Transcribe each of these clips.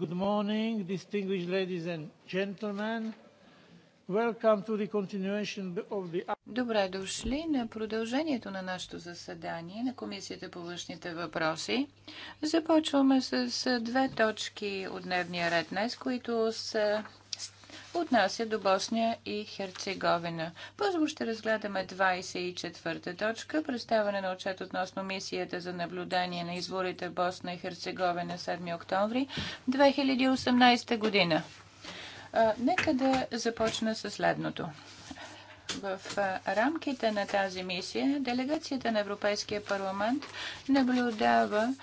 Good morning, distinguished ladies and gentlemen. Welcome to the continuation of the... Добре дошли на продължението на нашето заседание на Комисията по външните въпроси. Започваме с две точки от дневния ред днес, които са отнася до Босния и Херцеговина. Първо ще разгледаме 24-та точка, представяне на отчет относно мисията за наблюдение на изворите в Босна и Херцеговина 7 октомври 2018 година. А, нека да започна с следното. В рамките на тази мисия делегацията на Европейския парламент наблюдава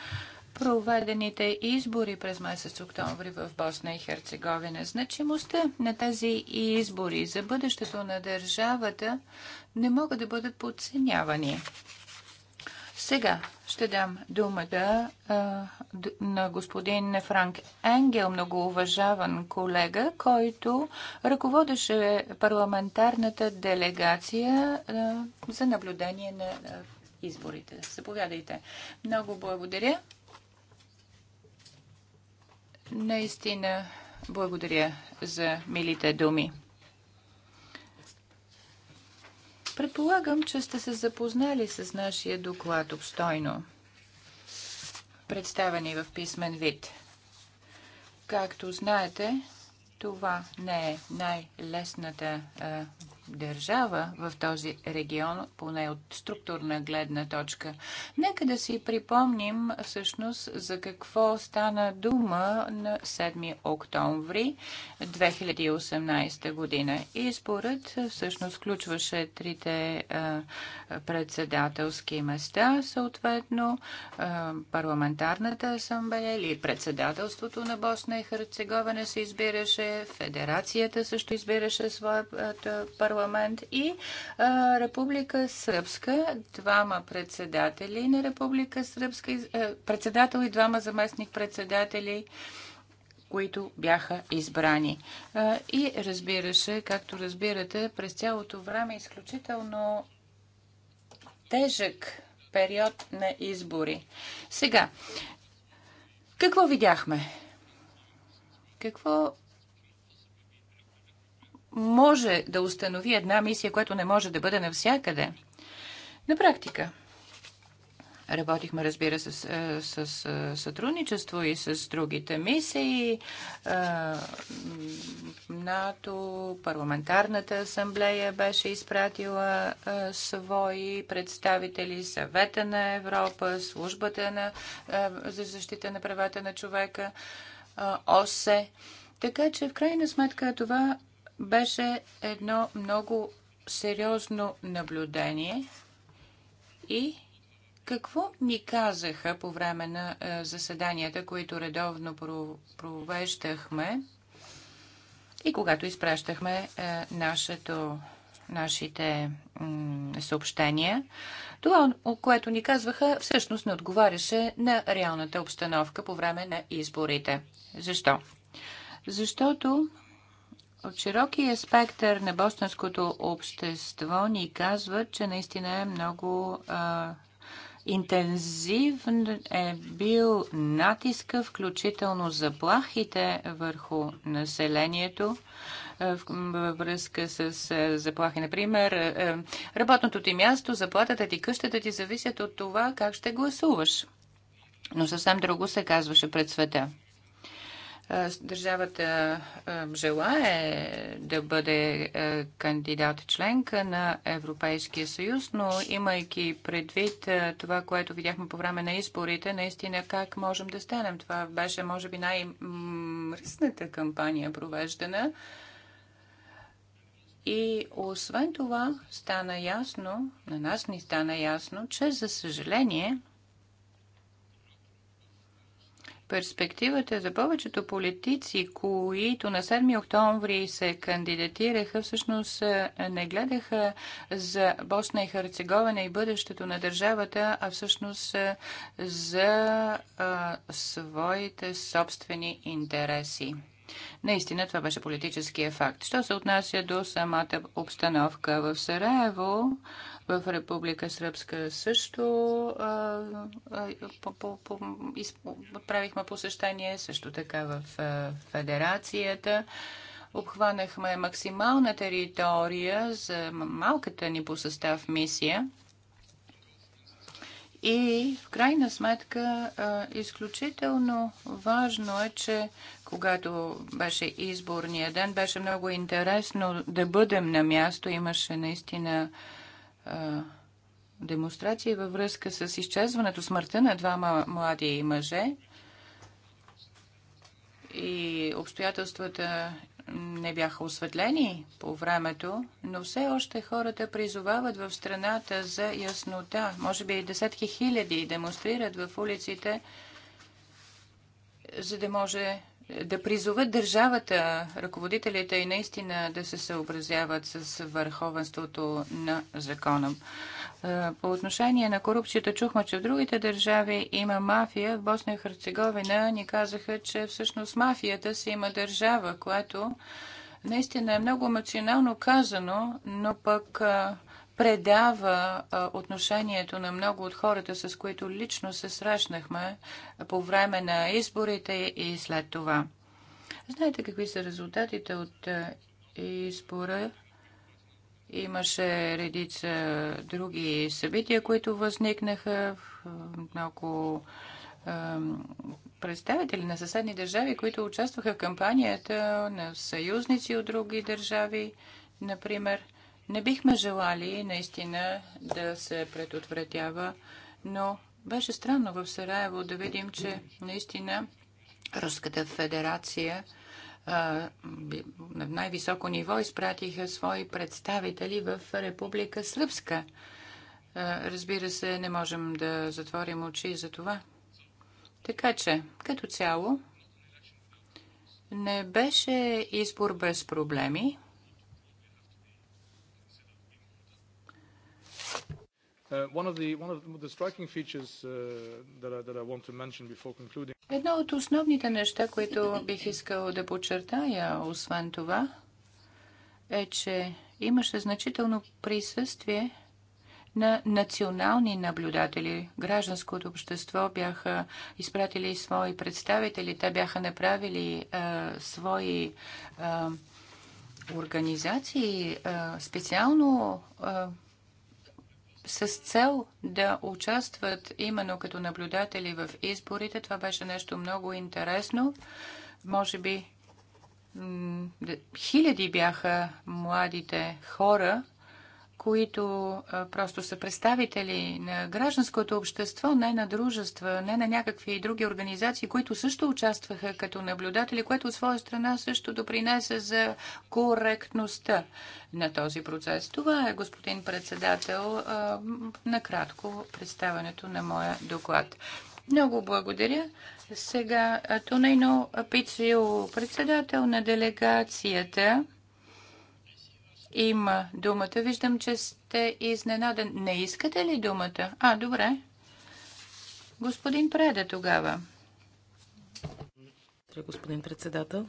проведените избори през месец октомври в Босна и Херцеговина. Значимостта на тези избори за бъдещето на държавата не могат да бъдат подценявани. Сега ще дам думата а, на господин Франк Енгел, многоуважаван колега, който ръководеше парламентарната делегация а, за наблюдение на а, изборите. Заповядайте. Много благодаря. Наистина, благодаря за милите думи. Предполагам, че сте се запознали с нашия доклад обстойно, представени в писмен вид. Както знаете, това не е най-лесната държава в този регион, поне от структурна гледна точка. Нека да си припомним всъщност за какво стана дума на 7 октомври 2018 година. И според всъщност включваше трите председателски места, съответно парламентарната асамблея или председателството на Босна и Херцеговина се избираше, федерацията също избираше своя парламент парламент и а, Република Сръбска, двама председатели на Република Сръбска, а, председател и двама заместник-председатели които бяха избрани. И разбира се, както разбирате, през цялото време изключително тежък период на избори. Сега, какво видяхме? Какво може да установи една мисия, която не може да бъде навсякъде. На практика, Работихме, разбира се, с, е, с, с е, сътрудничество и с другите мисии. Е, НАТО, парламентарната асамблея беше изпратила свои представители, съвета на Европа, службата на, за защита на правата на човека, ОСЕ. Така че, в крайна сметка, това беше едно много сериозно наблюдение и какво ни казаха по време на е, заседанията, които редовно провеждахме и когато изпращахме е, нашето, нашите съобщения? Това, което ни казваха, всъщност не отговаряше на реалната обстановка по време на изборите. Защо? Защото от широкия спектър на бостонското общество ни казват, че наистина е много а, интензивен е бил натиска, включително заплахите върху населението във връзка с заплахи. Например, работното ти място, заплатата ти, къщата ти зависят от това как ще гласуваш. Но съвсем друго се казваше пред света. Държавата желае да бъде кандидат членка на Европейския съюз, но имайки предвид това, което видяхме по време на изборите, наистина как можем да станем. Това беше, може би, най-мръсната кампания провеждана. И освен това стана ясно, на нас ни стана ясно, че за съжаление перспективата за повечето политици, които на 7 октомври се кандидатираха, всъщност е, не гледаха за Босна и Херцеговина и бъдещето на държавата, а всъщност е, за а, е, своите собствени интереси. Наистина това беше политическия факт. Що се отнася до самата обстановка в Сараево, в Република Сръбска също правихме посещение, също така в Федерацията. Обхванахме максимална територия за малката ни по състав мисия. И в крайна сметка изключително важно е, че когато беше изборния ден, беше много интересно да бъдем на място. Имаше наистина демонстрации във връзка с изчезването смъртта на двама млади мъже и обстоятелствата не бяха осветлени по времето, но все още хората призовават в страната за яснота. Може би и десетки хиляди демонстрират в улиците за да може да призоват държавата, ръководителите и наистина да се съобразяват с върховенството на закона. Е, по отношение на корупцията чухме, че в другите държави има мафия. В Босна и Херцеговина ни казаха, че всъщност мафията си има държава, която наистина е много емоционално казано, но пък е, предава отношението на много от хората, с които лично се срещнахме по време на изборите и след това. Знаете какви са резултатите от избора? Имаше редица други събития, които възникнаха. Много представители на съседни държави, които участваха в кампанията на съюзници от други държави, например. Не бихме желали наистина да се предотвратява, но беше странно в Сараево да видим, че наистина Руската федерация на най-високо ниво изпратиха свои представители в Република Сръбска. Разбира се, не можем да затворим очи за това. Така че, като цяло, не беше избор без проблеми. One uh, one of of the the striking features that uh, that I, I want to mention before concluding. Едно от основните неща, които бих искал да подчертая, освен това, е, че имаше значително присъствие на национални наблюдатели. Гражданското общество бяха изпратили свои представители, те бяха направили а, свои а, организации а, специално а, с цел да участват именно като наблюдатели в изборите. Това беше нещо много интересно. Може би хиляди бяха младите хора, които просто са представители на гражданското общество, не на дружества, не на някакви други организации, които също участваха като наблюдатели, което от своя страна също допринесе за коректността на този процес. Това е, господин председател, накратко представянето на моя доклад. Много благодаря. Сега Тунейно Пицио, председател на делегацията има думата. Виждам, че сте изненадан. Не искате ли думата? А, добре. Господин Преда тогава. Господин председател,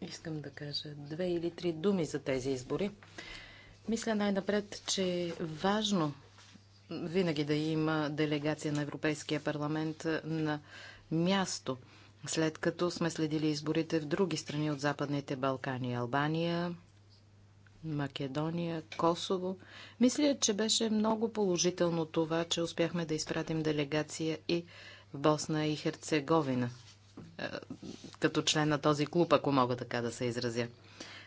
искам да кажа две или три думи за тези избори. Мисля най-напред, че е важно винаги да има делегация на Европейския парламент на място – след като сме следили изборите в други страни от Западните Балкани Албания, Македония, Косово. Мисля, че беше много положително това, че успяхме да изпратим делегация и в Босна и Херцеговина, е, като член на този клуб, ако мога така да се изразя.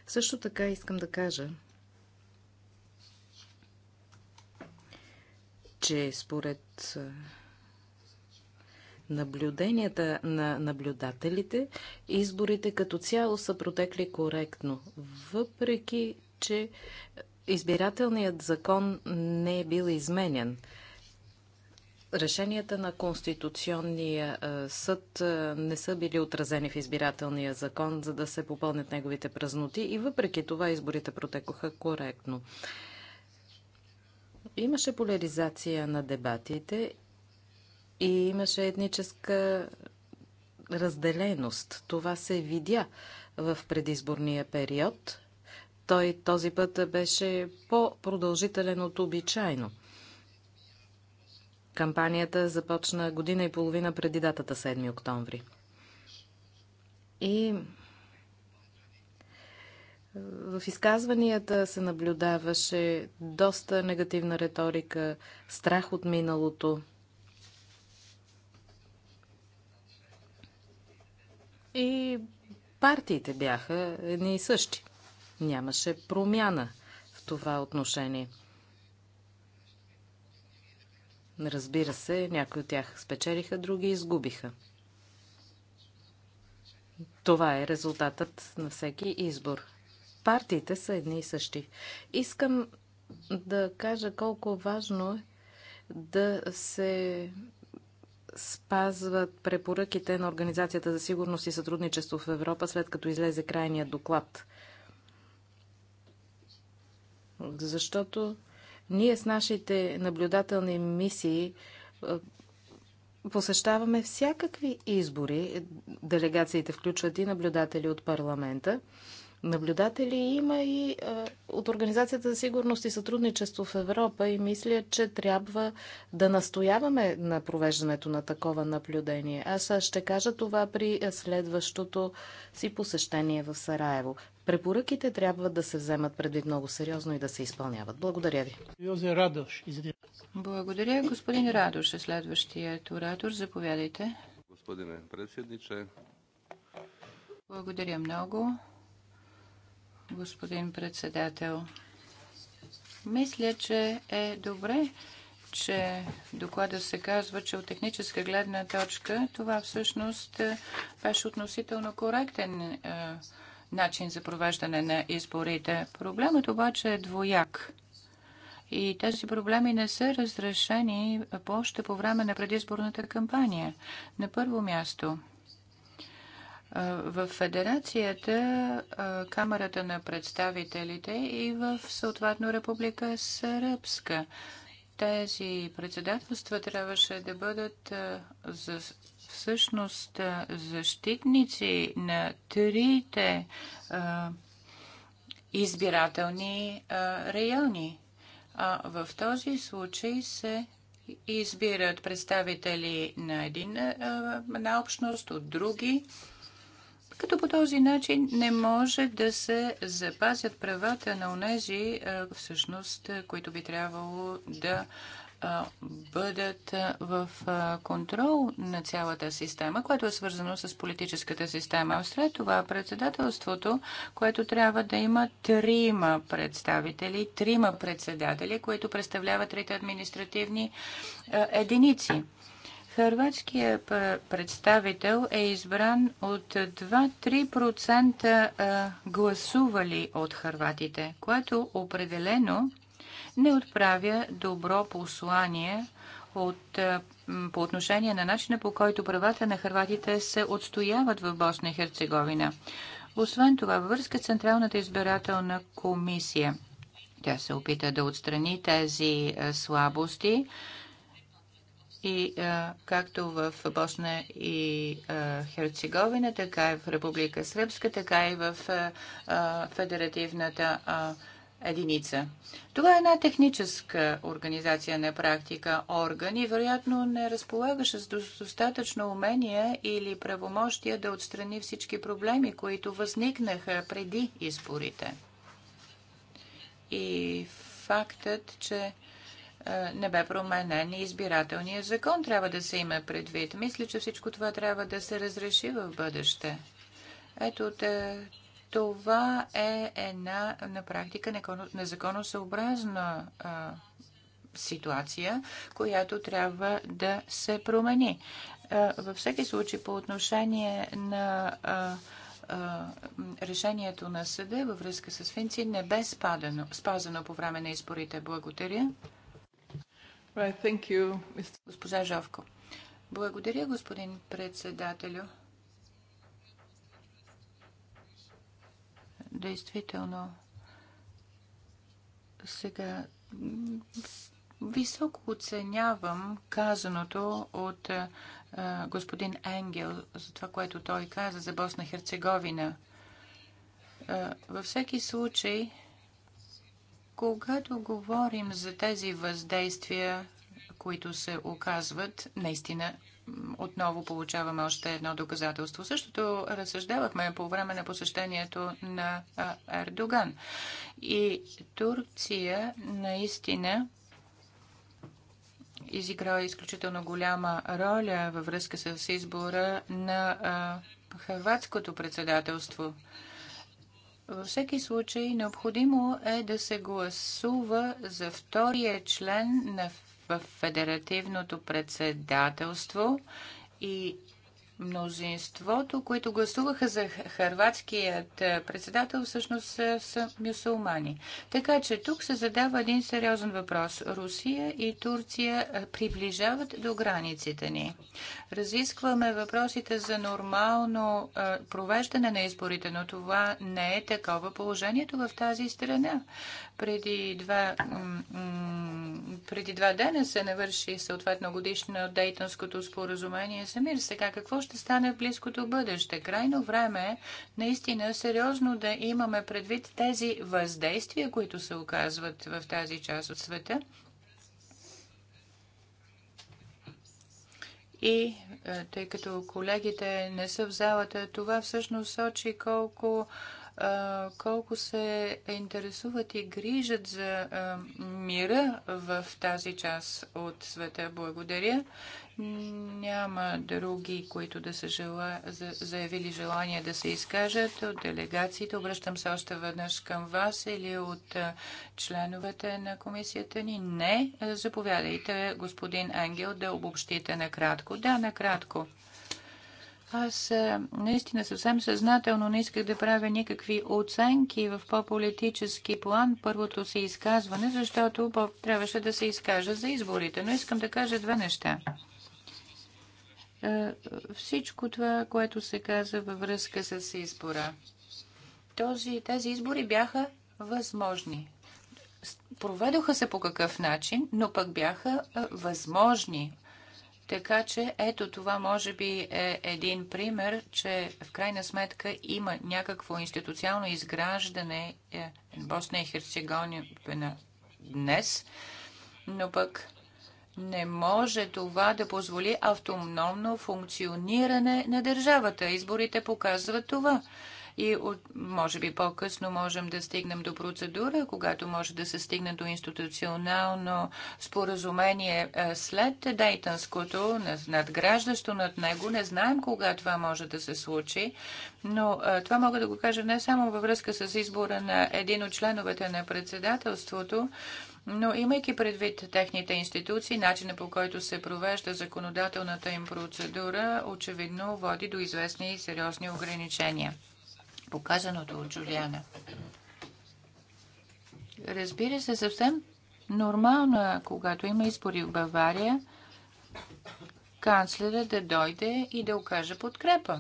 Също така искам да кажа, че според е, Наблюденията на наблюдателите, изборите като цяло са протекли коректно, въпреки че избирателният закон не е бил изменен. Решенията на Конституционния съд не са били отразени в избирателния закон, за да се попълнят неговите празноти и въпреки това изборите протекоха коректно. Имаше поляризация на дебатите и имаше етническа разделеност. Това се видя в предизборния период. Той този път беше по-продължителен от обичайно. Кампанията започна година и половина преди датата 7 октомври. И в изказванията се наблюдаваше доста негативна риторика, страх от миналото – И партиите бяха едни и същи. Нямаше промяна в това отношение. Разбира се, някои от тях спечелиха, други изгубиха. Това е резултатът на всеки избор. Партиите са едни и същи. Искам да кажа колко важно е да се спазват препоръките на Организацията за сигурност и сътрудничество в Европа, след като излезе крайния доклад. Защото ние с нашите наблюдателни мисии посещаваме всякакви избори. Делегациите включват и наблюдатели от парламента наблюдатели. Има и от Организацията за сигурност и сътрудничество в Европа и мисля, че трябва да настояваме на провеждането на такова наблюдение. Аз ще кажа това при следващото си посещение в Сараево. Препоръките трябва да се вземат предвид много сериозно и да се изпълняват. Благодаря ви. Благодаря. Господин Радош е следващият оратор. Заповядайте. Господине председниче. Благодаря много господин председател. Мисля, че е добре, че доклада се казва, че от техническа гледна точка това всъщност беше относително коректен е, начин за провеждане на изборите. Проблемът обаче е двояк. И тези проблеми не са разрешени по още по време на предизборната кампания. На първо място – в Федерацията, Камерата на представителите и в съответно Република Сръбска. Тези председателства трябваше да бъдат за, всъщност защитници на трите а, избирателни а, райони. А в този случай се избират представители на една на общност от други като по този начин не може да се запазят правата на онези, всъщност, които би трябвало да бъдат в контрол на цялата система, което е свързано с политическата система. А след това председателството, което трябва да има трима представители, трима председатели, които представляват трите административни единици. Хърватският представител е избран от 2-3% гласували от хърватите, което определено не отправя добро послание от, по отношение на начина по който правата на хърватите се отстояват в Босна и Херцеговина. Освен това, връзка Централната избирателна комисия. Тя се опита да отстрани тези слабости и а, както в Босна и а, Херцеговина, така и в Република Сръбска, така и в а, федеративната а, единица. Това е една техническа организация на практика, орган и вероятно не разполагаше с достатъчно умения или правомощия да отстрани всички проблеми, които възникнаха преди изборите. И фактът, че е, не бе променен и избирателният закон трябва да се има предвид. Мисля, че всичко това трябва да се разреши в бъдеще. Ето, това е една на практика незаконосъобразна ситуация, която трябва да се промени. Във всеки случай, по отношение на решението на съда във връзка с Финци не бе спадано, спазано по време на изборите. Благодаря. Right, Госпожа Жовко. Благодаря, господин председателю. Действително, сега високо оценявам казаното от а, господин Енгел за това, което той каза за Босна Херцеговина. А, във всеки случай, когато говорим за тези въздействия, които се оказват, наистина отново получаваме още едно доказателство. Същото разсъждавахме по време на посещението на Ердоган. И Турция наистина изигра изключително голяма роля във връзка с избора на хрватското председателство. Във всеки случай необходимо е да се гласува за втория член на в федеративното председателство и Мнозинството, които гласуваха за хърватският е, председател, всъщност са, е, са мюсулмани. Така че тук се задава един сериозен въпрос. Русия и Турция е, приближават до границите ни. Разискваме въпросите за нормално провеждане на изборите, но това не е такова положението в тази страна. Преди два, преди два дена се навърши съответно годишно от Дейтонското споразумение за мир. Сега какво ще стане в близкото бъдеще? Крайно време е наистина сериозно да имаме предвид тези въздействия, които се оказват в тази част от света. И е, тъй като колегите не са в залата, това всъщност сочи колко колко се интересуват и грижат за мира в тази част от света. Благодаря. Няма други, които да са жела... заявили желание да се изкажат от делегациите. Обръщам се още веднъж към вас или от членовете на комисията ни. Не. Заповядайте, господин Ангел, да обобщите накратко. Да, накратко. Аз е, наистина съвсем съзнателно не исках да правя никакви оценки в по-политически план първото си изказване, защото трябваше да се изкажа за изборите. Но искам да кажа две неща. Е, всичко това, което се каза във връзка с избора. Този, тези избори бяха възможни. Проведоха се по какъв начин, но пък бяха е, възможни така че ето това може би е един пример, че в крайна сметка има някакво институционално изграждане в е, Босна и Херцеговина днес, но пък не може това да позволи автономно функциониране на държавата. Изборите показват това и от, може би по-късно можем да стигнем до процедура, когато може да се стигне до институционално споразумение е, след Дейтанското, надграждащо над него. Не знаем кога това може да се случи, но е, това мога да го кажа не само във връзка с избора на един от членовете на председателството, но имайки предвид техните институции, начина по който се провежда законодателната им процедура, очевидно води до известни и сериозни ограничения показаното от Джулиана. Разбира се, съвсем нормално е, когато има избори в Бавария, канцлера да дойде и да окаже подкрепа.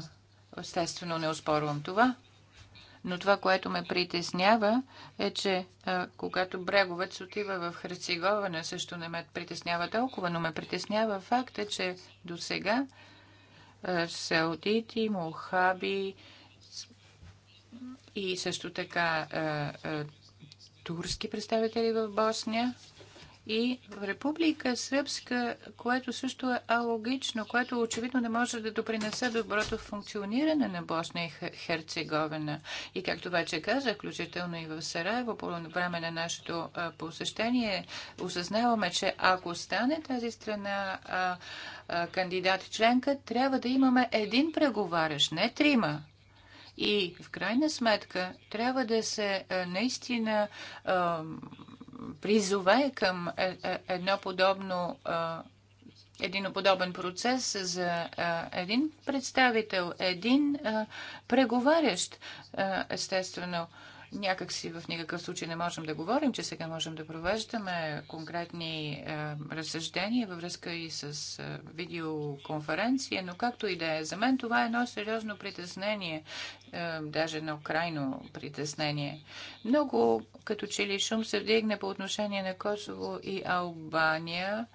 Естествено, не успорвам това. Но това, което ме притеснява, е, че а, когато бреговец отива в Херцеговина, също не ме притеснява толкова, но ме притеснява факта, че до сега саудити, мухаби, и също така а, е, а, е, турски представители в Босния и в Република Сръбска, което също е алогично, което очевидно не може да допринесе доброто функциониране на Босния и Херцеговина. И както вече казах, включително и в Сараево, по време на нашето е, посещение, осъзнаваме, че ако стане тази страна кандидат членка, трябва да имаме един преговарящ, не трима и в крайна сметка трябва да се е, наистина е, призове към е, едно подобно един подобен процес за един представител, един преговарящ, естествено. Някак си в никакъв случай не можем да говорим, че сега можем да провеждаме конкретни е, разсъждения във връзка и с е, видеоконференция, но както и да е, за мен това е едно сериозно притеснение, е, даже едно крайно притеснение. Много като че ли шум се вдигне по отношение на Косово и Албания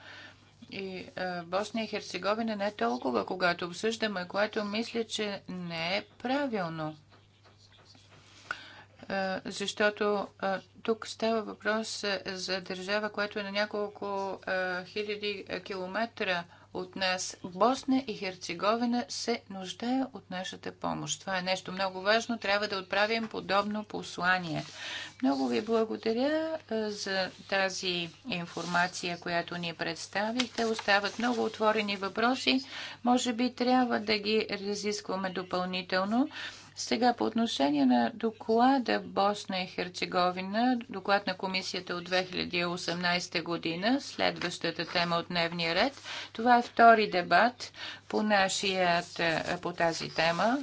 и е, Босния и Херцеговина не толкова, когато обсъждаме, което мисля, че не е правилно защото тук става въпрос за държава, която е на няколко хиляди километра от нас. Босна и Херцеговина се нуждае от нашата помощ. Това е нещо много важно. Трябва да отправим подобно послание. Много ви благодаря за тази информация, която ни представихте. Остават много отворени въпроси. Може би трябва да ги разискваме допълнително. Сега по отношение на доклада Босна и Херцеговина, доклад на комисията от 2018 година, следващата тема от дневния ред, това е втори дебат по, нашият, е, по тази тема.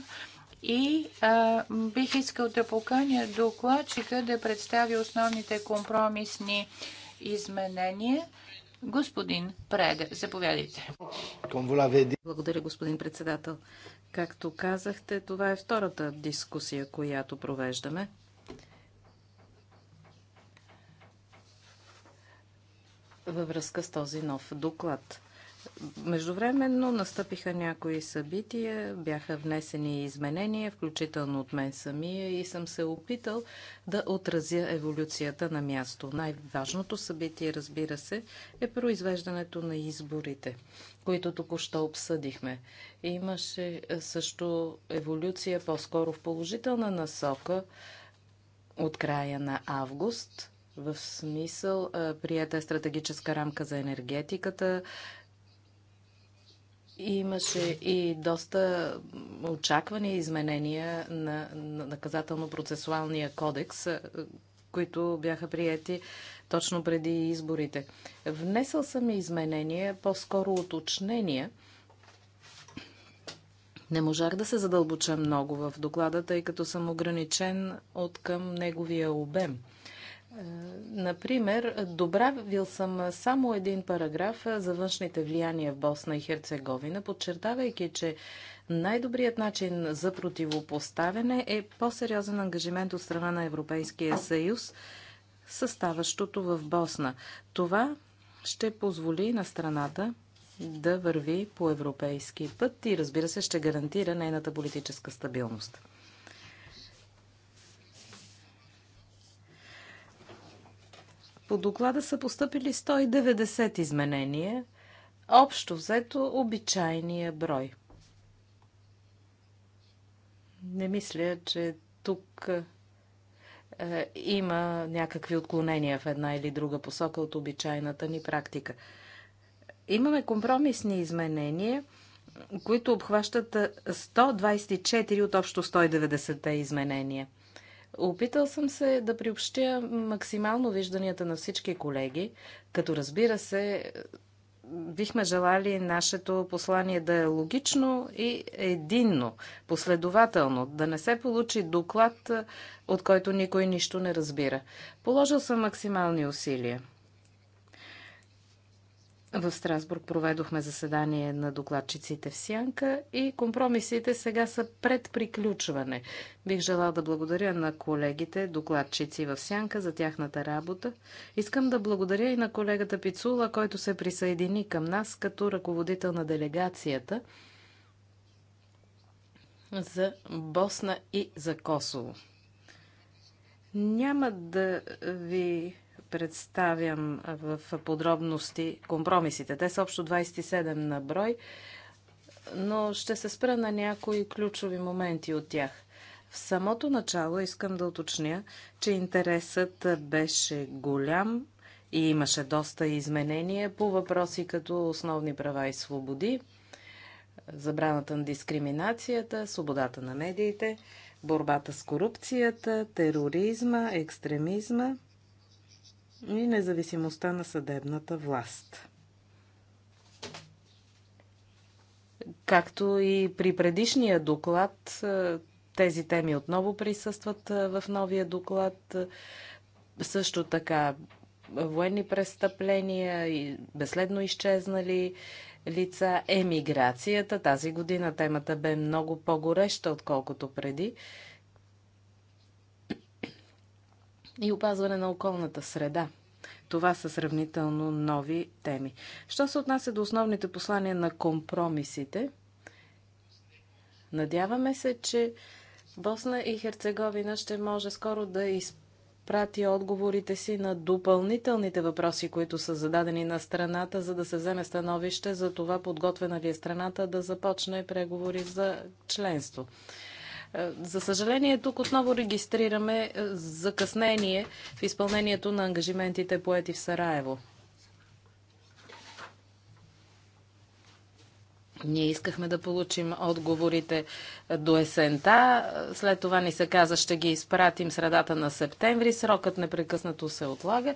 И а, бих искал да поканя докладчика да представи основните компромисни изменения Господин Преде, заповядайте. Благодаря, господин председател. Както казахте, това е втората дискусия, която провеждаме. Във връзка с този нов доклад. Междувременно настъпиха някои събития, бяха внесени изменения, включително от мен самия и съм се опитал да отразя еволюцията на място. Най-важното събитие, разбира се, е произвеждането на изборите, които току-що обсъдихме. Имаше е, също еволюция по-скоро в положителна насока от края на август, в смисъл, е, прията е стратегическа рамка за енергетиката, Имаше и доста очаквани изменения на наказателно-процесуалния кодекс, които бяха приети точно преди изборите. Внесъл съм изменения, по-скоро уточнения. Не можах да се задълбоча много в доклада, тъй като съм ограничен от към неговия обем – е, например, добравил съм само един параграф е, за външните влияния в Босна и Херцеговина, подчертавайки, че най-добрият начин за противопоставяне е по-сериозен ангажимент от страна на Европейския съюз съставащото в Босна. Това ще позволи на страната да върви по европейски път и разбира се ще гарантира нейната политическа стабилност. По доклада са поступили 190 изменения, общо взето обичайния брой. Не мисля, че тук е, има някакви отклонения в една или друга посока от обичайната ни практика. Имаме компромисни изменения, които обхващат 124 от общо 190-те изменения – Опитал съм се да приобщя максимално вижданията на всички колеги, като разбира се, бихме желали нашето послание да е логично и единно, последователно, да не се получи доклад, от който никой нищо не разбира. Положил съм максимални усилия. В Страсбург проведохме заседание на докладчиците в Сянка и компромисите сега са пред приключване. Бих желал да благодаря на колегите, докладчици в Сянка за тяхната работа. Искам да благодаря и на колегата Пицула, който се присъедини към нас като ръководител на делегацията за Босна и за Косово. Няма да ви представям в подробности компромисите. Те са общо 27 на брой, но ще се спра на някои ключови моменти от тях. В самото начало искам да уточня, че интересът беше голям и имаше доста изменения по въпроси като основни права и свободи, забраната на дискриминацията, свободата на медиите, борбата с корупцията, тероризма, екстремизма – и независимостта на съдебната власт. Както и при предишния доклад, е, тези теми отново присъстват е, в новия доклад. Е, също така военни престъпления безследно изчезнали лица, емиграцията. Тази година темата бе много по-гореща, отколкото преди. и опазване на околната среда. Това са сравнително нови теми. Що се отнася до основните послания на компромисите, надяваме се, че Босна и Херцеговина ще може скоро да изпрати отговорите си на допълнителните въпроси, които са зададени на страната, за да се вземе становище за това подготвена ли е страната да започне преговори за членство. Е, за съжаление, тук отново регистрираме е, закъснение в изпълнението на ангажиментите поети в Сараево. Ние искахме да получим отговорите е, до есента. След това ни се каза, ще ги изпратим средата на септември. Срокът непрекъснато се отлага.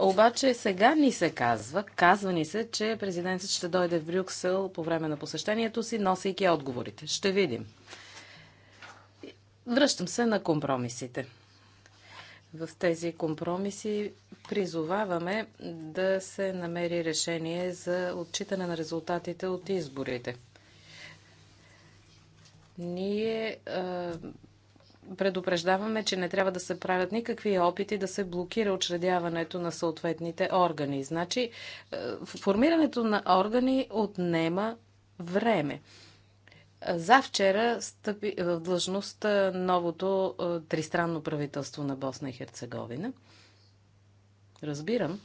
Обаче сега ни се казва, казва ни се, че президентът ще дойде в Брюксел по време на посещението си, носейки отговорите. Ще видим. Връщам се на компромисите. В тези компромиси призоваваме да се намери решение за отчитане на резултатите от изборите. Ние а, предупреждаваме, че не трябва да се правят никакви опити да се блокира учредяването на съответните органи. Значи, формирането на органи отнема време. Завчера стъпи е, в длъжност е, новото е, тристранно правителство на Босна и Херцеговина. Разбирам,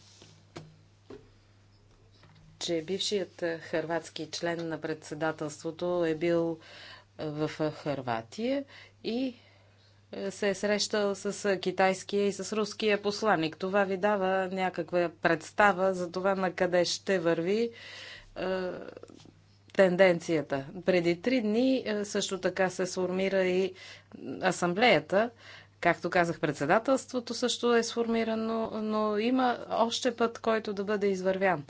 че бившият хърватски член на председателството е бил в Хърватия и се е срещал с китайския и с руския посланник. Това ви дава някаква представа за това на къде ще върви тенденцията. Преди три дни е, също така се сформира и асамблеята. Както казах, председателството също е сформирано, но има още път, който да бъде извървян.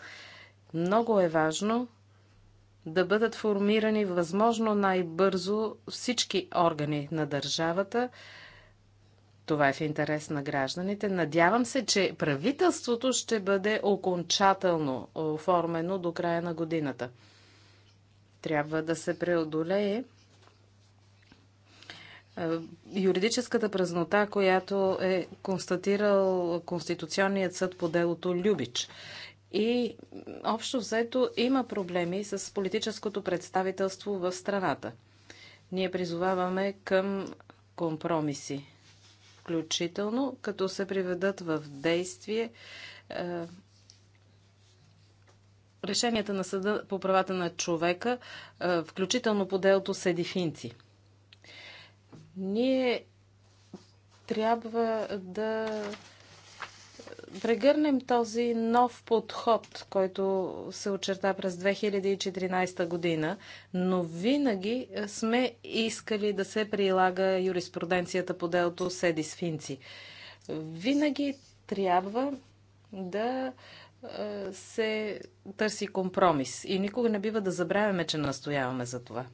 Много е важно да бъдат формирани възможно най-бързо всички органи на държавата. Това е в интерес на гражданите. Надявам се, че правителството ще бъде окончателно оформено до края на годината трябва да се преодолее е, юридическата празнота, която е констатирал Конституционният съд по делото Любич. И общо взето има проблеми с политическото представителство в страната. Ние призоваваме към компромиси, включително като се приведат в действие е, решенията на Съда по правата на човека, е, включително по делото Седифинци. Ние трябва да прегърнем този нов подход, който се очерта през 2014 година, но винаги сме искали да се прилага юриспруденцията по делото Седи Сфинци. Винаги трябва да се търси компромис. И никога не бива да забравяме, че настояваме за това.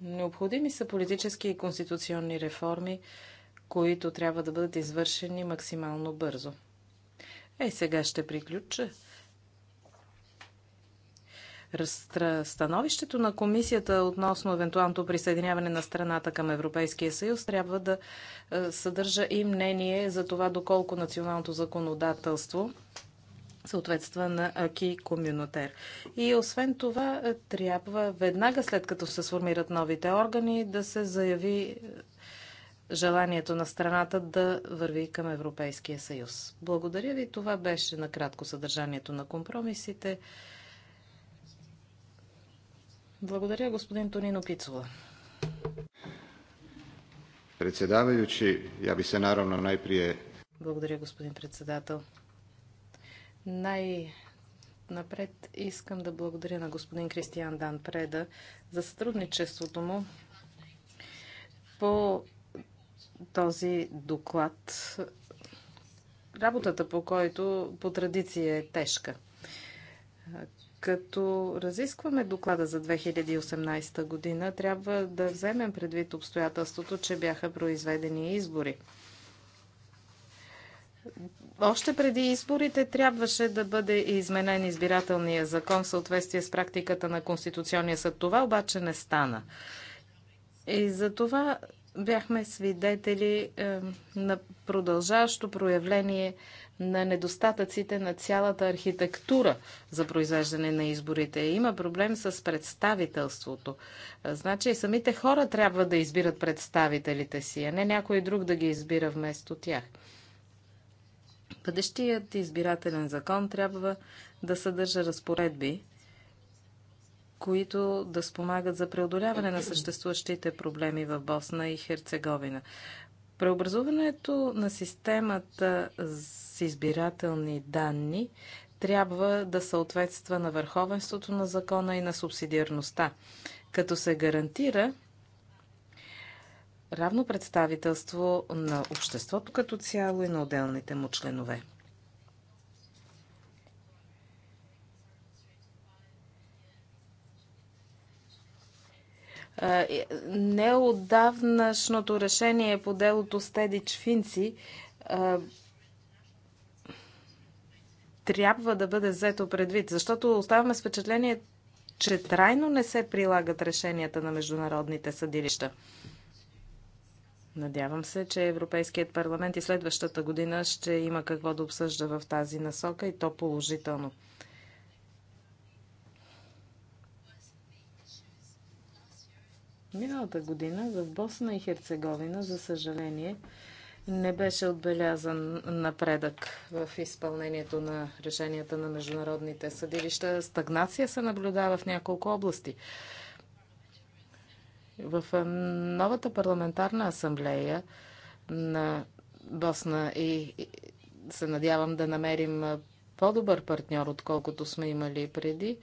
Необходими са политически и конституционни реформи, които трябва да бъдат извършени максимално бързо. Ей, сега ще приключа. Становището на комисията относно евентуалното присъединяване на страната към Европейския съюз трябва да е, съдържа и мнение за това доколко националното законодателство съответства на Аки Комюнотер. И освен това, е, трябва веднага след като се сформират новите органи да се заяви е, желанието на страната да върви към Европейския съюз. Благодаря ви. Това беше накратко съдържанието на компромисите. Благодаря, господин Тонино Пицова. Председавајучи, ја би се наравно најприје... Благодаря, господин председател. Най... Напред искам да благодаря на господин Кристиан Дан Преда за сътрудничеството му по този доклад, работата по който по традиция е тежка. Като разискваме доклада за 2018 година, трябва да вземем предвид обстоятелството, че бяха произведени избори. Още преди изборите трябваше да бъде изменен избирателния закон в съответствие с практиката на Конституционния съд. Това обаче не стана. И за това бяхме свидетели е, на продължаващо проявление на недостатъците на цялата архитектура за произвеждане на изборите. Има проблем с представителството. Е, значи и самите хора трябва да избират представителите си, а не някой друг да ги избира вместо тях. Бъдещият избирателен закон трябва да съдържа разпоредби, които да спомагат за преодоляване на съществуващите проблеми в Босна и Херцеговина. Преобразуването на системата с избирателни данни трябва да съответства на върховенството на закона и на субсидиарността, като се гарантира равно представителство на обществото като цяло и на отделните му членове. Е, Неодавнашното решение по делото Стедич Финци е, трябва да бъде взето предвид, защото оставаме с впечатление, че трайно не се прилагат решенията на международните съдилища. Надявам се, че Европейският парламент и следващата година ще има какво да обсъжда в тази насока и то положително. Миналата година в Босна и Херцеговина, за съжаление, не беше отбелязан напредък в изпълнението на решенията на международните съдилища. Стагнация се наблюдава в няколко области. В новата парламентарна асамблея на Босна и се надявам да намерим по-добър партньор, отколкото сме имали преди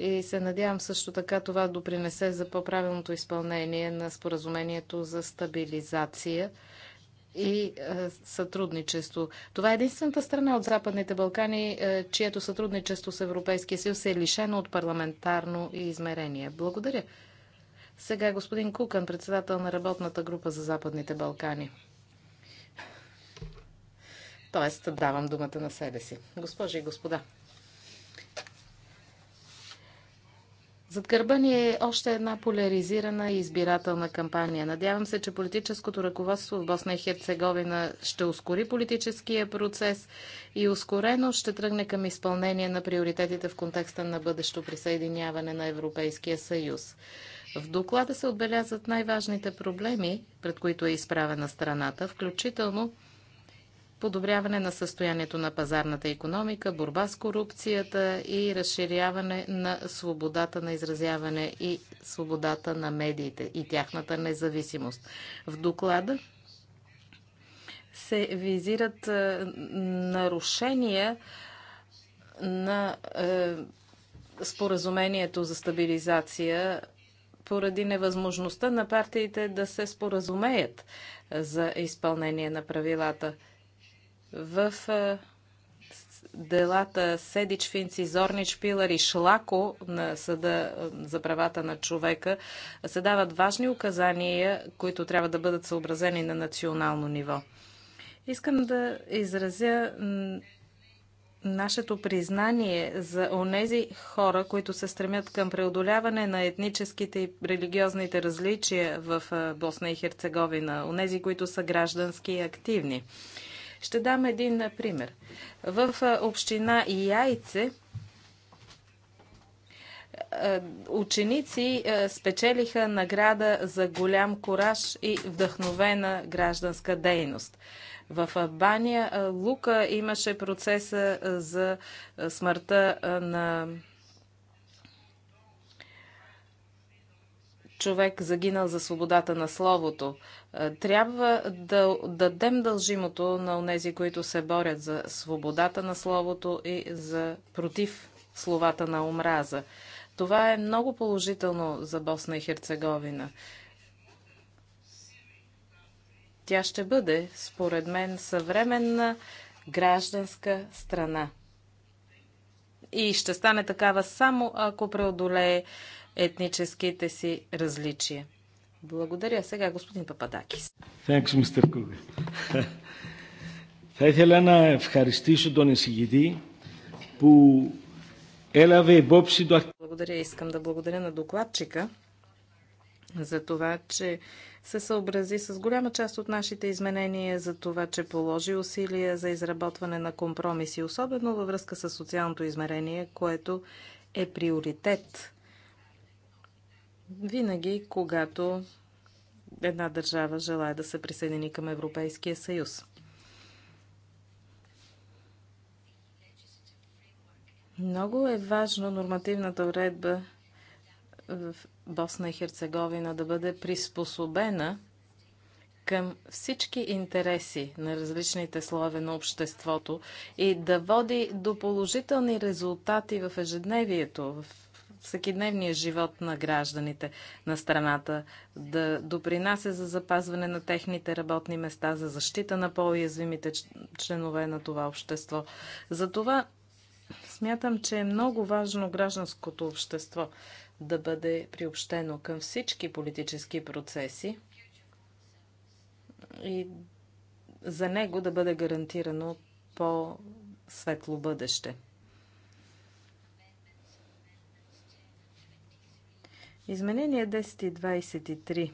и се надявам също така това допринесе за по-правилното изпълнение на споразумението за стабилизация и е, сътрудничество. Това е единствената страна от Западните Балкани, е, чието сътрудничество с Европейския съюз е лишено от парламентарно измерение. Благодаря. Сега господин Кукан, председател на работната група за Западните Балкани. Тоест, давам думата на себе си. Госпожи и господа, Зад гърба ни е още една поляризирана и избирателна кампания. Надявам се, че политическото ръководство в Босна и Херцеговина ще ускори политическия процес и ускорено ще тръгне към изпълнение на приоритетите в контекста на бъдещо присъединяване на Европейския съюз. В доклада се отбелязват най-важните проблеми, пред които е изправена страната, включително подобряване на състоянието на пазарната економика, борба с корупцията и разширяване на свободата на изразяване и свободата на медиите и тяхната независимост. В доклада се визират е, нарушения на е, споразумението за стабилизация поради невъзможността на партиите да се споразумеят за изпълнение на правилата – в делата Седич, Финци, Зорнич, Пилар и Шлако на Съда за правата на човека се дават важни указания, които трябва да бъдат съобразени на национално ниво. Искам да изразя нашето признание за онези хора, които се стремят към преодоляване на етническите и религиозните различия в Босна и Херцеговина, онези, които са граждански и активни. Ще дам един пример. В община Яйце ученици спечелиха награда за голям кораж и вдъхновена гражданска дейност. В Бания Лука имаше процеса за смъртта на човек загинал за свободата на словото. Е, трябва да дадем дължимото на онези, които се борят за свободата на словото и за против словата на омраза. Това е много положително за Босна и Херцеговина. Тя ще бъде, според мен, съвременна гражданска страна. И ще стане такава само ако преодолее етническите си различия. Благодаря. Сега господин Пападакис. Thanks, Mr. Kruger. Θα ήθελα να ευχαριστήσω τον εισηγητή που έλαβε υπόψη το Благодаря. Искам да благодаря на докладчика за това, че се съобрази с голяма част от нашите изменения, за това, че положи усилия за изработване на компромиси, особено във връзка с социалното измерение, което е приоритет винаги, когато една държава желая да се присъедини към Европейския съюз. Много е важно нормативната уредба в Босна и Херцеговина да бъде приспособена към всички интереси на различните слове на обществото и да води до положителни резултати в ежедневието, в всекидневния живот на гражданите на страната, да допринася за запазване на техните работни места, за защита на по-уязвимите членове на това общество. Затова смятам, че е много важно гражданското общество да бъде приобщено към всички политически процеси и за него да бъде гарантирано по-светло бъдеще. Изменение 10 и 23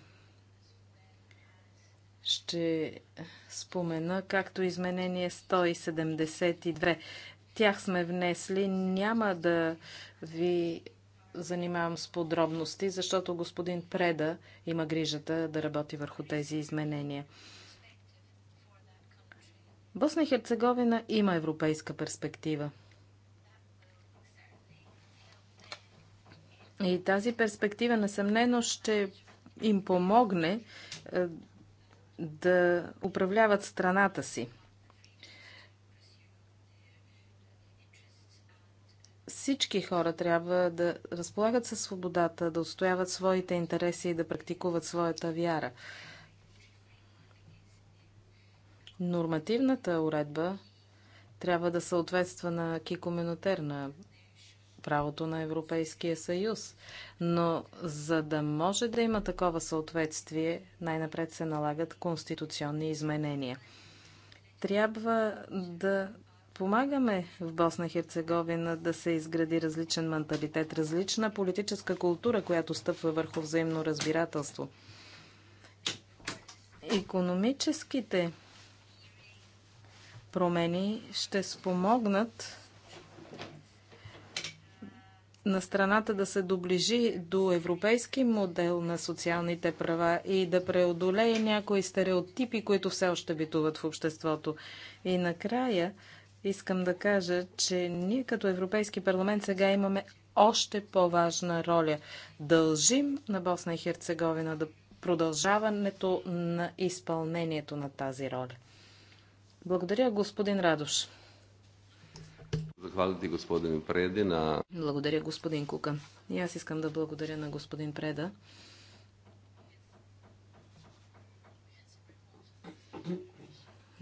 ще спомена, както изменение 172. Тях сме внесли. Няма да ви занимавам с подробности, защото господин Преда има грижата да работи върху тези изменения. Босна и Херцеговина има европейска перспектива. И тази перспектива несъмнено ще им помогне е, да управляват страната си. Всички хора трябва да разполагат със свободата, да отстояват своите интереси и да практикуват своята вяра. Нормативната уредба трябва да съответства на кикоменотерна правото на Европейския съюз. Но за да може да има такова съответствие, най-напред се налагат конституционни изменения. Трябва да помагаме в Босна Херцеговина да се изгради различен менталитет, различна политическа култура, която стъпва върху взаимно разбирателство. Економическите промени ще спомогнат на страната да се доближи до европейски модел на социалните права и да преодолее някои стереотипи, които все още битуват в обществото. И накрая искам да кажа, че ние като Европейски парламент сега имаме още по-важна роля. Дължим на Босна и Херцеговина да продължаването на изпълнението на тази роля. Благодаря, господин Радош. Захвалите господин Преди на... Благодаря, господин Кука. И аз искам да благодаря на господин Преда.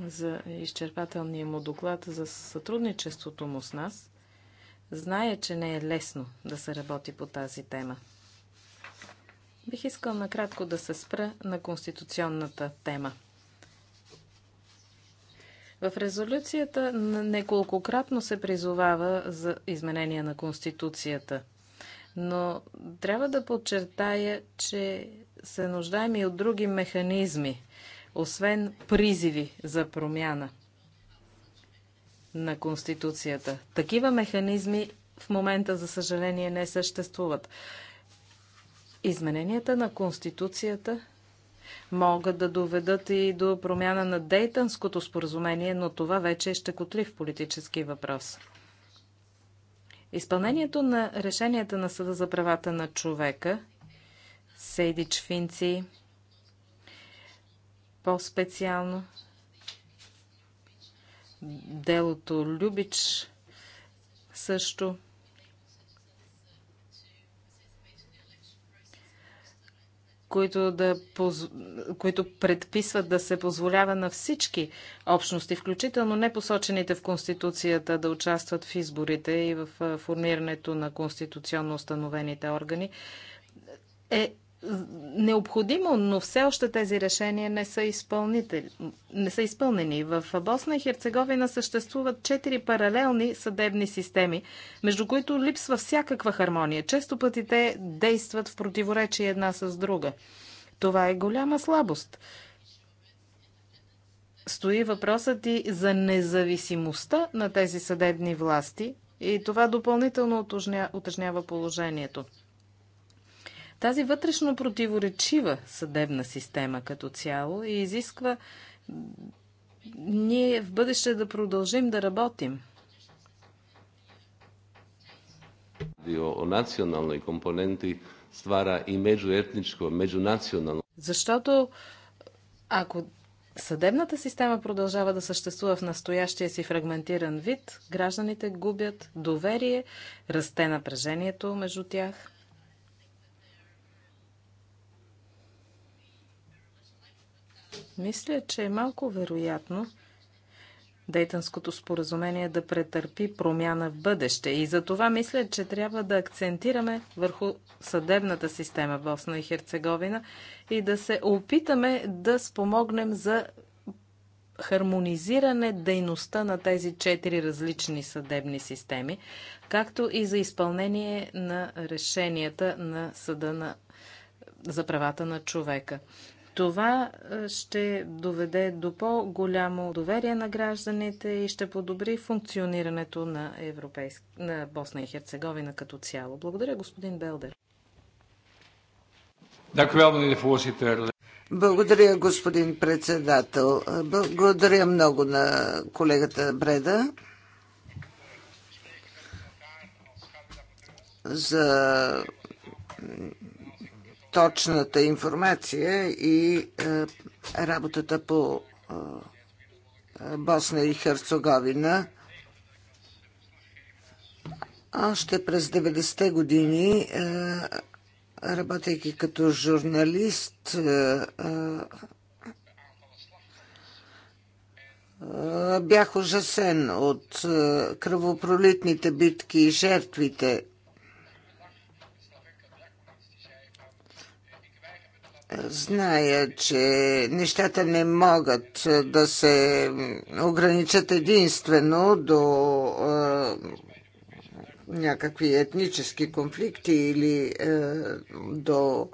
за изчерпателния му доклад за сътрудничеството му с нас. Зная, че не е лесно да се работи по тази тема. Бих искал накратко да се спра на конституционната тема – в резолюцията неколкократно се призовава за изменение на Конституцията. Но трябва да подчертая, че се нуждаем и от други механизми, освен призиви за промяна на Конституцията. Такива механизми в момента, за съжаление, не съществуват. Измененията на Конституцията могат да доведат и до промяна на Дейтънското споразумение, но това вече е щекотлив политически въпрос. Изпълнението на решенията на Съда за правата на човека, Сейдич Финци, по-специално делото Любич също – които, да, които предписват да се позволява на всички общности, включително не посочените в Конституцията, да участват в изборите и в формирането на конституционно установените органи, е необходимо, но все още тези решения не са, не са изпълнени. В Босна и Херцеговина съществуват четири паралелни съдебни системи, между които липсва всякаква хармония. Често пъти те действат в противоречие една с друга. Това е голяма слабост. Стои въпросът и за независимостта на тези съдебни власти и това допълнително утъжнява положението. Тази вътрешно противоречива съдебна система като цяло и изисква ние в бъдеще да продължим да работим. O nacionalnoj komponenti stvara i međuetničko, Защото ако съдебната система продължава да съществува в настоящия си фрагментиран вид, гражданите губят доверие, расте напрежението между тях – Мисля, че е малко вероятно Дейтънското споразумение да претърпи промяна в бъдеще. И за това мисля, че трябва да акцентираме върху съдебната система в Босна и Херцеговина и да се опитаме да спомогнем за хармонизиране дейността на тези четири различни съдебни системи, както и за изпълнение на решенията на Съда на... за правата на човека. Това е, ще доведе до по-голямо доверие на гражданите и ще подобри функционирането на, европейск... на Босна и Херцеговина като цяло. Благодаря, господин Белдер. Благодаря, господин председател. Благодаря много на колегата Бреда за точната информация и е, работата по е, Босна и Херцеговина. Още през 90-те години, е, работейки като журналист, бях ужасен от кръвопролитните битки и жертвите Зная, че нещата не могат е, да се ограничат единствено до е, някакви етнически конфликти или е, до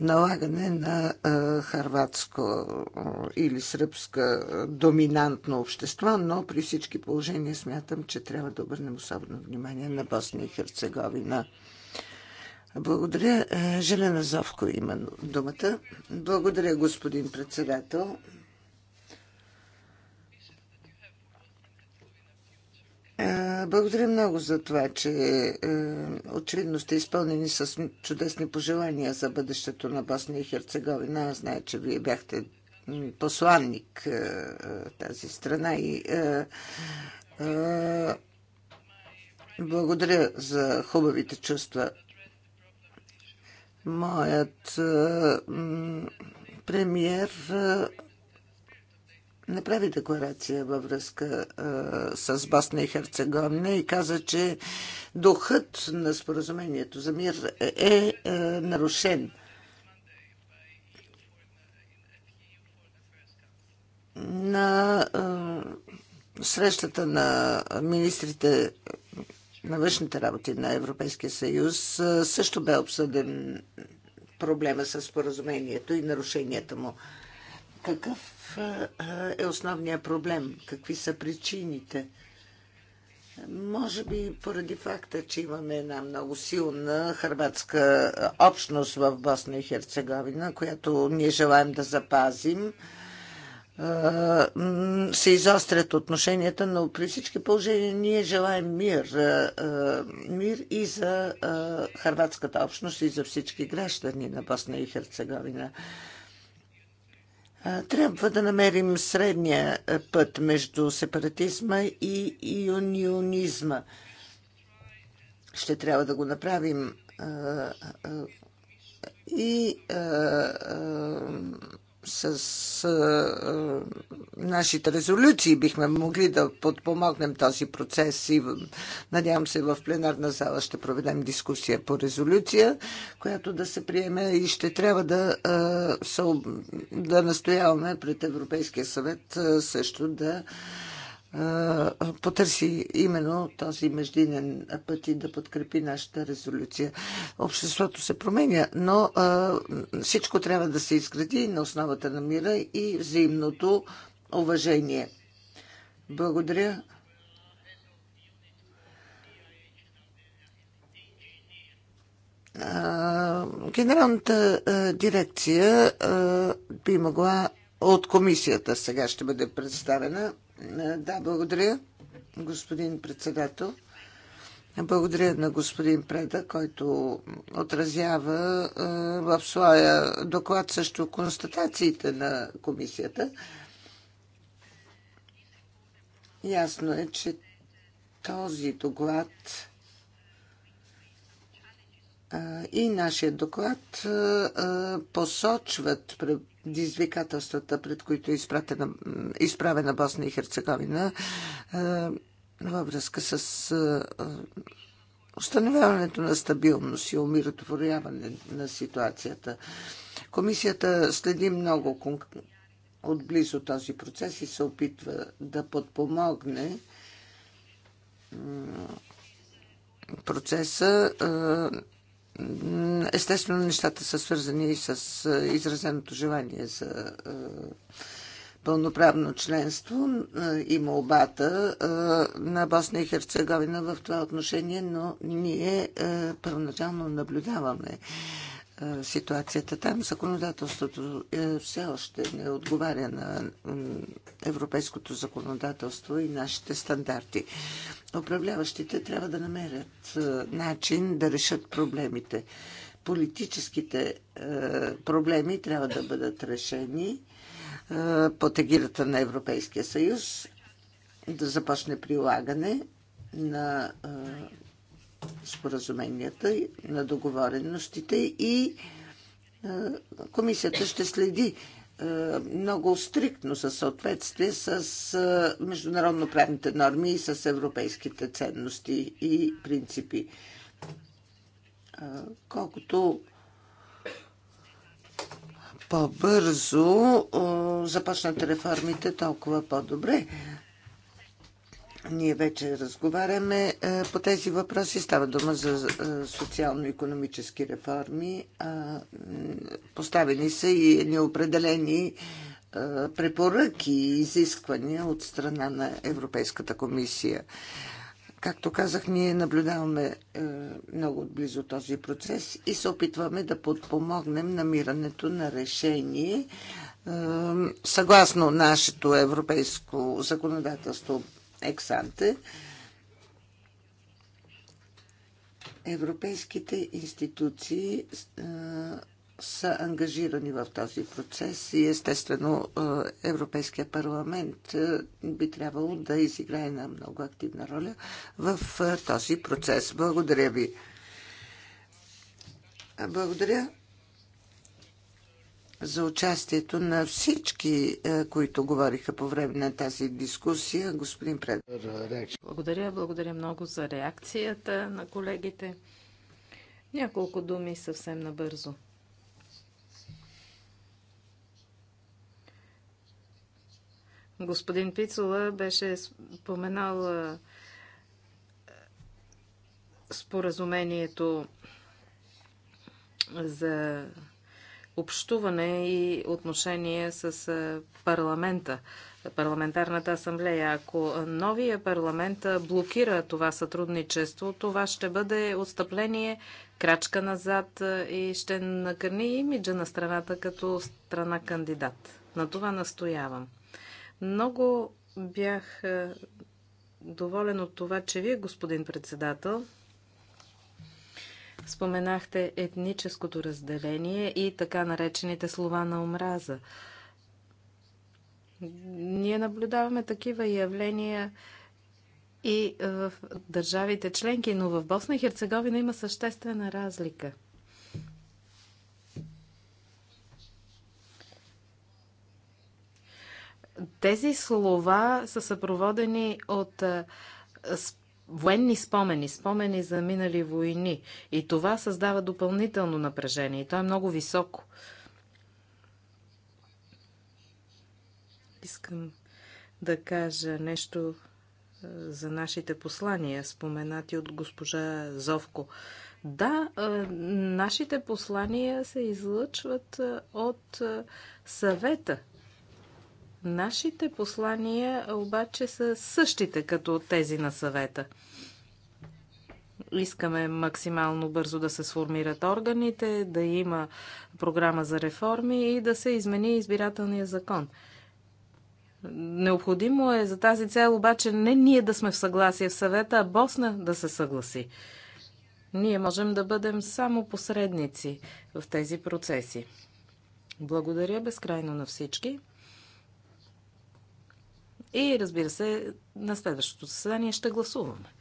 налагане на е, харватско е, или сръбска доминантно общество, но при всички положения смятам, че трябва да обърнем особено внимание на Босния и Херцеговина. Благодаря. Е, Желена Зовко има думата. Благодаря, господин председател. Е, благодаря много за това, че е, очевидно сте изпълнени с чудесни пожелания за бъдещето на Босния и Херцеговина. Аз знае, че вие бяхте посланник тази страна и благодаря за хубавите чувства Моят е, премиер е, направи декларация във връзка е, с Босна и Херцеговина и каза, че духът на споразумението за мир е, нарушен. На срещата на министрите на външните работи на Европейския съюз също бе обсъден проблема с споразумението и нарушенията му. Какъв е основният проблем? Какви са причините? Може би поради факта, че имаме една много силна хрватска общност в Босна и Херцеговина, която ние желаем да запазим се изострят отношенията, но при всички положения ние желаем мир. Мир и за харватската общност, и за всички граждани на Босна и Херцеговина. Трябва да намерим средния път между сепаратизма и юнионизма. Ще трябва да го направим и с а, нашите резолюции бихме могли да подпомогнем този процес и надявам се в пленарна зала ще проведем дискусия по резолюция, която да се приеме и ще трябва да, а, да настояваме пред Европейския съвет а, също да потърси именно този междинен път и да подкрепи нашата резолюция. Обществото се променя, но всичко трябва да се изгради на основата на мира и взаимното уважение. Благодаря. Генералната дирекция би могла от комисията сега ще бъде представена. Е, да, благодаря, господин председател. Благодаря на господин Преда, който отразява е, в своя доклад също констатациите на комисията. Ясно е, че този доклад е, и нашия доклад посочват предизвикателствата, пред които е изправена, изправена Босна и Херцеговина е, във връзка с е, установяването на стабилност и умиротворяване на ситуацията. Комисията следи много отблизо този процес и се опитва да подпомогне процеса е, Естествено, нещата са свързани и с изразеното желание за пълноправно членство и молбата на Босна и Херцеговина в това отношение, но ние първоначално наблюдаваме ситуацията там. Законодателството е, все още не отговаря на европейското законодателство и нашите стандарти. Управляващите трябва да намерят начин да решат проблемите. Политическите проблеми трябва да бъдат решени под егидата на Европейския съюз, да започне прилагане на споразуменията, на договореностите и е, комисията ще следи е, много стриктно със съответствие с е, международно-правните норми и с европейските ценности и принципи. Колкото по-бързо започнат реформите, толкова по-добре. Ние вече разговаряме е, по тези въпроси. Става дума за е, социално-економически реформи. Поставени са и неопределени е, препоръки и изисквания от страна на Европейската комисия. Както казах, ние наблюдаваме много отблизо този процес и се опитваме да подпомогнем намирането на решение съгласно нашето европейско законодателство ексанте, европейските институции са ангажирани в този процес и естествено Европейския парламент би трябвало да изиграе една много активна роля в този процес. Благодаря ви. Благодаря за участието на всички, е, които говориха по време на тази дискусия. Господин Пред. Благодаря, благодаря много за реакцията на колегите. Няколко думи съвсем набързо. Господин Пицула беше споменал е, споразумението за общуване и отношение с парламента, парламентарната асамблея. Ако новия парламент блокира това сътрудничество, това ще бъде отстъпление, крачка назад и ще накърни имиджа на страната като страна кандидат. На това настоявам. Много бях доволен от това, че вие, господин председател, Споменахте етническото разделение и така наречените слова на омраза. Ние наблюдаваме такива явления и в държавите членки, но в Босна и Херцеговина има съществена разлика. Тези слова са съпроводени от военни спомени, спомени за минали войни. И това създава допълнително напрежение. И то е много високо. Искам да кажа нещо е, за нашите послания, споменати от госпожа Зовко. Да, е, нашите послания се излъчват е, от съвета Нашите послания обаче са същите като тези на съвета. Искаме максимално бързо да се сформират органите, да има програма за реформи и да се измени избирателния закон. Необходимо е за тази цел обаче не ние да сме в съгласие в съвета, а Босна да се съгласи. Ние можем да бъдем само посредници в тези процеси. Благодаря безкрайно на всички. И разбира се, на следващото заседание ще гласуваме.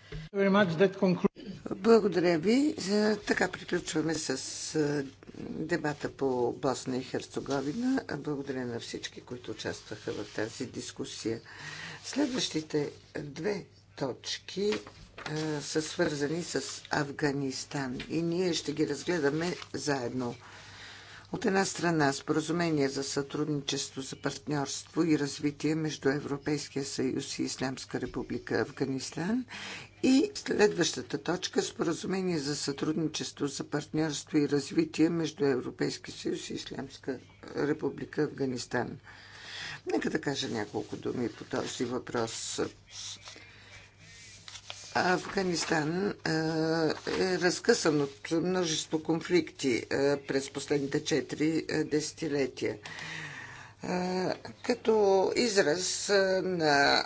Благодаря ви. Е, така приключваме с е, дебата по Босна и Херцеговина. Благодаря на всички, които участваха в тази дискусия. Следващите две точки е, са свързани с Афганистан и ние ще ги разгледаме заедно. От една страна споразумение за сътрудничество за партньорство и развитие между Европейския съюз и Исламска република Афганистан и следващата точка споразумение за сътрудничество за партньорство и развитие между Европейския съюз и Исламска република Афганистан. Нека да кажа няколко думи по този въпрос. Афганистан е разкъсан от множество конфликти през последните четири десетилетия. Като израз на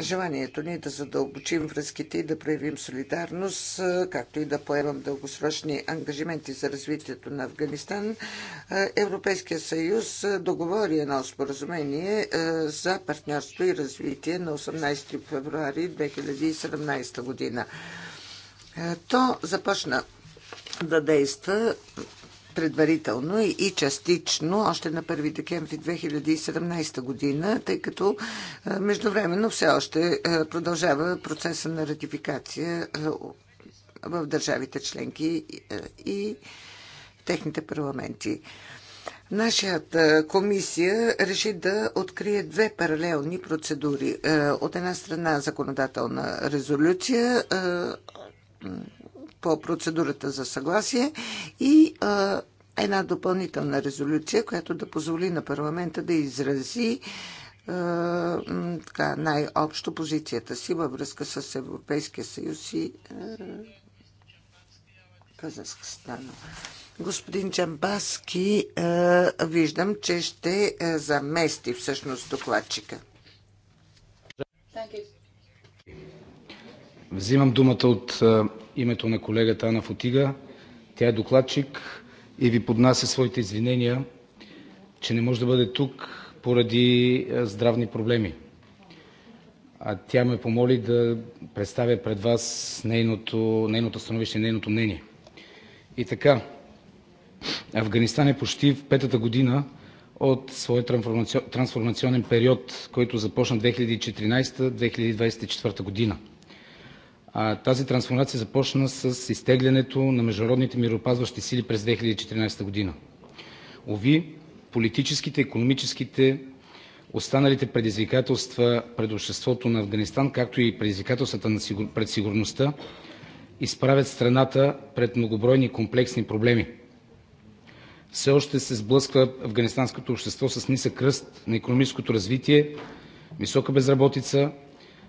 желанието ни е да задълбочим връзките и да проявим солидарност, както и да поемам дългосрочни ангажименти за развитието на Афганистан, Европейския съюз договори едно споразумение за партньорство и развитие на 18 февруари 2017 година. То започна да действа предварително и частично още на 1 декември 2017 година, тъй като е, междувременно все още е, продължава процеса на ратификация е, в държавите членки и техните парламенти. Нашата комисия реши да открие две паралелни процедури. От една страна законодателна резолюция по процедурата за съгласие и една допълнителна резолюция, която да позволи на парламента да изрази така, най-общо позицията си във връзка с Европейския съюз и Казахстан. Господин Джамбаски, виждам, че ще замести всъщност докладчика. Взимам думата от името на колегата Ана Фотига. Тя е докладчик и Ви поднася своите извинения, че не може да бъде тук поради е, здравни проблеми. Тя ме помоли да представя пред Вас нейното становище и нейното мнение. И така, Афганистан е почти в петата година от своя трансформационен период, който започна 2014 – 2024 година. Тази трансформация започна с изтеглянето на международните мироопазващи сили през 2014 г. Уви, политическите, икономическите, останалите предизвикателства пред обществото на Афганистан, както и предизвикателствата пред сигурността, изправят страната пред многобройни комплексни проблеми. Все още се сблъсква афганистанското общество с нисък ръст на икономическото развитие, висока безработица,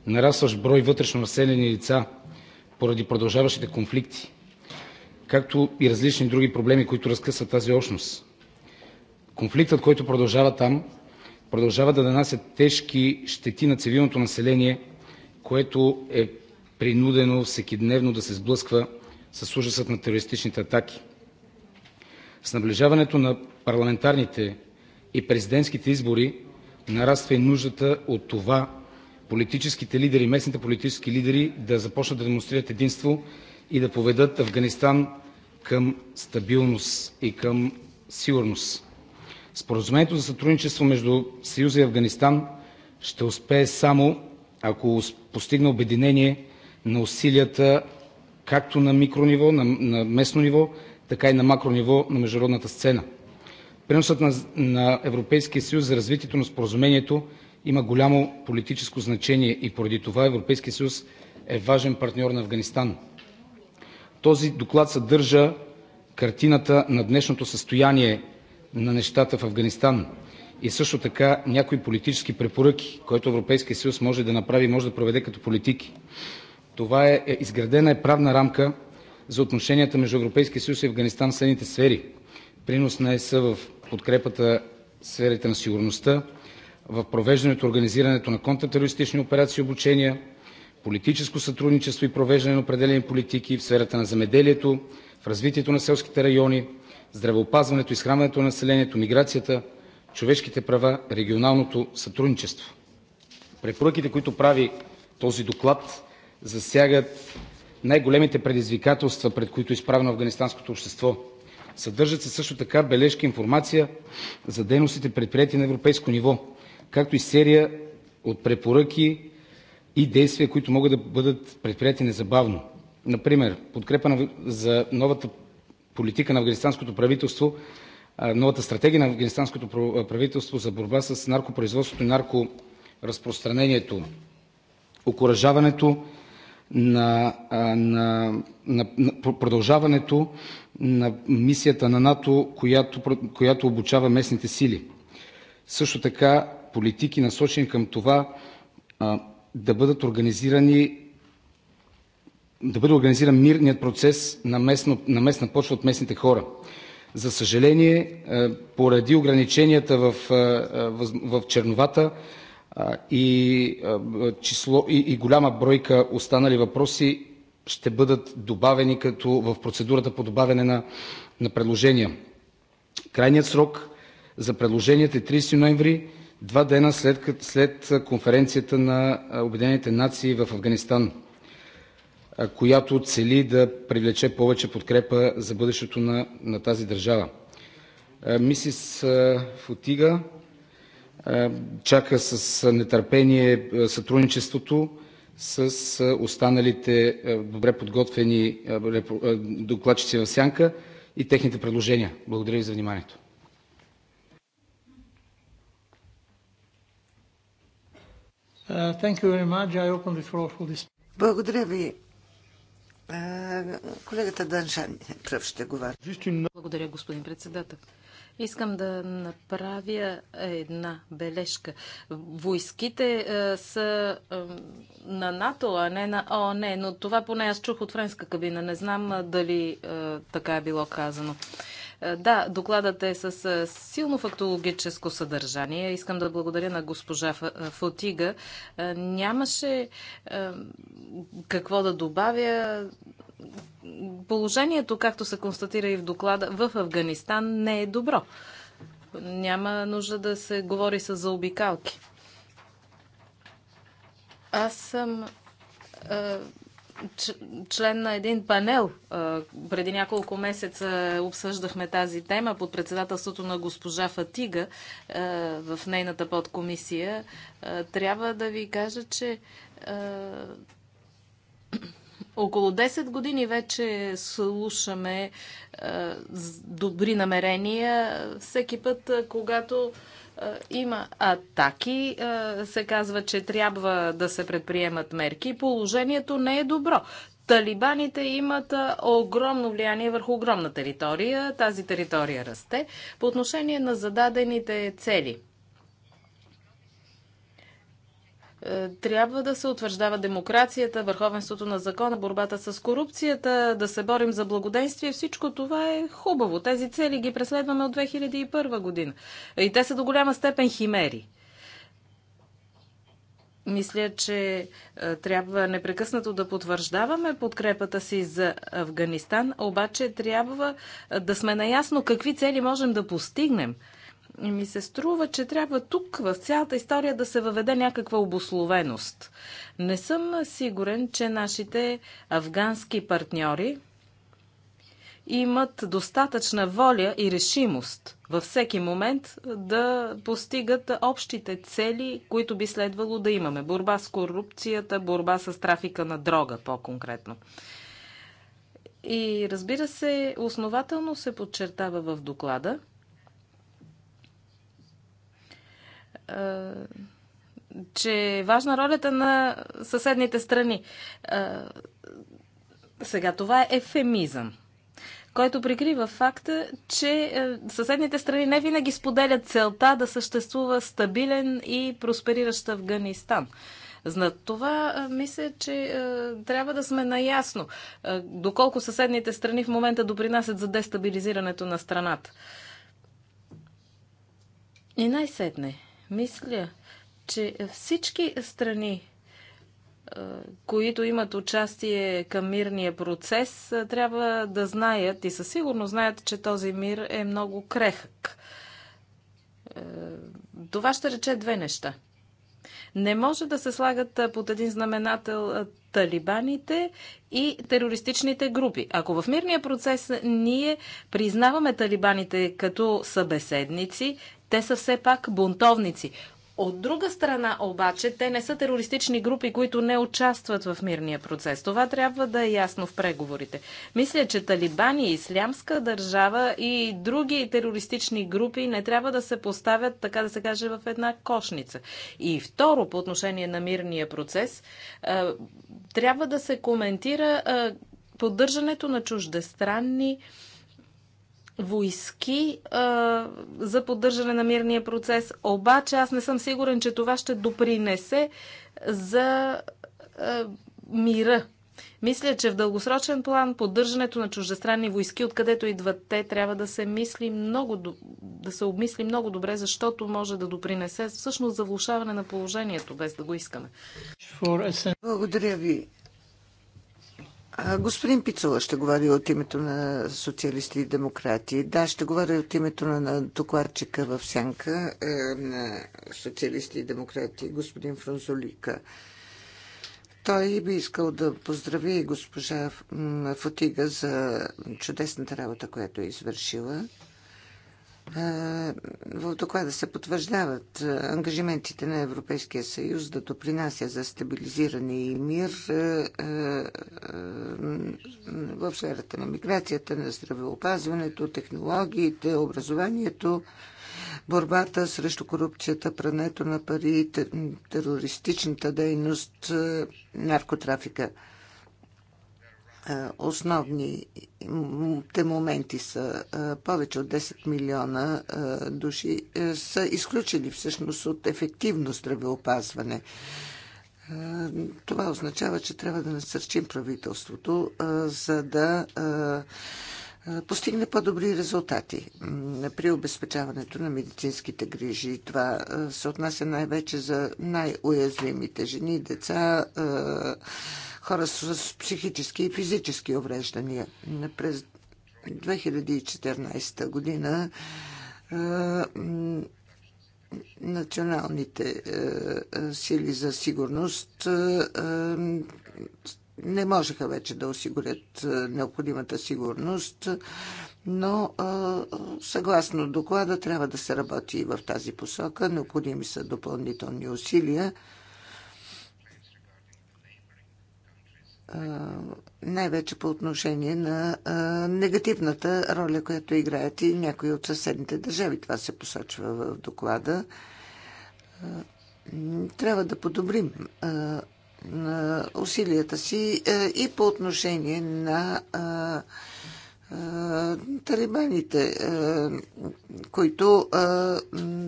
нарастващ брой вътрешно населени лица поради продължаващите конфликти, както и различни други проблеми, които разкъсват тази общност. Конфликтът, който продължава там, продължава да нанася тежки щети на цивилното население, което е принудено всекидневно да се сблъсква с ужаса на терористичните атаки. С наближаването на парламентарните и президентските избори нараства и нуждата от това политическите лидери, местните политически лидери да започнат да демонстрират единство и да поведат Афганистан към стабилност и към сигурност. Споразумението за сътрудничество между Съюза и Афганистан ще успее само ако постигне обединение на усилията както на микрониво, на местно ниво, така и на макрониво на международната сцена. Приносът на Европейския съюз за развитието на Споразумението има голямо политическо значение и поради това Европейският съюз е важен партньор на Афганистан. Този доклад съдържа картината на днешното състояние на нещата в Афганистан и също така някои политически препоръки, които Европейският съюз може да направи и може да проведе като политики. Това е, е, изградена е правна рамка за отношенията между Европейския съюз и Афганистан в следните сфери: принос на ЕС в подкрепата в сферите на сигурността, в провеждането и организирането на контртерористични операции и обучения, политическо сътрудничество и провеждане на определени политики в сферата на земеделието, в развитието на селските райони, здравеопазването, изхранването на населението, миграцията, човешките права, регионалното сътрудничество. Препоръките, които прави този доклад, засягат най-големите предизвикателства, пред които е изправено афганистанското общество. Съдържат се също така бележки и информация за дейностите, предприети на европейско ниво, както и серия от препоръки и действия, които могат да бъдат предприети незабавно. Например подкрепа за новата политика на афганистанското правителство, новата стратегия на афганистанското правителство за борба с наркопроизводството и наркоразпространението, на, на, на, на, продължаването на мисията на НАТО, която, която обучава местните сили. Също така политики, насочени към това да бъде организиран мирният процес на местна почва от местните хора. За съжаление, е, поради ограниченията в е, Черновата и голяма бройка останали въпроси ще бъдат добавени в процедурата по добавяне на предложения. Крайният срок за предложенията е 30 ноември два дена след, след конференцията на Обединените нации в Афганистан, която цели да привлече повече подкрепа за бъдещето на, на тази държава. Мисис Фотига чака с нетърпение сътрудничеството с останалите добре подготвени докладчици в сянка и техните предложения. Благодаря ви за вниманието. Uh, Благодаря ви. Колегата Даншан пръв ще говори. Благодаря, господин председател. Искам да направя една бележка. Войските е, са е, на НАТО, а не на ООН, но това поне аз чух от френска кабина. Не знам е, дали така е било казано. Е, е, да, докладът е с е, силно фактологическо съдържание. Искам да благодаря на госпожа е, Фотига. Нямаше какво да добавя. Положението, както се констатира и в доклада, в Афганистан не е добро. Няма нужда да се говори с заобикалки. Аз съм член на един панел. Преди няколко месеца обсъждахме тази тема под председателството на госпожа Фатига в нейната подкомисия. Трябва да ви кажа, че около 10 години вече слушаме добри намерения всеки път, когато е, има атаки, е, се казва, че трябва да се предприемат мерки. Положението не е добро. Талибаните имат е, огромно влияние върху огромна територия. Тази територия расте. По отношение на зададените цели – Е, трябва да се утвърждава демокрацията, върховенството на закона, борбата с корупцията, да се борим за благоденствие. Всичко това е хубаво. Тези цели ги преследваме от 2001 година. И те са до голяма степен химери. Мисля, че е, трябва непрекъснато да потвърждаваме подкрепата си за Афганистан, обаче трябва е, да сме наясно какви цели можем да постигнем – ми се струва, че трябва тук, в цялата история, да се въведе някаква обословеност. Не съм сигурен, че нашите афгански партньори имат достатъчна воля и решимост във всеки момент да постигат общите цели, които би следвало да имаме. Борба с корупцията, борба с трафика на дрога, по-конкретно. И разбира се, основателно се подчертава в доклада – че е важна ролята на съседните страни. Сега това е ефемизъм, който прикрива факта, че съседните страни не винаги споделят целта да съществува стабилен и проспериращ Афганистан. За това мисля, че е, трябва да сме наясно е, доколко съседните страни в момента допринасят за дестабилизирането на страната. И най-сетне, мисля, че всички страни, които имат участие към мирния процес, трябва да знаят и със сигурност знаят, че този мир е много крехък. Това ще рече две неща. Не може да се слагат под един знаменател талибаните и терористичните групи. Ако в мирния процес ние признаваме талибаните като събеседници, те са все пак бунтовници. От друга страна обаче, те не са терористични групи, които не участват в мирния процес. Това трябва да е ясно в преговорите. Мисля, че талибани, ислямска държава и други терористични групи не трябва да се поставят, така да се каже, в една кошница. И второ, по отношение на мирния процес, е, трябва да се коментира е, поддържането на чуждестранни войски а, за поддържане на мирния процес. Обаче аз не съм сигурен, че това ще допринесе за а, мира. Мисля, че в дългосрочен план поддържането на чуждестранни войски, откъдето идват те, трябва да се мисли много, да се обмисли много добре, защото може да допринесе всъщност за влушаване на положението, без да го искаме. Благодаря ви. Господин Пицула ще говори от името на социалисти и демократи. Да, ще говоря от името на докладчика в Сянка е, на социалисти и демократи, господин Франзолика. Той би искал да поздрави госпожа Фотига за чудесната работа, която е извършила. Е, в доклада се потвърждават е, ангажиментите на Европейския съюз да допринася за стабилизиране и мир е, в сферата на миграцията, на здравеопазването, технологиите, образованието, борбата срещу корупцията, прането на пари, терористичната дейност, наркотрафика – е, Основните моменти са е, повече от 10 милиона е, души са изключени всъщност от ефективно здравеопазване. Това означава, че трябва да насърчим правителството, за да е, постигне по-добри резултати при обезпечаването на медицинските грижи. Това е, се отнася най-вече за най-уязвимите жени, деца, е, хора с психически и физически увреждания. През 2014 година националните сили за сигурност не можеха вече да осигурят е, необходимата сигурност, но е, съгласно доклада трябва да се работи и в тази посока. Необходими са допълнителни усилия. Е, най-вече по отношение на негативната роля, която играят и някои от съседните държави. Това се посочва в доклада. Трябва да подобрим на усилията си е, и по отношение на е, е, талибаните, които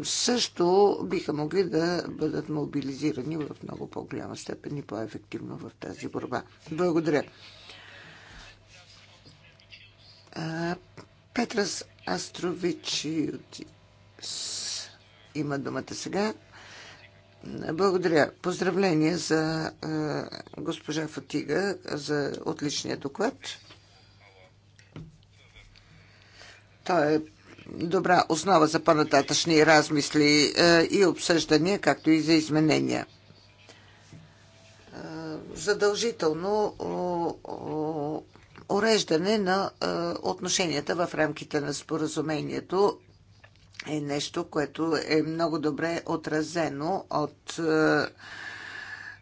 също биха могли да бъдат мобилизирани в много по-голяма степен и по-ефективно в тази борба. Благодаря. Петрас Астровичи има думата сега. Благодаря. Поздравление за е, госпожа Фатига за отличния доклад. Той е добра основа за по-нататъчни размисли е, и обсъждания, както и за изменения. Е, задължително уреждане на отношенията в рамките на споразумението е нещо, което е много добре отразено от е,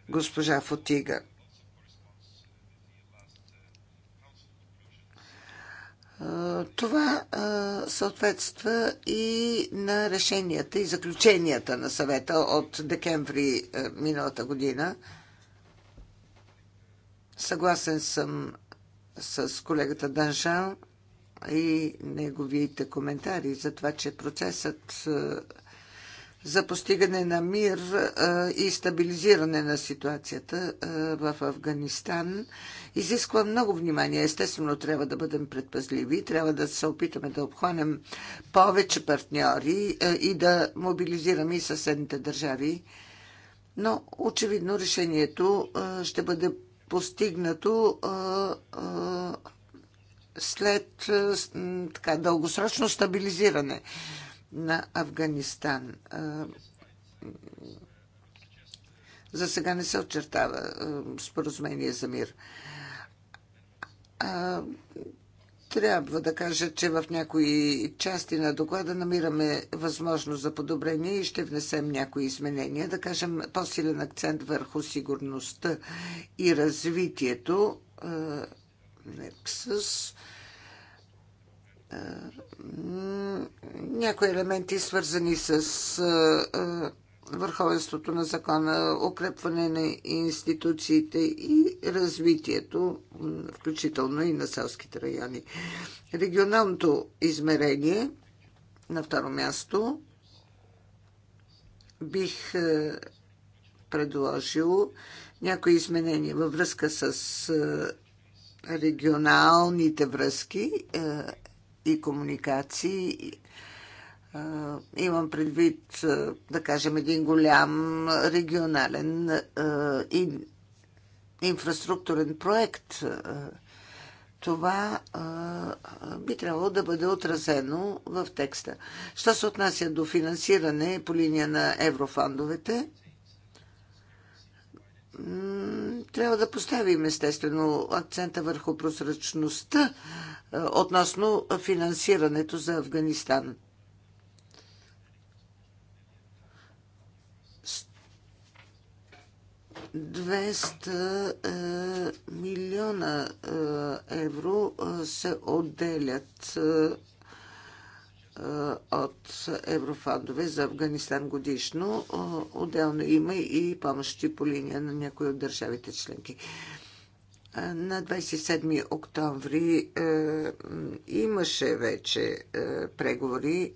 госпожа Фотига. Е, това е, съответства и на решенията и заключенията на съвета от декември миналата година. Съгласен съм с колегата Данжан и неговите коментари за това, че процесът е, за постигане на мир е, и стабилизиране на ситуацията е, в Афганистан изисква много внимание. Естествено, трябва да бъдем предпазливи, трябва да се опитаме да обхванем повече партньори и да мобилизираме и съседните държави. Но очевидно решението ще бъде постигнато след така, дългосрочно стабилизиране на Афганистан. За сега не се очертава споразумение за мир. Трябва да кажа, че в някои части на доклада намираме възможност за подобрение и ще внесем някои изменения. Да кажем по-силен акцент върху сигурността и развитието Nexus. Някои елементи, свързани с върховенството на закона, укрепване на институциите и развитието, включително и на селските райони. Регионалното измерение на второ място бих предложил някои изменения във връзка с регионалните връзки е, и комуникации. Е, имам предвид, е, да кажем, един голям регионален и инфраструктурен проект. Това би трябвало да бъде отразено в текста. Що се отнася до финансиране по линия на еврофандовете, трябва да поставим естествено акцента върху прозрачността е, относно финансирането за Афганистан. Двеста 200 е, милиона е, евро се отделят от еврофондове за Афганистан годишно. Отделно има и помощи по линия на някои от държавите членки. На 27 октомври е, имаше вече е, преговори, е,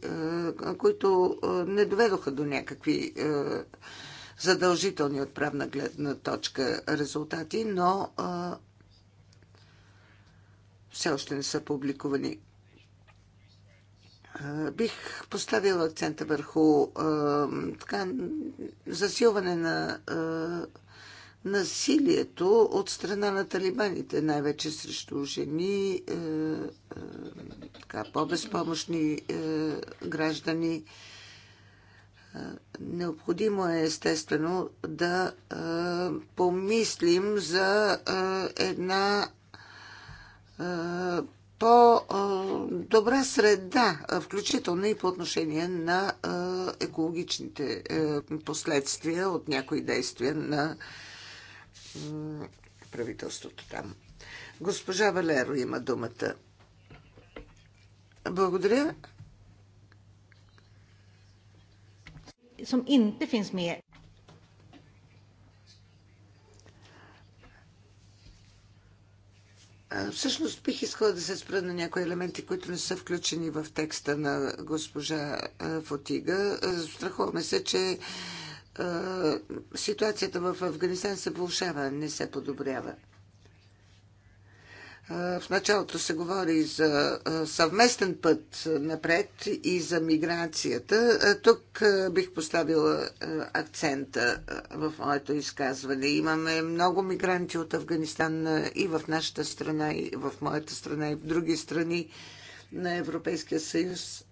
които е, не доведоха до някакви е, задължителни от правна гледна точка резултати, но е, все още не са публикувани. Е, бих поставила акцента върху е, така, засилване на е, насилието от страна на талибаните, най-вече срещу жени, така, по-безпомощни граждани. Необходимо е, естествено, да помислим за една по-добра среда, включително и по отношение на екологичните последствия от някои действия на правителството там. Госпожа Валеро има думата. Благодаря. Som inte finns med Всъщност бих искала да се спра на някои елементи, които не са включени в текста на госпожа Фотига. Страхуваме се, че ситуацията в Афганистан се влушава, не се подобрява. В началото се говори за съвместен път напред и за миграцията. Тук бих поставила акцента в моето изказване. Имаме много мигранти от Афганистан и в нашата страна, и в моята страна, и в други страни на Европейския съюз.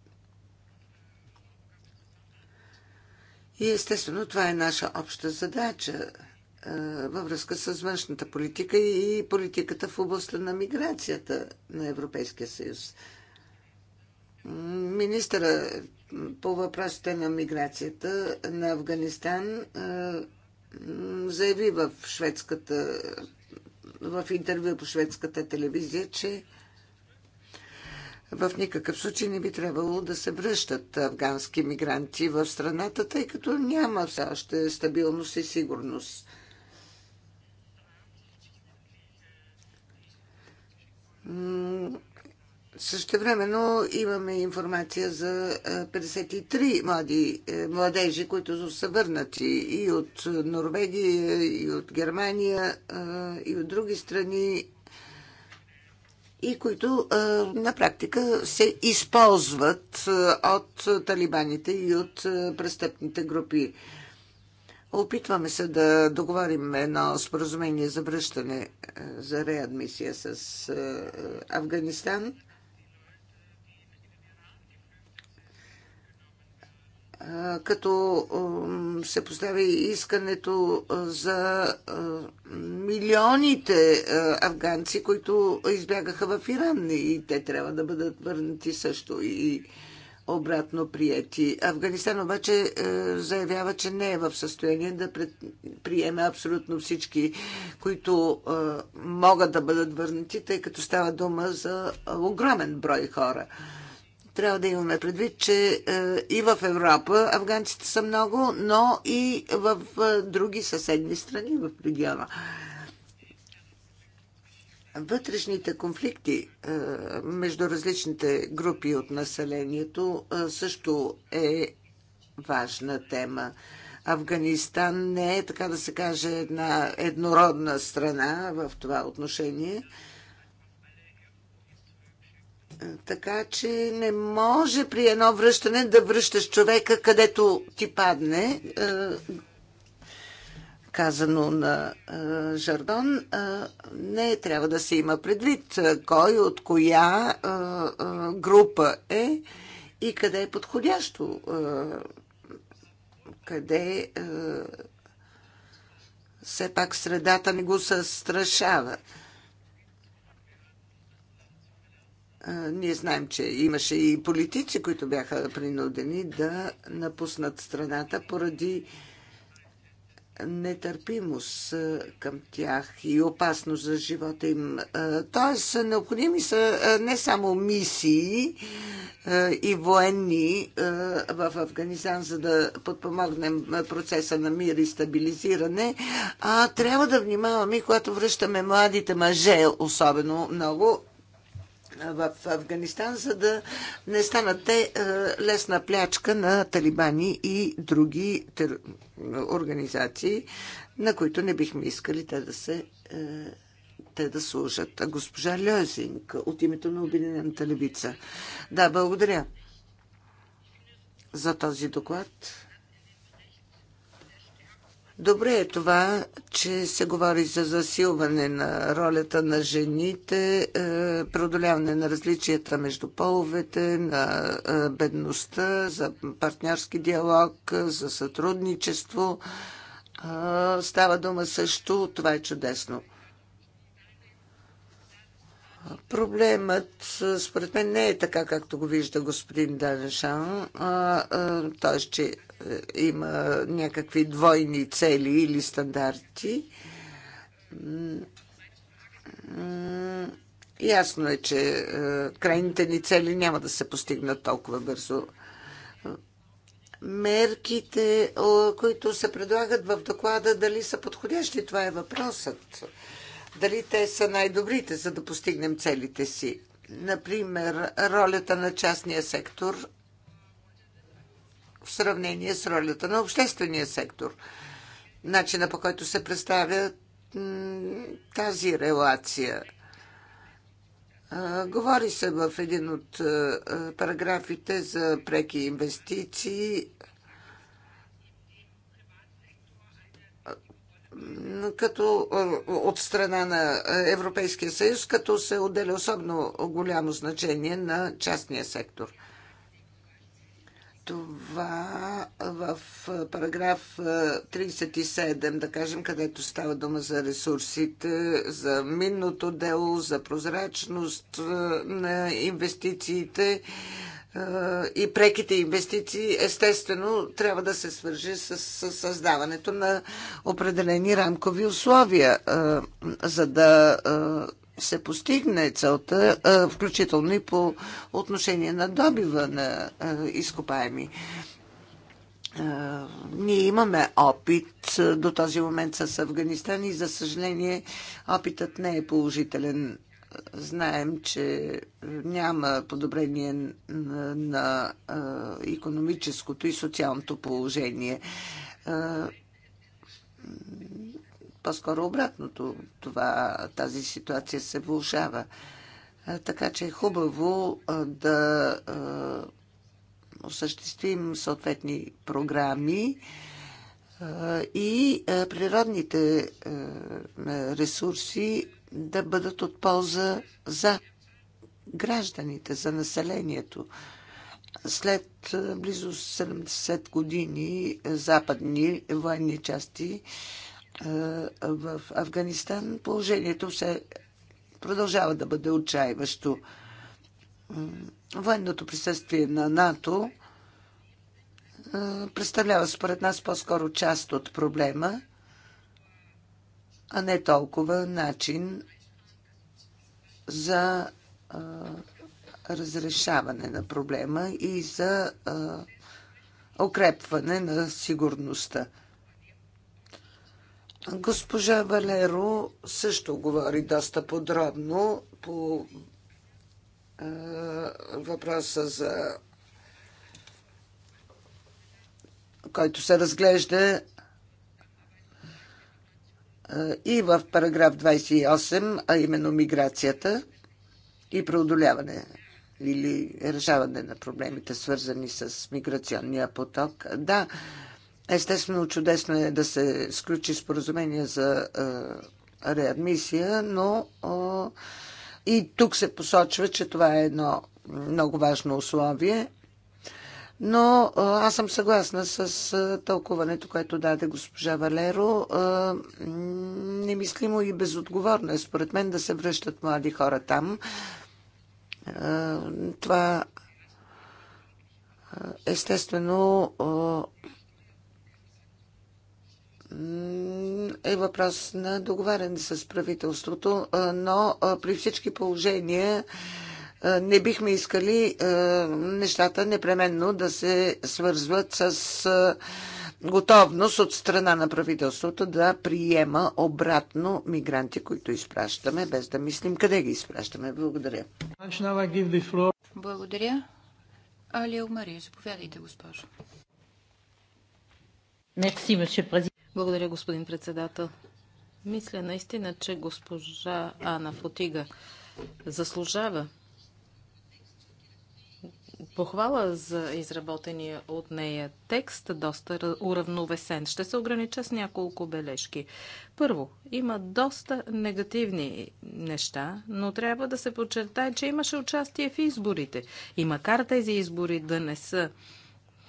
И естествено, това е наша обща задача във връзка с външната политика и политиката в областта на миграцията на Европейския съюз. Министъра по въпросите на миграцията на Афганистан заяви в шведската в интервю по шведската телевизия, че в никакъв случай не би трябвало да се връщат афгански мигранти в страната, тъй като няма все още стабилност и сигурност. Също времено имаме информация за 53 млади, е, младежи, които са върнати и от Норвегия, и от Германия, и от други страни, и които на практика се използват от талибаните и от престъпните групи. Опитваме се да договорим едно споразумение за връщане за реадмисия с Афганистан. като се поставя искането за милионите афганци, които избягаха в Иран и те трябва да бъдат върнати също и обратно прияти. Афганистан обаче заявява, че не е в състояние да приеме абсолютно всички, които могат да бъдат върнати, тъй като става дума за огромен брой хора. Трябва да имаме предвид, че е, и в Европа афганците са много, но и в е, други съседни страни в региона. Вътрешните конфликти е, между различните групи от населението също е важна тема. Афганистан не е, така да се каже, една еднородна страна в това отношение – така че не може при едно връщане да връщаш човека където ти падне, е, казано на е, Жардон. Е, не трябва да се има предвид кой от коя група е и къде е подходящо. Къде все пак средата не го състрашава. Ние знаем, че имаше и политици, които бяха принудени да напуснат страната поради нетърпимост към тях и опасност за живота им. Тоест, необходими са не само мисии и военни в Афганистан, за да подпомогнем процеса на мир и стабилизиране, а трябва да внимаваме, когато връщаме младите мъже, особено много, в Афганистан, за да не станат те е, лесна плячка на талибани и други тер... организации, на които не бихме искали те да се е, те да служат. А госпожа Льозинг от името на Обединената левица. Да, благодаря за този доклад. Добре е това, че се говори за засилване на ролята на жените, е, преодоляване на различията между половете, на е, бедността, за партньорски диалог, е, за сътрудничество. Става дума също, това е чудесно. Проблемът, според мен, не е така, както го вижда господин Данешан, т.е. че е, има някакви двойни цели или стандарти. Ясно е, че е, крайните ни цели няма да се постигнат толкова бързо. Мерките, които се предлагат в доклада, дали са подходящи, това е въпросът дали те са най-добрите, за да постигнем целите си. Например, ролята на частния сектор в сравнение с ролята на обществения сектор. Начина по който се представя тази релация. Говори се в един от параграфите за преки инвестиции, като от страна на Европейския съюз, като се отделя особено голямо значение на частния сектор. Това в параграф 37, да кажем, където става дума за ресурсите, за минното дело, за прозрачност на инвестициите, и преките инвестиции, естествено, трябва да се свържи с, с създаването на определени рамкови условия, за да се постигне целта, включително и по отношение на добива на изкопаеми. Ние имаме опит до този момент с Афганистан и, за съжаление, опитът не е положителен знаем, че няма подобрение на економическото и социалното положение. По-скоро обратното, това, тази ситуация се влушава. Така че е хубаво да осъществим съответни програми и природните ресурси да бъдат от полза за гражданите, за населението. След близо 70 години западни военни части в Афганистан положението все продължава да бъде отчаиващо. Военното присъствие на НАТО представлява според нас по-скоро част от проблема – а не толкова начин за а, разрешаване на проблема и за а, укрепване на сигурността. Госпожа Валеро също говори доста подробно по а, въпроса за който се разглежда и в параграф 28, а именно миграцията и преодоляване или решаване на проблемите, свързани с миграционния поток. Да, естествено, чудесно е да се сключи споразумение за реадмисия, но и тук се посочва, че това е едно много важно условие но аз съм съгласна с тълкуването, което даде госпожа Валеро. Немислимо и безотговорно е според мен да се връщат млади хора там. Това естествено е въпрос на договаряне с правителството, но при всички положения не бихме искали нещата непременно да се свързват с готовност от страна на правителството да приема обратно мигранти, които изпращаме, без да мислим къде ги изпращаме. Благодаря. Благодаря. Алия Мария, заповядайте, госпожо. Благодаря, господин председател. Мисля наистина, че госпожа Ана Фотига заслужава похвала за изработения от нея текст, доста уравновесен. Ще се огранича с няколко бележки. Първо, има доста негативни неща, но трябва да се подчертае, че имаше участие в изборите. И макар тези избори да не са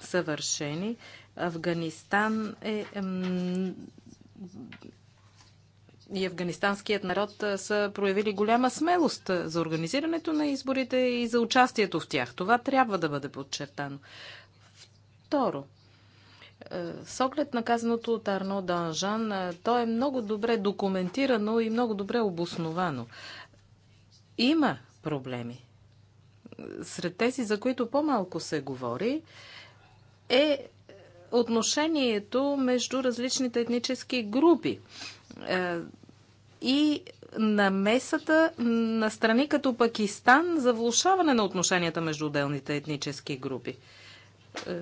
съвършени, Афганистан е и афганистанският народ са проявили голяма смелост за организирането на изборите и за участието в тях. Това трябва да бъде подчертано. Второ, с оглед на казаното от Арно Данжан, то е много добре документирано и много добре обосновано. Има проблеми. Сред тези, за които по-малко се говори, е отношението между различните етнически групи е, и намесата на страни като Пакистан за влушаване на отношенията между отделните етнически групи. Е,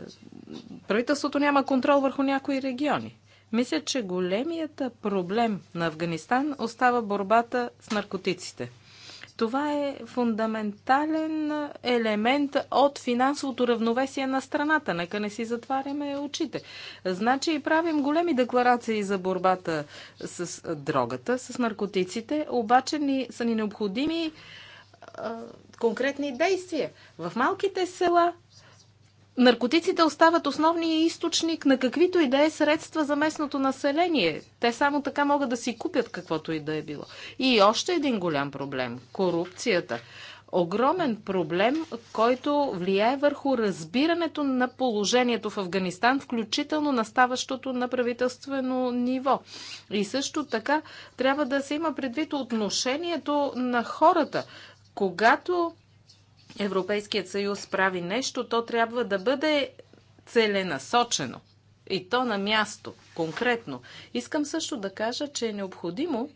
правителството няма контрол върху някои региони. Мисля, че големият проблем на Афганистан остава борбата с наркотиците – това е фундаментален елемент от финансовото равновесие на страната. Нека не си затваряме очите. Значи правим големи декларации за борбата с дрогата, с наркотиците, обаче ни, са ни необходими а, конкретни действия. В малките села Наркотиците остават основния източник на каквито и да е средства за местното население. Те само така могат да си купят каквото и да е било. И още един голям проблем корупцията. Огромен проблем, който влияе върху разбирането на положението в Афганистан, включително на ставащото на правителствено ниво. И също така трябва да се има предвид отношението на хората. Когато Европейският съюз прави нещо, то трябва да бъде целенасочено. И то на място, конкретно. Искам също да кажа, че е необходимо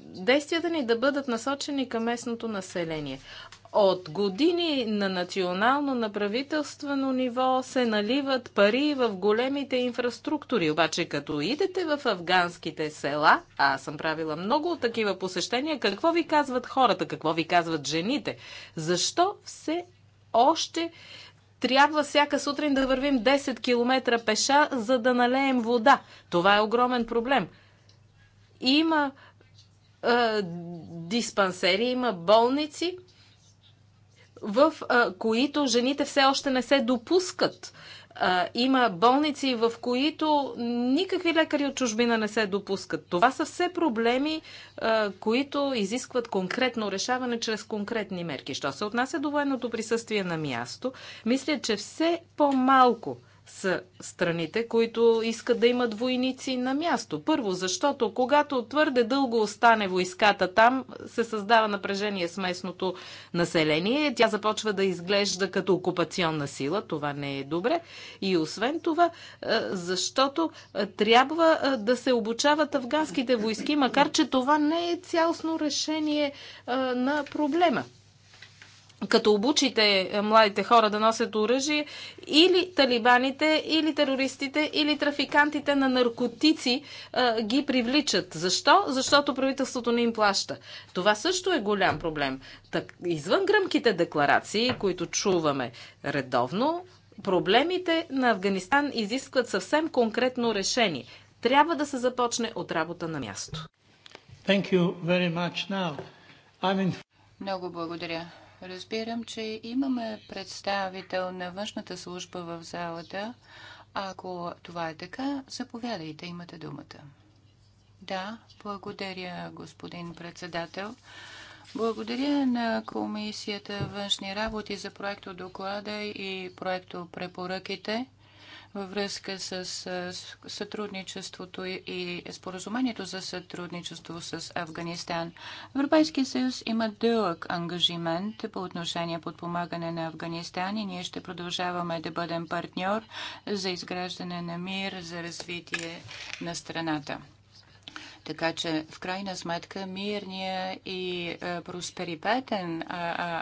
действията ни да бъдат насочени към местното население. От години на национално, на правителствено ниво се наливат пари в големите инфраструктури. Обаче, като идете в афганските села, а аз съм правила много от такива посещения, какво ви казват хората, какво ви казват жените? Защо все още трябва всяка сутрин да вървим 10 км пеша, за да налеем вода? Това е огромен проблем. Има диспансери, има болници, в а, които жените все още не се допускат. А, има болници, в които никакви лекари от чужбина не се допускат. Това са все проблеми, а, които изискват конкретно решаване чрез конкретни мерки. Що се отнася до военното присъствие на място, мисля, че все по-малко са страните, които искат да имат войници на място. Първо, защото когато твърде дълго остане войската там, се създава напрежение с местното население. Тя започва да изглежда като окупационна сила. Това не е добре. И освен това, защото трябва да се обучават афганските войски, макар че това не е цялостно решение на проблема като обучите е, младите хора да носят оръжие, или талибаните, или терористите, или трафикантите на наркотици а, е, ги привличат. Защо? Защото правителството не им плаща. Това също е голям проблем. Так, извън гръмките декларации, които чуваме редовно, проблемите на Афганистан изискват съвсем конкретно решение. Трябва да се започне от работа на място. Thank you very much now. I'm in... Много благодаря. Разбирам, че имаме представител на външната служба в залата. Ако това е така, заповядайте, имате думата. Да, благодаря, господин председател. Благодаря на Комисията външни работи за проекто доклада и проекто препоръките във връзка с сътрудничеството и споразумението за сътрудничество с Афганистан. Европейския съюз има дълъг ангажимент по отношение подпомагане на Афганистан и ние ще продължаваме да бъдем партньор за изграждане на мир, за развитие на страната. Така че, в крайна сметка, мирния и е, просперипетен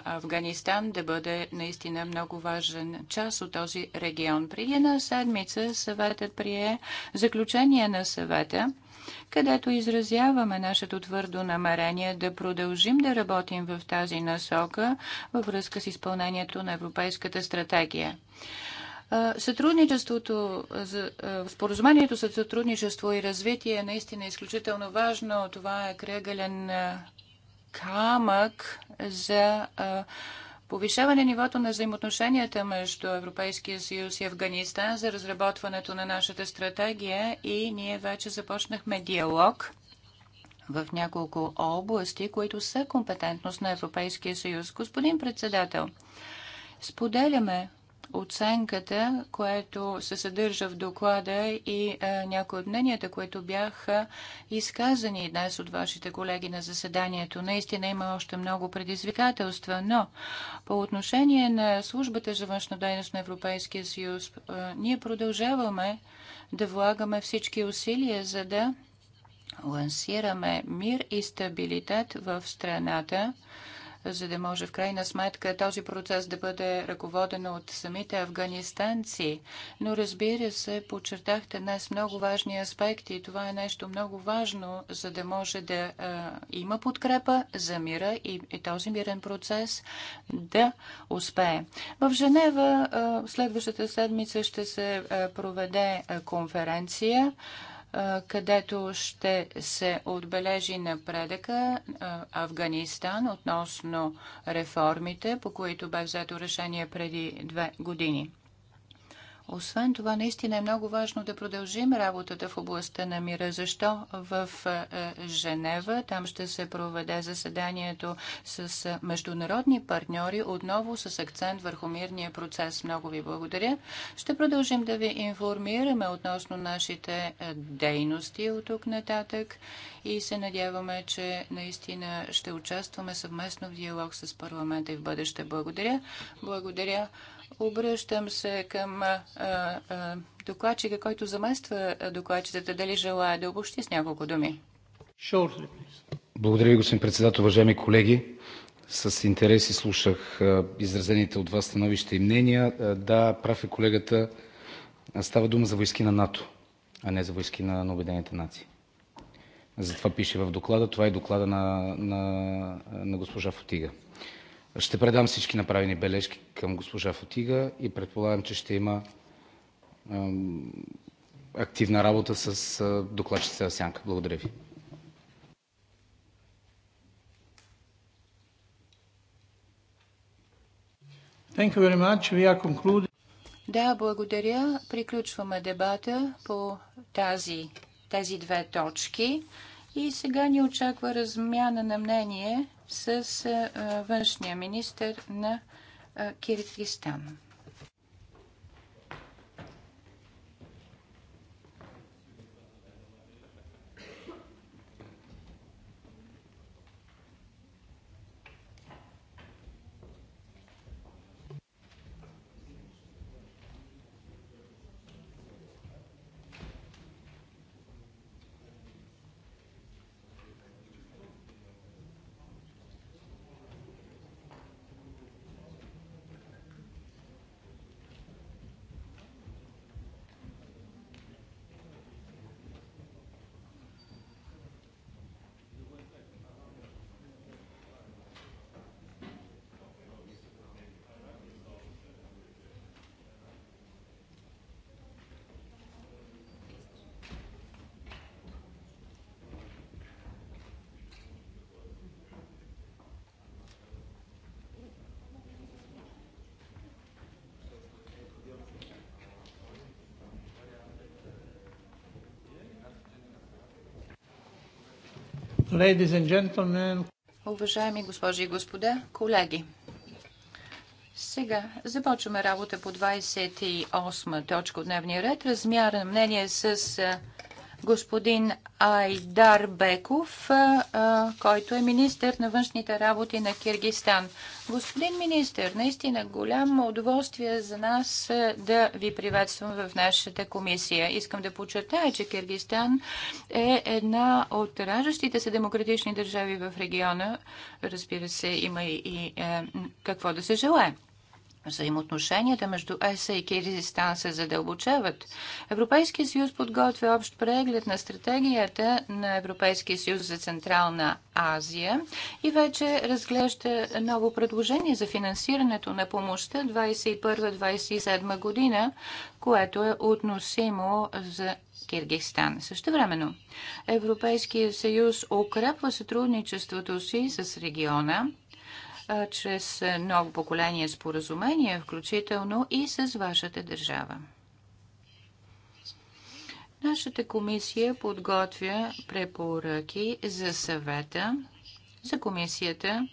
Афганистан да бъде наистина много важен част от този регион. Преди една седмица съветът прие заключение на съвета където изразяваме нашето твърдо намерение да продължим да работим в тази насока във връзка с изпълнението на Европейската стратегия. Сътрудничеството, споразумението за сътрудничество и развитие е наистина изключително важно. Това е крегален камък за повишаване нивото на взаимоотношенията между Европейския съюз и Афганистан за разработването на нашата стратегия и ние вече започнахме диалог в няколко области, които са компетентност на Европейския съюз. Господин председател, споделяме оценката, което се съдържа в доклада и някои от мненията, които бяха изказани днес от вашите колеги на заседанието. Наистина има още много предизвикателства, но по отношение на службата за външна дейност на Европейския съюз, ние продължаваме да влагаме всички усилия, за да лансираме мир и стабилитет в страната за да може в крайна сметка този процес да бъде ръководен от самите афганистанци. Но разбира се, подчертахте днес много важни аспекти и това е нещо много важно, за да може да а, има подкрепа за мира и, и този мирен процес да успее. В Женева а, следващата седмица ще се а, проведе а, конференция където ще се отбележи напредъка Афганистан относно реформите, по които бе взето решение преди две години. Освен това, наистина е много важно да продължим работата в областта на мира. Защо в е, е, Женева? Там ще се проведе заседанието с е, международни партньори, отново с акцент върху мирния процес. Много ви благодаря. Ще продължим да ви информираме относно нашите дейности от тук нататък и се надяваме, че наистина ще участваме съвместно в диалог с парламента и в бъдеще. Благодаря. Благодаря Обръщам се към докладчика, който замества докладчицата, дали желая да обобщи с няколко думи. Благодаря ви, господин председател, уважаеми колеги. С интерес и слушах изразените от вас становища и мнения. Да, прав е колегата. Става дума за войски на НАТО, а не за войски на, на Обединените нации. Затова пише в доклада. Това е доклада на, на, на госпожа Фотига. Ще предам всички направени бележки към госпожа Фотига и предполагам, че ще има активна работа с докладчица Асянка. сянка. Благодаря Ви. Да, благодаря. Приключваме дебата по тази, тези две точки. И сега ни очаква размяна на мнение с външния министър на Киргизстан. Ladies and gentlemen. Уважаеми госпожи и господа, колеги. Сега започваме работа по 28 точка от дневния ред. Размяра на мнение с господин Айдар Беков, който е министър на външните работи на Киргистан. Господин министър, наистина голямо удоволствие за нас да ви приветствам в нашата комисия. Искам да подчертая, че Киргистан е една от раждащите се демократични държави в региона. Разбира се, има и, и е, какво да се желае. Взаимоотношенията между ЕСА и Киризистан се задълбочават. Европейския съюз подготвя общ преглед на стратегията на Европейския съюз за Централна Азия и вече разглежда ново предложение за финансирането на помощта 2021-2027 година, което е относимо за Киргизстан. Също времено Европейския съюз укрепва сътрудничеството си с региона чрез ново поколение споразумение, включително и с вашата държава. Нашата комисия подготвя препоръки за съвета, за комисията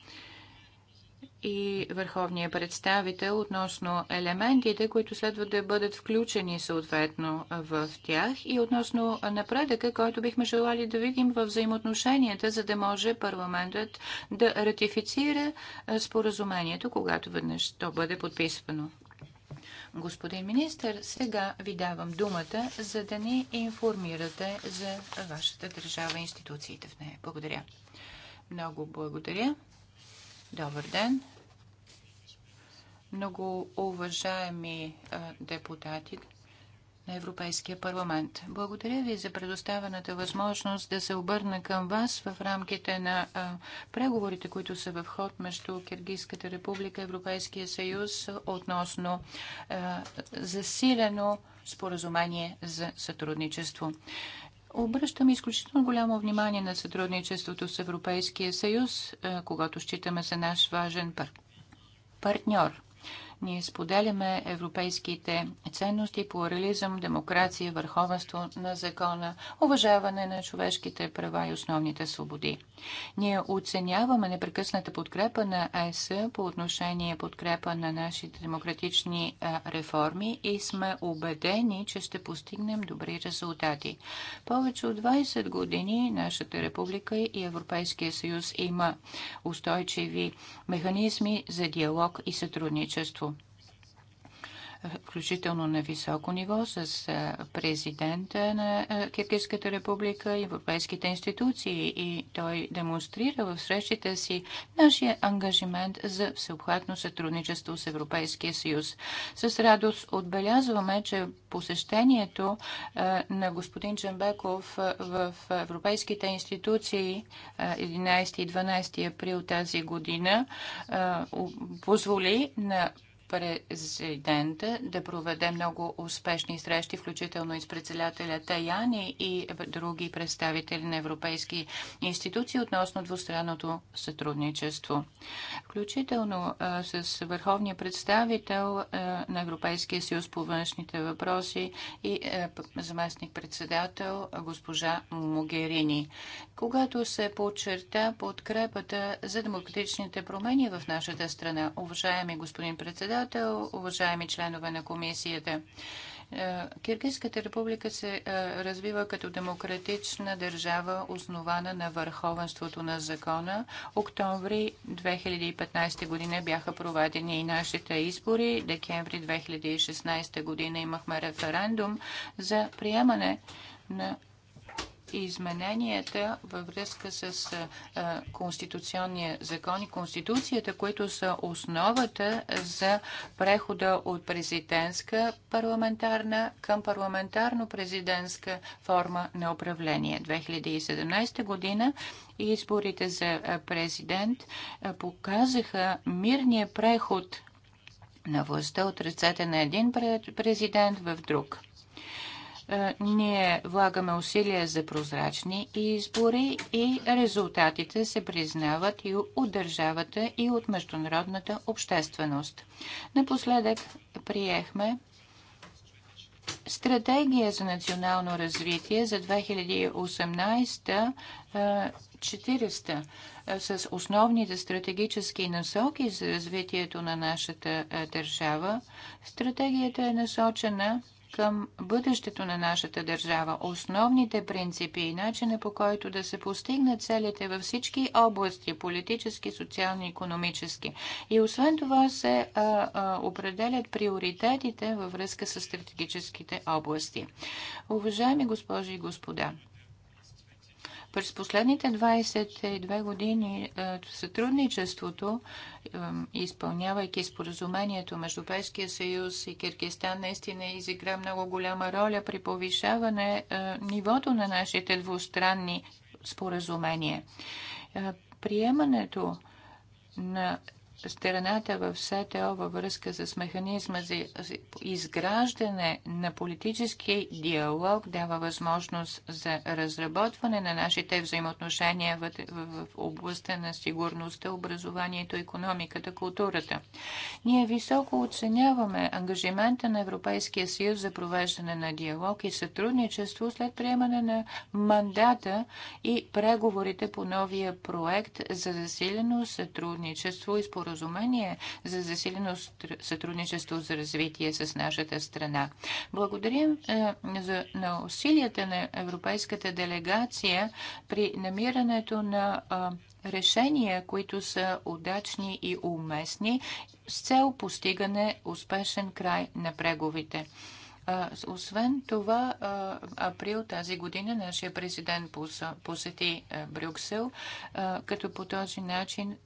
и върховния представител относно елементите, които следва да бъдат включени съответно в тях и относно напредъка, който бихме желали да видим в взаимоотношенията, за да може парламентът да ратифицира споразумението, когато веднъж то бъде подписвано. Господин министр, сега ви давам думата, за да ни информирате за вашата държава и институциите в нея. Благодаря. Много благодаря. Добър ден много уважаеми депутати на Европейския парламент. Благодаря ви за предоставената възможност да се обърна към вас в рамките на преговорите, които са в ход между Киргизската република и Европейския съюз относно засилено споразумение за сътрудничество. Обръщам изключително голямо внимание на сътрудничеството с Европейския съюз, когато считаме за наш важен партньор. Ние споделяме европейските ценности, плурализъм, демокрация, върховенство на закона, уважаване на човешките права и основните свободи. Ние оценяваме непрекъсната подкрепа на ЕС по отношение подкрепа на нашите демократични реформи и сме убедени, че ще постигнем добри резултати. Повече от 20 години нашата република и Европейския съюз има устойчиви механизми за диалог и сътрудничество включително на високо ниво, с е, президента на е, Киргизската република и европейските институции. И той демонстрира в срещите си нашия ангажимент за всеобхватно сътрудничество с Европейския съюз. С радост отбелязваме, че посещението е, на господин Джамбеков в европейските институции 11 и 12 април тази година позволи на президента да проведе много успешни срещи, включително и с председателя Таяни и други представители на европейски институции относно двустранното сътрудничество. Включително а, с върховния представител а, на Европейския съюз по външните въпроси и заместник-председател госпожа Могерини. Когато се подчерта подкрепата за демократичните промени в нашата страна, уважаеми господин председател, председател, уважаеми членове на комисията. Е, Киргизската република се е, развива като демократична държава, основана на върховенството на закона. Октомври 2015 година бяха проведени и нашите избори. Декември 2016 година имахме референдум за приемане на измененията във връзка с Конституционния закон и Конституцията, които са основата за прехода от президентска парламентарна към парламентарно-президентска форма на управление. 2017 година изборите за президент показаха мирния преход на властта от ръцете на един президент в друг – е, ние влагаме усилия за прозрачни избори и резултатите се признават и от държавата и от международната общественост. Напоследък приехме Стратегия за национално развитие за 2018-40 е, е, с основните стратегически насоки за развитието на нашата държава. Стратегията е насочена към бъдещето на нашата държава, основните принципи и начина по който да се постигнат целите във всички области политически, социални, економически. И освен това се а, а, определят приоритетите във връзка с стратегическите области. Уважаеми госпожи и господа, през последните 22 години е, сътрудничеството, е, изпълнявайки споразумението между Европейския съюз и Киргистан, наистина изигра много голяма роля при повишаване е, нивото на нашите двустранни споразумения. Приемането на страната в СТО във връзка с механизма за изграждане на политически диалог дава възможност за разработване на нашите взаимоотношения в, в, в областта на сигурността, образованието, економиката, културата. Ние високо оценяваме ангажимента на Европейския съюз за провеждане на диалог и сътрудничество след приемане на мандата и преговорите по новия проект за засилено сътрудничество и споразумение споразумение за засилено сътрудничество за развитие с нашата страна. Благодарим е, за, на усилията на Европейската делегация при намирането на е, решения, които са удачни и уместни с цел постигане успешен край на преговите. Освен това, април тази година нашия президент посети Брюксел, като по този начин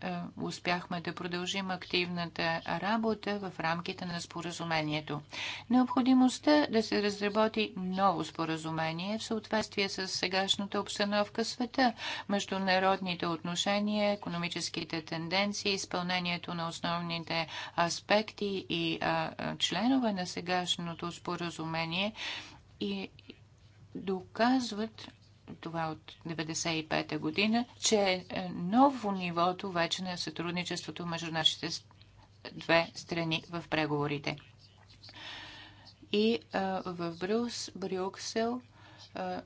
успяхме да продължим активната работа в рамките на споразумението. Необходимостта да се разработи ново споразумение в съответствие с сегашната обстановка в света, международните отношения, економическите тенденции, изпълнението на основните аспекти и членове на сегашното споразумение споразумение и доказват това от 1995 година, че е, е ново нивото вече на сътрудничеството между нашите две страни в преговорите. И а, в Брюс, Брюксел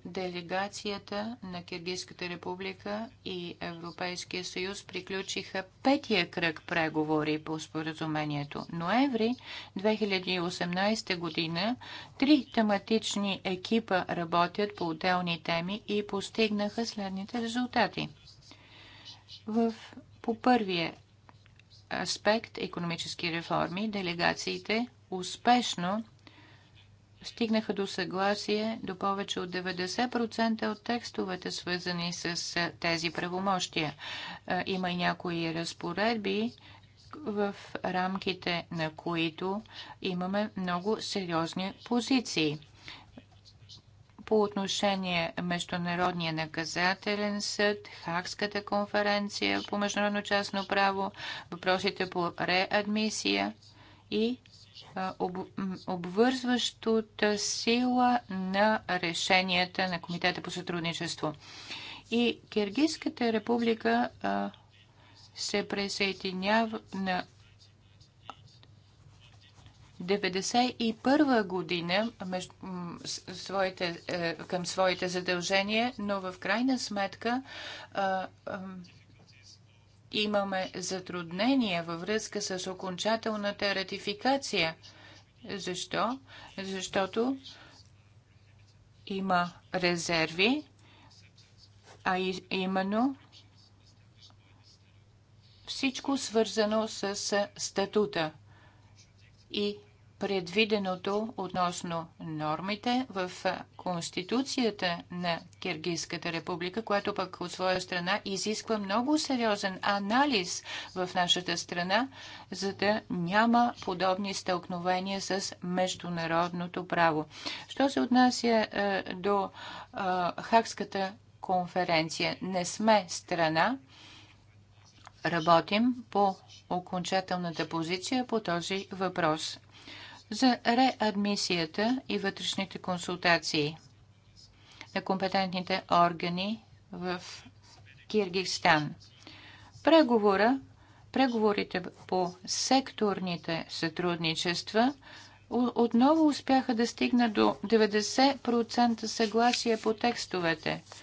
делегацията на Киргизската република и Европейския съюз приключиха петия кръг преговори по споразумението. Ноември 2018 година три тематични екипа работят по отделни теми и постигнаха следните резултати. В, по първия аспект економически реформи делегациите успешно стигнаха до съгласие до повече от 90% от текстовете, свързани с тези правомощия. Има и някои разпоредби, в рамките на които имаме много сериозни позиции. По отношение Международния наказателен съд, Хакската конференция по международно частно право, въпросите по реадмисия и об, обвързващата сила на решенията на Комитета по сътрудничество. И Киргизската република а, се присъединява на 1991 година меж, своите, е, към своите задължения, но в крайна сметка а, а, имаме затруднения във връзка с окончателната ратификация. Защо? Защото има резерви, а именно всичко свързано с статута и предвиденото относно нормите в Конституцията на Киргизската република, което пък от своя страна изисква много сериозен анализ в нашата страна, за да няма подобни стълкновения с международното право. Що се отнася е, до е, Хакската конференция? Не сме страна работим по окончателната позиция по този въпрос за реадмисията и вътрешните консултации на компетентните органи в Киргизстан. Преговора, преговорите по секторните сътрудничества отново успяха да стигнат до 90% съгласие по текстовете –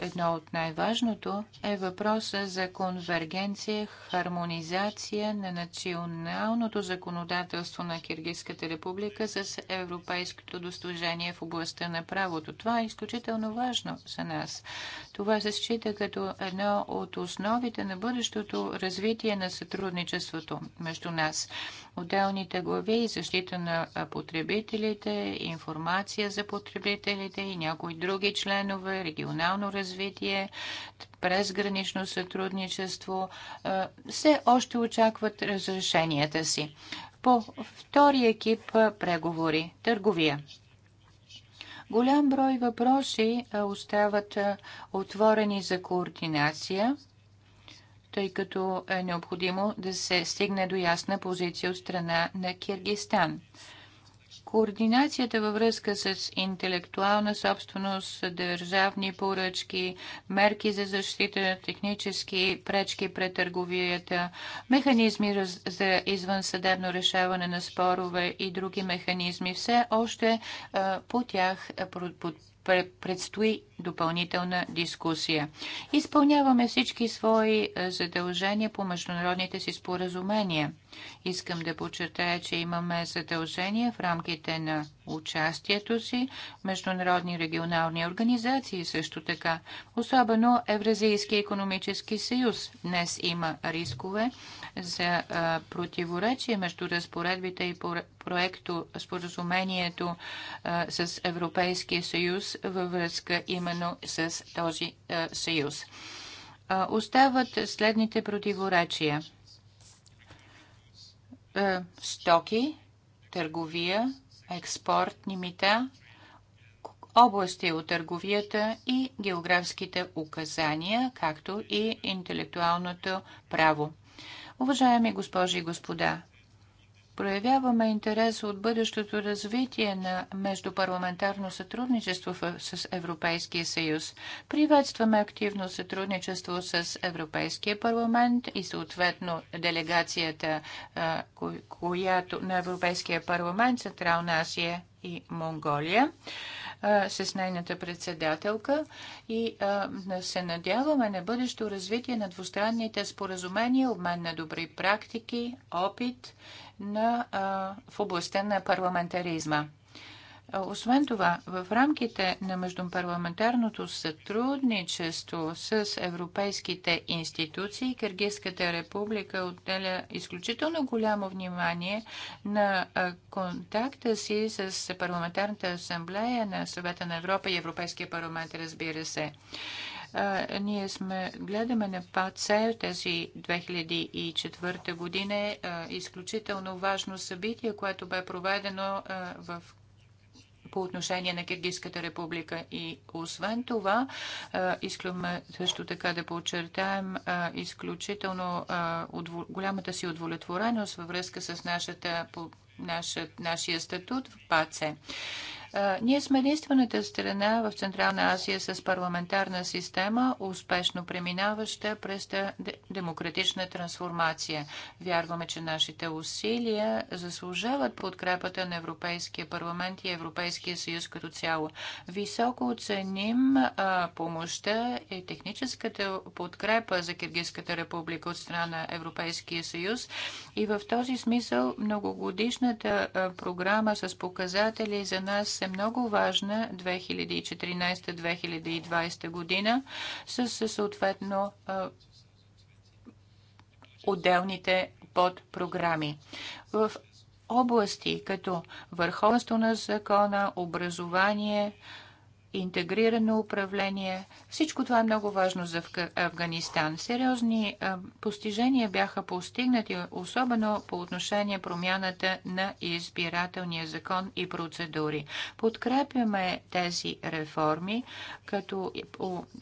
едно от най-важното е въпроса за конвергенция, хармонизация на националното законодателство на Киргизската република с европейското достижение в областта на правото. Това е изключително важно за нас. Това се счита като едно от основите на бъдещото развитие на сътрудничеството между нас отделните глави, и защита на потребителите, информация за потребителите и някои други членове, регионално развитие, презгранично сътрудничество, все още очакват разрешенията си. По втори екип преговори – търговия. Голям брой въпроси остават отворени за координация – тъй като е необходимо да се стигне до ясна позиция от страна на Киргистан. Координацията във връзка с интелектуална собственост, държавни поръчки, мерки за защита, технически пречки пред търговията, механизми за извънсъдебно решаване на спорове и други механизми, все още по тях предстои допълнителна дискусия. Изпълняваме всички свои е, задължения по международните си споразумения. Искам да подчертая, че имаме задължения в рамките на участието си, международни регионални организации също така, особено Евразийския економически съюз. Днес има рискове за е, противоречие между разпоредбите и проекто споразумението е, с Европейския съюз във връзка има именно с този е, съюз. Е, остават следните противоречия. Е, стоки, търговия, експортни мита, области от търговията и географските указания, както и интелектуалното право. Уважаеми госпожи и господа, проявяваме интерес от бъдещото развитие на междупарламентарно сътрудничество с Европейския съюз. Приветстваме активно сътрудничество с Европейския парламент и съответно делегацията която, на Европейския парламент Централна Азия и Монголия с нейната председателка и а, се надяваме на бъдещо развитие на двустранните споразумения, обмен на добри практики, опит на, а, в областта на парламентаризма. Освен това, в рамките на междупарламентарното сътрудничество с европейските институции, Киргизската република отделя изключително голямо внимание на контакта си с Парламентарната асамблея на Съвета на Европа и Европейския парламент, разбира се ние сме, гледаме на ПАЦЕ тези 2004 година, е, изключително важно събитие, което бе проведено в по отношение на Киргизската република. И освен това, искаме също така да подчертаем изключително голямата си удовлетвореност във връзка с нашата, нашия статут в ПАЦЕ. Ние сме единствената страна в Централна Азия с парламентарна система, успешно преминаваща през демократична трансформация. Вярваме, че нашите усилия заслужават подкрепата на Европейския парламент и Европейския съюз като цяло. Високо оценим помощта и техническата подкрепа за Киргизската република от страна на Европейския съюз и в този смисъл многогодишната програма с показатели за нас е много важна 2014-2020 година с съответно отделните подпрограми. В области като върховенство на закона, образование, интегрирано управление. Всичко това е много важно за Афганистан. Сериозни постижения бяха постигнати, особено по отношение промяната на избирателния закон и процедури. Подкрепяме тези реформи, като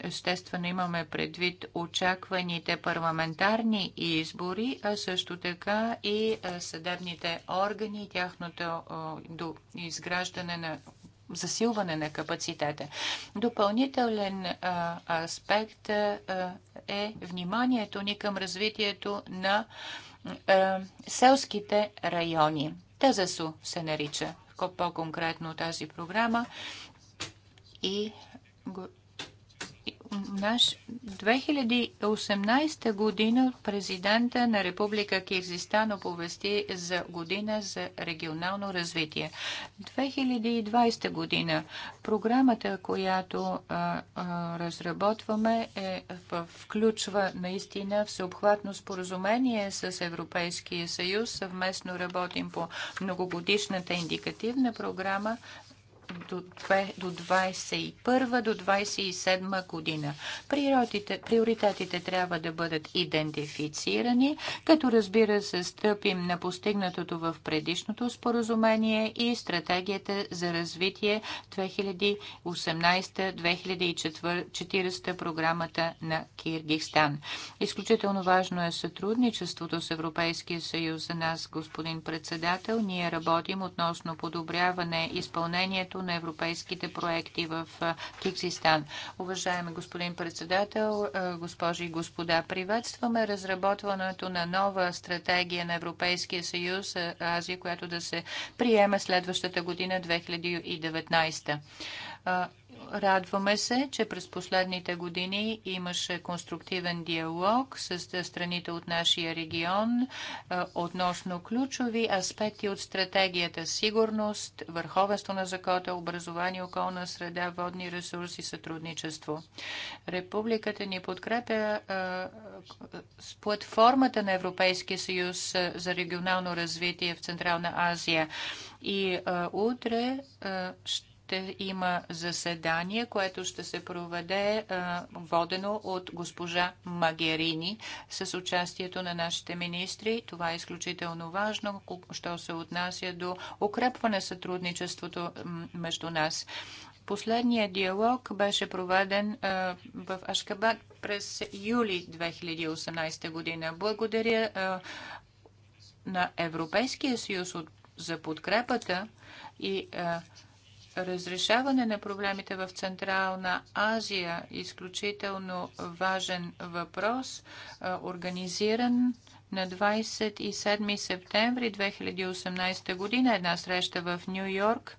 естествено имаме предвид очакваните парламентарни избори, а също така и съдебните органи, тяхното изграждане на засилване на капацитета. Допълнителен а, аспект а, е вниманието ни към развитието на а, селските райони. Тезасо се нарича по-конкретно тази програма и наш 2018 година президента на Република Киргизстан оповести за година за регионално развитие. 2020 година програмата, която а, а, разработваме, е, включва наистина всеобхватно споразумение с Европейския съюз. Съвместно работим по многогодишната индикативна програма до, 2, до 21 до 27 година. Приоритетите, приоритетите трябва да бъдат идентифицирани, като разбира се стъпим на постигнатото в предишното споразумение и стратегията за развитие 2018-2040 програмата на Киргистан. Изключително важно е сътрудничеството с Европейския съюз за нас, господин председател. Ние работим относно подобряване изпълнението изпълнението на европейските проекти в Киргизстан. Уважаеми господин председател, госпожи и господа, приветстваме разработването на нова стратегия на Европейския съюз Азия, която да се приеме следващата година 2019. Радваме се, че през последните години имаше конструктивен диалог с страните от нашия регион е, относно ключови аспекти от стратегията сигурност, върховенство на закона, образование, околна среда, водни ресурси, сътрудничество. Републиката ни подкрепя е, с платформата на Европейския съюз е, за регионално развитие в Централна Азия. И утре ще ще има заседание, което ще се проведе е, водено от госпожа Магерини с участието на нашите министри. Това е изключително важно, що се отнася до укрепване сътрудничеството между нас. Последният диалог беше проведен е, в Ашкабад през юли 2018 година. Благодаря е, на Европейския съюз за подкрепата и а, разрешаване на проблемите в Централна Азия изключително важен въпрос, организиран на 27 септември 2018 година една среща в Нью Йорк,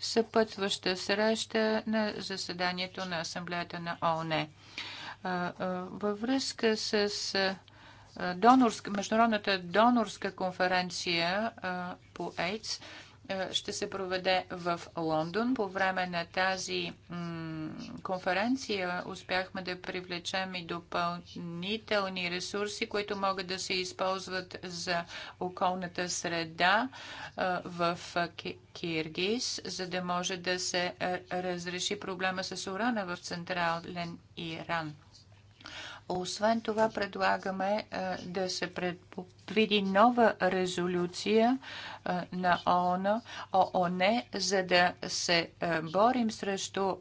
съпътваща среща на заседанието на Асамблеята на ООН. Във връзка с донорск, Международната донорска конференция по AIDS, е, ще се проведе в Лондон. По време на тази конференция успяхме да привлечем и допълнителни ресурси, които могат да се използват за околната среда е, в е, Киргиз, за да може да се разреши проблема с урана в Централен Иран. Освен това предлагаме е, да се предвиди нова резолюция е, на ООН, ООН, за да се е, борим срещу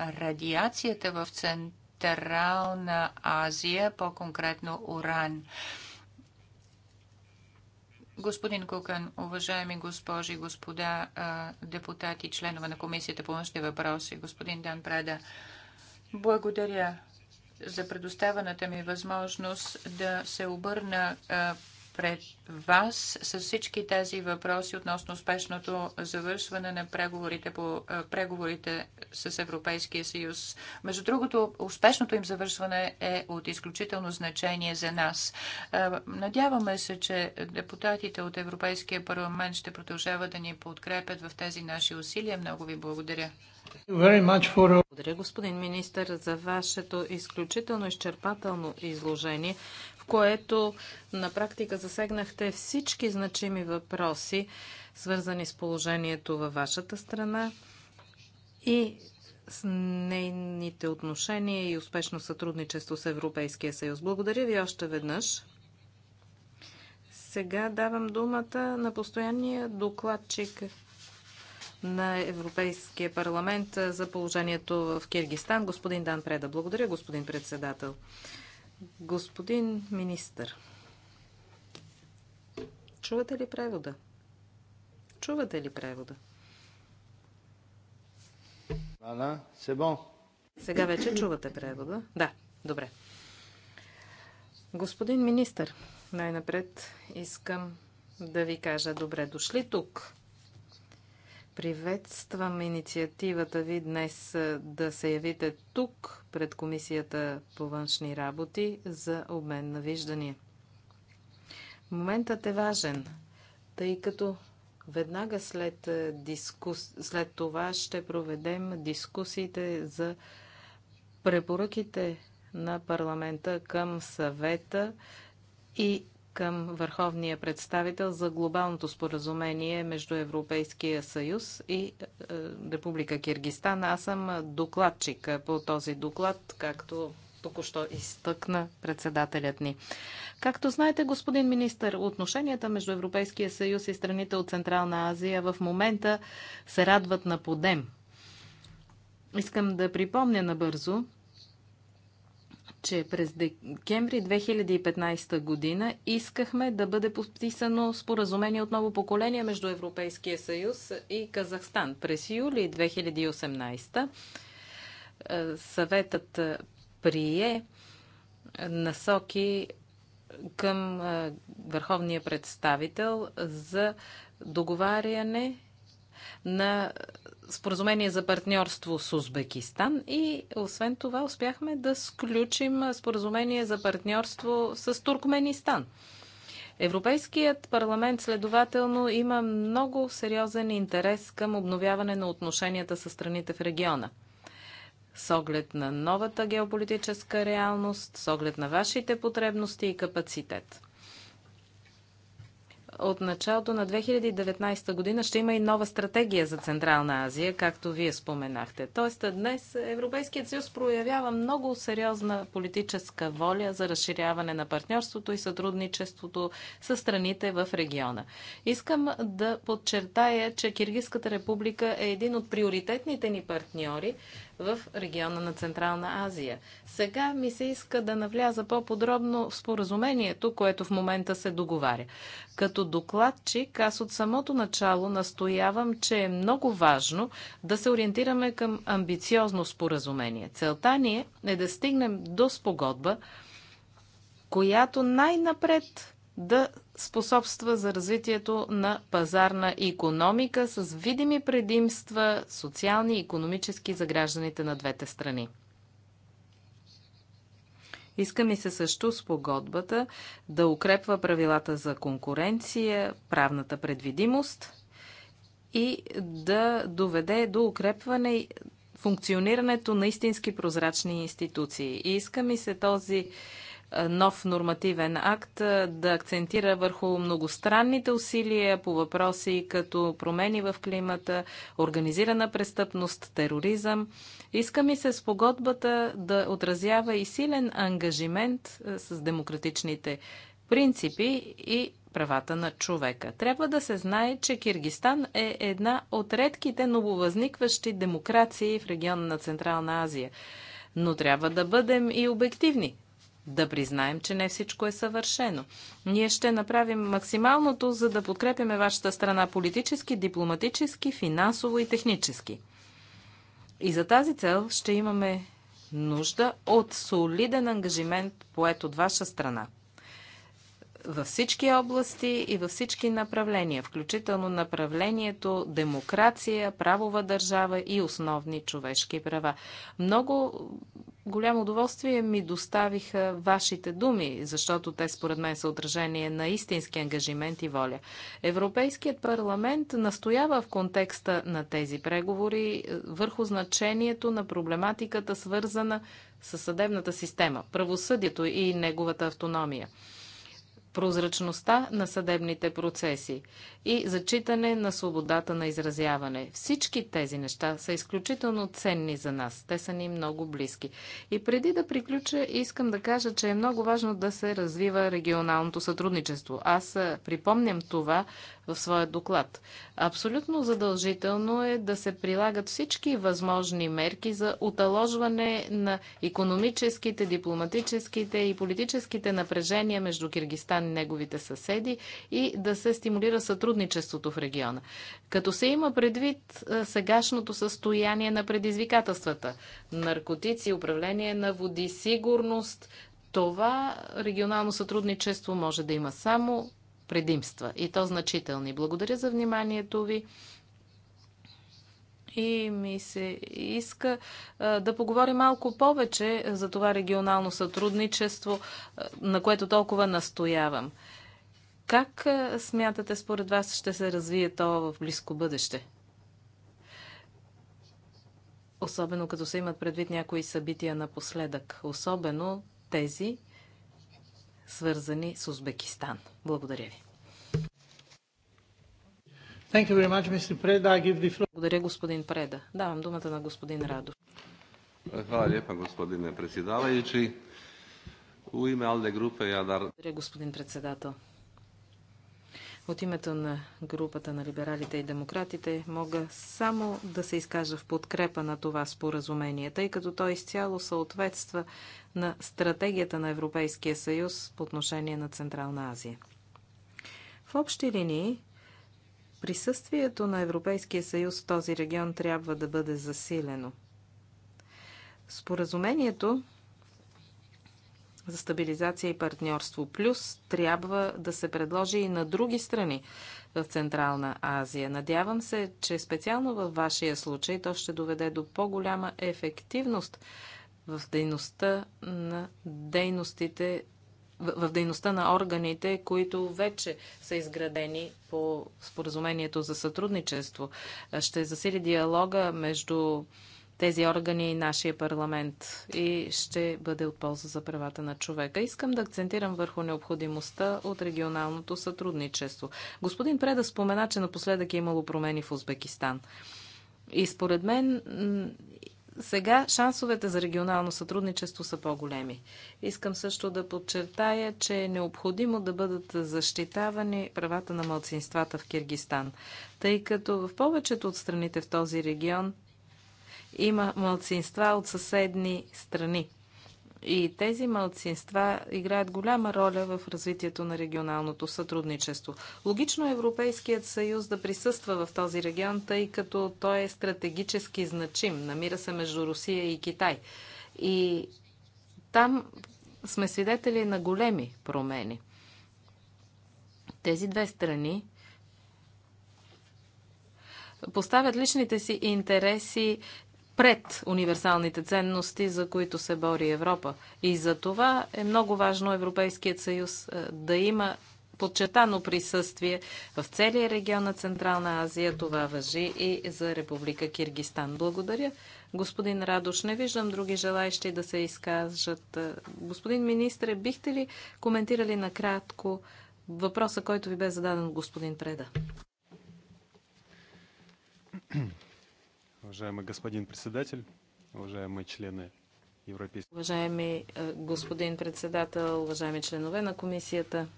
радиацията в Централна Азия, по-конкретно уран. Господин Кукан, уважаеми госпожи и господа депутати, членове на Комисията по външни въпроси, господин Дан Преда, благодаря за предоставената ми възможност да се обърна пред вас с всички тези въпроси относно успешното завършване на преговорите по преговорите с Европейския съюз. Между другото, успешното им завършване е от изключително значение за нас. Надяваме се, че депутатите от Европейския парламент ще продължават да ни подкрепят в тези наши усилия. Много ви благодаря. Благодаря, господин министр, за вашето изключително изчерпателно изложение, в което на практика засегнахте всички значими въпроси, свързани с положението във вашата страна и с нейните отношения и успешно сътрудничество с Европейския съюз. Благодаря ви още веднъж. Сега давам думата на постоянния докладчик на Европейския парламент за положението в Киргистан. Господин Дан Преда. Благодаря, господин председател. Господин министър, чувате ли превода? Чувате ли превода? Ана, се бон. Сега вече чувате превода? Да, добре. Господин министър, най-напред искам да ви кажа добре дошли тук Приветствам инициативата ви днес да се явите тук пред Комисията по външни работи за обмен на виждания. Моментът е важен, тъй като веднага след, дискус... след това ще проведем дискусиите за препоръките на парламента към съвета и към върховния представител за глобалното споразумение между Европейския съюз и е, Република Киргистан. Аз съм докладчик по този доклад, както току-що изтъкна председателят ни. Както знаете, господин министр, отношенията между Европейския съюз и страните от Централна Азия в момента се радват на подем. Искам да припомня набързо, че през декември 2015 година искахме да бъде подписано споразумение от ново поколение между Европейския съюз и Казахстан. През юли 2018 е, съветът е, прие е, насоки към върховния представител за договаряне на споразумение за партньорство с Узбекистан и освен това успяхме да сключим споразумение за партньорство с Туркменистан. Европейският парламент следователно има много сериозен интерес към обновяване на отношенията с страните в региона. С оглед на новата геополитическа реалност, с оглед на вашите потребности и капацитет от началото на 2019 година ще има и нова стратегия за Централна Азия, както вие споменахте. Тоест днес Европейският съюз проявява много сериозна политическа воля за разширяване на партньорството и сътрудничеството с страните в региона. Искам да подчертая, че Киргизската република е един от приоритетните ни партньори в региона на Централна Азия. Сега ми се иска да навляза по-подробно в споразумението, което в момента се договаря. Като докладчик, аз от самото начало настоявам, че е много важно да се ориентираме към амбициозно споразумение. Целта ни е да стигнем до спогодба, която най-напред да способства за развитието на пазарна економика с видими предимства социални и економически за гражданите на двете страни. Иска ми се също с погодбата да укрепва правилата за конкуренция, правната предвидимост и да доведе до укрепване функционирането на истински прозрачни институции. И иска ми се този е, нов нормативен акт е, да акцентира върху многостранните усилия по въпроси като промени в климата, организирана престъпност, тероризъм. Иска ми се спогодбата да отразява и силен ангажимент е, с демократичните принципи и правата на човека. Трябва да се знае, че Киргистан е една от редките нововъзникващи демокрации в региона на Централна Азия. Но трябва да бъдем и обективни да признаем, че не всичко е съвършено. Ние ще направим максималното, за да подкрепяме вашата страна политически, дипломатически, финансово и технически. И за тази цел ще имаме нужда от солиден ангажимент, поет от ваша страна. Във всички области и във всички направления, включително направлението демокрация, правова държава и основни човешки права. Много голямо удоволствие ми доставиха вашите думи, защото те според мен са отражение на истински ангажимент и воля. Европейският парламент настоява в контекста на тези преговори е, върху значението на проблематиката, свързана с съдебната система, правосъдието и неговата автономия прозрачността на съдебните процеси и зачитане на свободата на изразяване. Всички тези неща са изключително ценни за нас. Те са ни много близки. И преди да приключа, искам да кажа, че е много важно да се развива регионалното сътрудничество. Аз припомням това в своя доклад. Абсолютно задължително е да се прилагат всички възможни мерки за оталожване на економическите, дипломатическите и политическите напрежения между Киргистан покани неговите съседи и да се стимулира сътрудничеството в региона. Като се има предвид сегашното състояние на предизвикателствата, наркотици, управление на води, сигурност, това регионално сътрудничество може да има само предимства и то значителни. Благодаря за вниманието ви и ми се иска да поговорим малко повече за това регионално сътрудничество, на което толкова настоявам. Как смятате според вас ще се развие то в близко бъдеще? Особено като се имат предвид някои събития напоследък. Особено тези, свързани с Узбекистан. Благодаря ви. Благодаря, господин Преда. Давам думата на господин Радов. Hvala lijepa gospodine predsjedavajući. U ime Alde grupe ja dar... Благодаря, господин председател. От името на групата на либералите и демократите мога само да се изкажа в подкрепа на това споразумение, тъй като то изцяло съответства на стратегията на Европейския съюз по отношение на Централна Азия. В общи линии Присъствието на Европейския съюз в този регион трябва да бъде засилено. Споразумението за стабилизация и партньорство плюс трябва да се предложи и на други страни в Централна Азия. Надявам се, че специално във вашия случай то ще доведе до по-голяма ефективност в дейността на дейностите в, в дейността на органите, които вече са изградени по споразумението за сътрудничество. Ще засили диалога между тези органи и нашия парламент и ще бъде от полза за правата на човека. Искам да акцентирам върху необходимостта от регионалното сътрудничество. Господин Преда спомена, че напоследък е имало промени в Узбекистан. И според мен сега шансовете за регионално сътрудничество са по-големи. Искам също да подчертая, че е необходимо да бъдат защитавани правата на младсинствата в Киргистан, тъй като в повечето от страните в този регион има младсинства от съседни страни. И тези малцинства играят голяма роля в развитието на регионалното сътрудничество. Логично е Европейският съюз да присъства в този регион, тъй като той е стратегически значим. Намира се между Русия и Китай. И там сме свидетели на големи промени. Тези две страни поставят личните си интереси пред универсалните ценности, за които се бори Европа. И за това е много важно Европейският съюз е, да има подчертано присъствие в целия регион на Централна Азия. Това въжи и за Република Киргистан. Благодаря. Господин Радош, не виждам други желаещи да се изкажат. Е, господин министре, бихте ли коментирали накратко въпроса, който ви бе зададен господин Преда? Е, Уважаемый господин председатель, уважаемые члены Европейского... Уважаеми э, господин председател, уважаеми членове на комисията,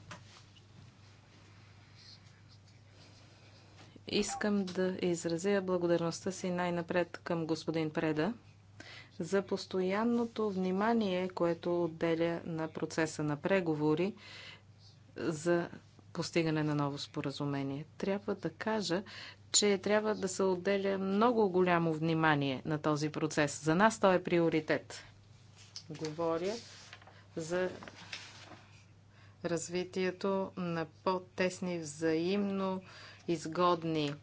искам да изразя благодарността си най-напред към господин Преда за постоянното внимание, което отделя на процеса на преговори за постигане на ново споразумение. Трябва да кажа, че трябва да се отделя много голямо внимание на този процес. За нас той е приоритет. Говоря за развитието на по-тесни взаимно изгодни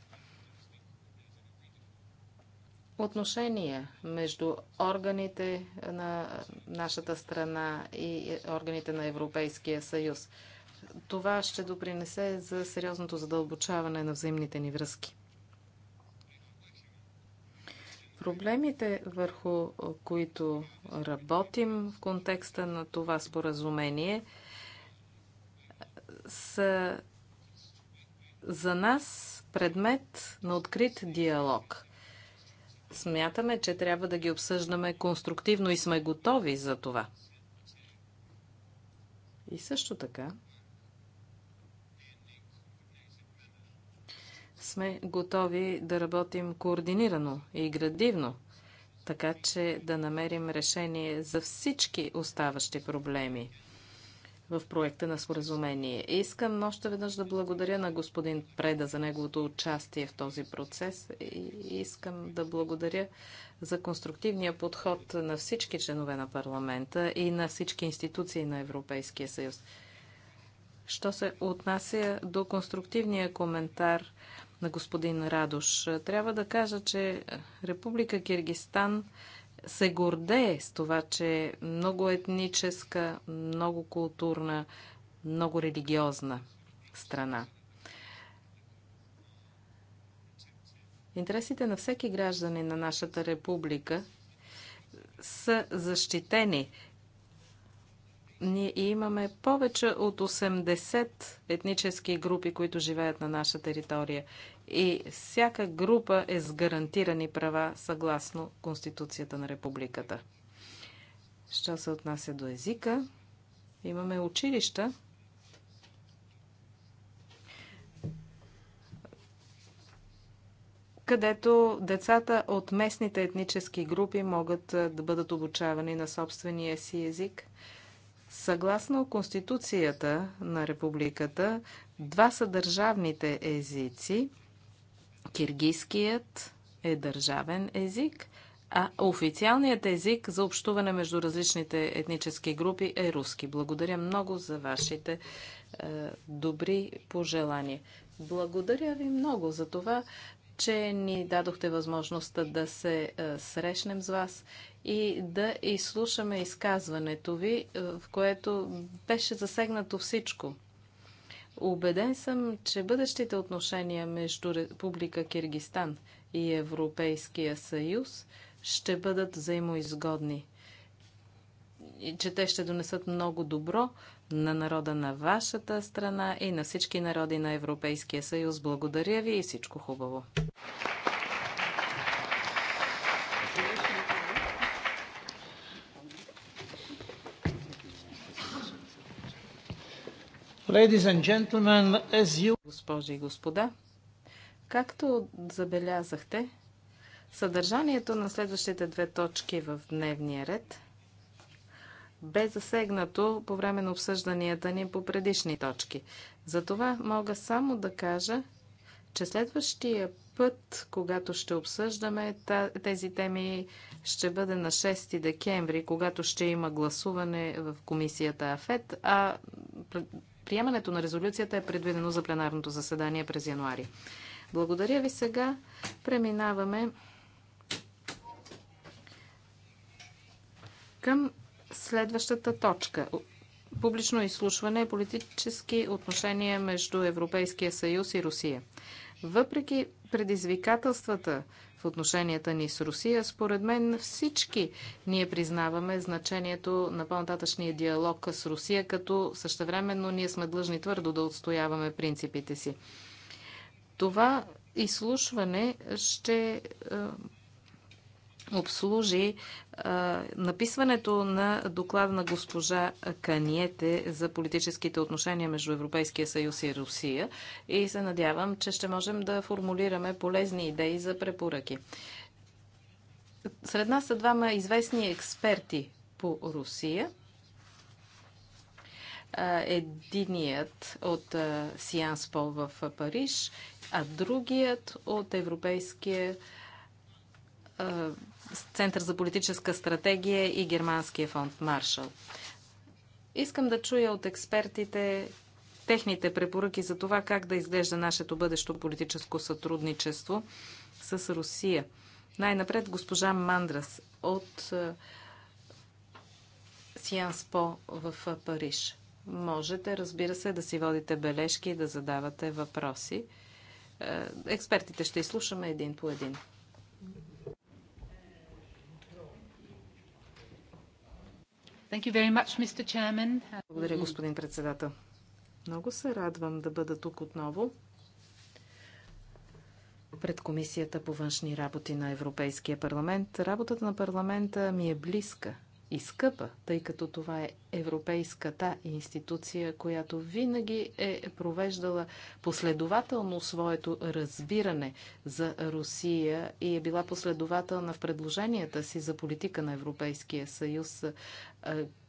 отношения между органите на нашата страна и органите на Европейския съюз. Това ще допринесе за сериозното задълбочаване на взаимните ни връзки. Проблемите, върху които работим в контекста на това споразумение, са за нас предмет на открит диалог. Смятаме, че трябва да ги обсъждаме конструктивно и сме готови за това. И също така, сме готови да работим координирано и градивно, така че да намерим решение за всички оставащи проблеми в проекта на споразумение. Искам още веднъж да благодаря на господин Преда за неговото участие в този процес и искам да благодаря за конструктивния подход на всички членове на парламента и на всички институции на Европейския съюз. Що се отнася до конструктивния коментар на господин Радош. Трябва да кажа, че Република Киргистан се гордее с това, че е много етническа, много културна, много религиозна страна. Интересите на всеки гражданин на нашата република са защитени ние имаме повече от 80 етнически групи, които живеят на наша територия. И всяка група е с гарантирани права съгласно Конституцията на републиката. Що се отнася до езика, имаме училища, където децата от местните етнически групи могат да бъдат обучавани на собствения си език – Съгласно Конституцията на републиката, два са държавните езици. Киргийският е държавен език, а официалният език за общуване между различните етнически групи е руски. Благодаря много за вашите е, добри пожелания. Благодаря ви много за това, че ни дадохте възможността да се е, срещнем с вас и да изслушаме изказването ви, е, в което беше засегнато всичко. Убеден съм, че бъдещите отношения между Република Киргистан и Европейския съюз ще бъдат взаимоизгодни. И че те ще донесат много добро на народа на вашата страна и на всички народи на Европейския съюз. Благодаря ви и всичко хубаво! Госпожи и господа, както забелязахте, съдържанието на следващите две точки в дневния ред бе засегнато по време на обсъжданията ни по предишни точки. Затова мога само да кажа, че следващия път, когато ще обсъждаме тези теми, ще бъде на 6 декември, когато ще има гласуване в комисията АФЕТ, а Приемането на резолюцията е предвидено за пленарното заседание през януари. Благодаря ви сега. Преминаваме към следващата точка. Публично изслушване и политически отношения между Европейския съюз и Русия. Въпреки предизвикателствата, в отношенията ни с Русия. Според мен всички ние признаваме значението на по-нататъчния диалог с Русия, като същевременно ние сме длъжни твърдо да отстояваме принципите си. Това изслушване ще е, обслужи а, написването на доклад на госпожа Каниете за политическите отношения между Европейския съюз и Русия и се надявам, че ще можем да формулираме полезни идеи за препоръки. Сред нас са двама известни експерти по Русия. Единият от Сианс Пол в Париж, а другият от Европейския Център за политическа стратегия и Германския фонд Маршал. Искам да чуя от експертите техните препоръки за това как да изглежда нашето бъдещо политическо сътрудничество с Русия. Най-напред госпожа Мандрас от е, Сианс По в Париж. Можете, разбира се, да си водите бележки и да задавате въпроси. Е, експертите ще изслушаме един по един. Благодаря, господин председател. Много се радвам да бъда тук отново пред Комисията по външни работи на Европейския парламент. Работата на парламента ми е близка – и скъпа, тъй като това е европейската институция, която винаги е провеждала последователно своето разбиране за Русия и е била последователна в предложенията си за политика на Европейския съюз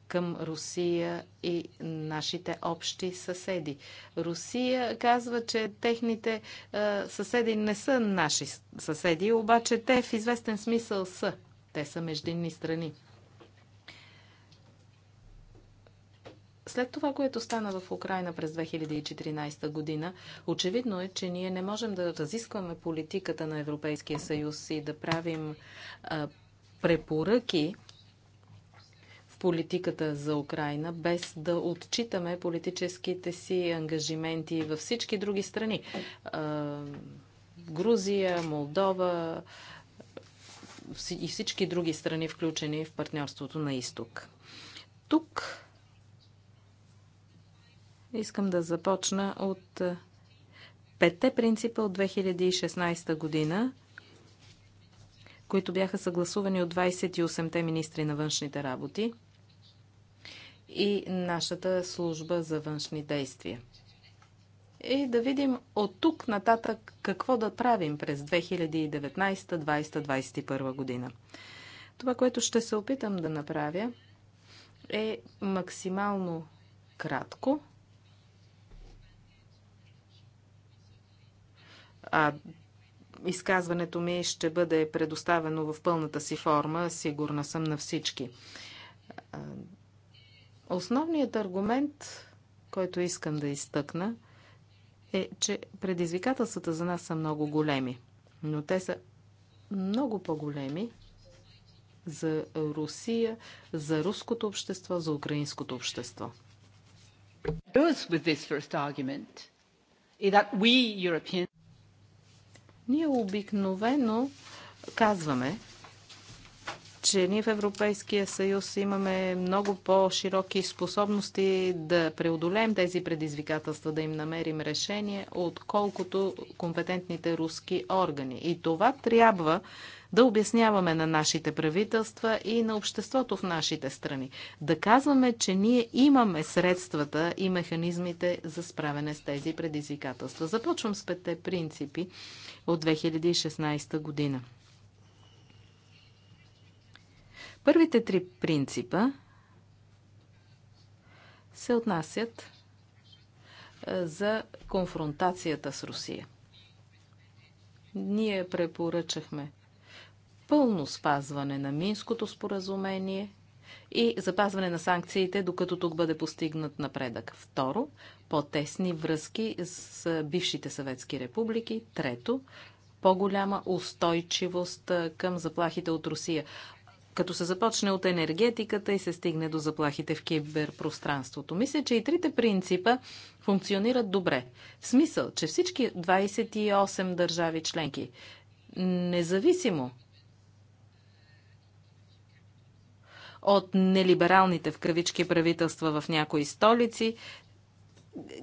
към Русия и нашите общи съседи. Русия казва, че техните е, съседи не са наши съседи, обаче те в известен смисъл са. Те са междинни страни. След това, което стана в Украина през 2014 година, очевидно е, че ние не можем да разискваме политиката на Европейския съюз и да правим а, препоръки в политиката за Украина, без да отчитаме политическите си ангажименти във всички други страни. А, Грузия, Молдова и всички други страни, включени в партньорството на изток. Тук Искам да започна от е, петте принципа от 2016 година, които бяха съгласувани от 28-те министри на външните работи и нашата служба за външни действия. И да видим от тук нататък какво да правим през 2019-2021 година. Това, което ще се опитам да направя, е максимално кратко а изказването ми ще бъде предоставено в пълната си форма, сигурна съм на всички. Основният аргумент, който искам да изтъкна, е, че предизвикателствата за нас са много големи, но те са много по-големи за Русия, за руското общество, за украинското общество. With this first argument, that we European... Ние обикновено казваме, че ние в Европейския съюз имаме много по-широки способности да преодолеем тези предизвикателства, да им намерим решение, отколкото компетентните руски органи. И това трябва да обясняваме на нашите правителства и на обществото в нашите страни. Да казваме, че ние имаме средствата и механизмите за справяне с тези предизвикателства. Започвам с петте принципи от 2016 година. Първите три принципа се отнасят е, за конфронтацията с Русия. Ние препоръчахме пълно спазване на Минското споразумение и запазване на санкциите, докато тук бъде постигнат напредък. Второ, по-тесни връзки с бившите съветски републики. Трето, по-голяма устойчивост към заплахите от Русия. Като се започне от енергетиката и се стигне до заплахите в киберпространството. Мисля, че и трите принципа функционират добре. В смисъл, че всички 28 държави членки, независимо от нелибералните в кавички правителства в някои столици,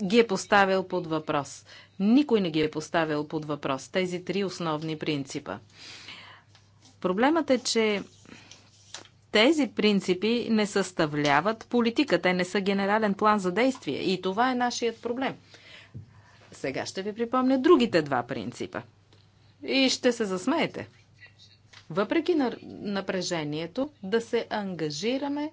ги е поставил под въпрос. Никой не ги е поставил под въпрос. Тези три основни принципа. Проблемът е, че тези принципи не съставляват политика. Те не са генерален план за действие. И това е нашият проблем. Сега ще ви припомня другите два принципа. И ще се засмеете въпреки напрежението, да се ангажираме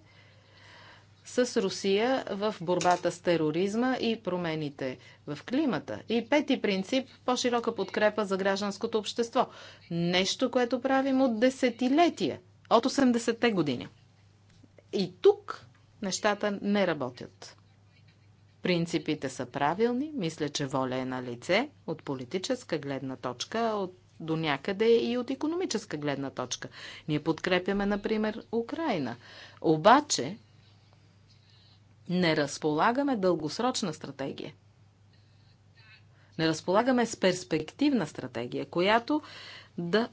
с Русия в борбата с тероризма и промените в климата. И пети принцип – по-широка подкрепа за гражданското общество. Нещо, което правим от десетилетия, от 80-те години. И тук нещата не работят. Принципите са правилни, мисля, че воля е на лице от политическа гледна точка, от до някъде и от економическа гледна точка. Ние подкрепяме, например, Украина. Обаче, не разполагаме дългосрочна стратегия. Не разполагаме с перспективна стратегия, която да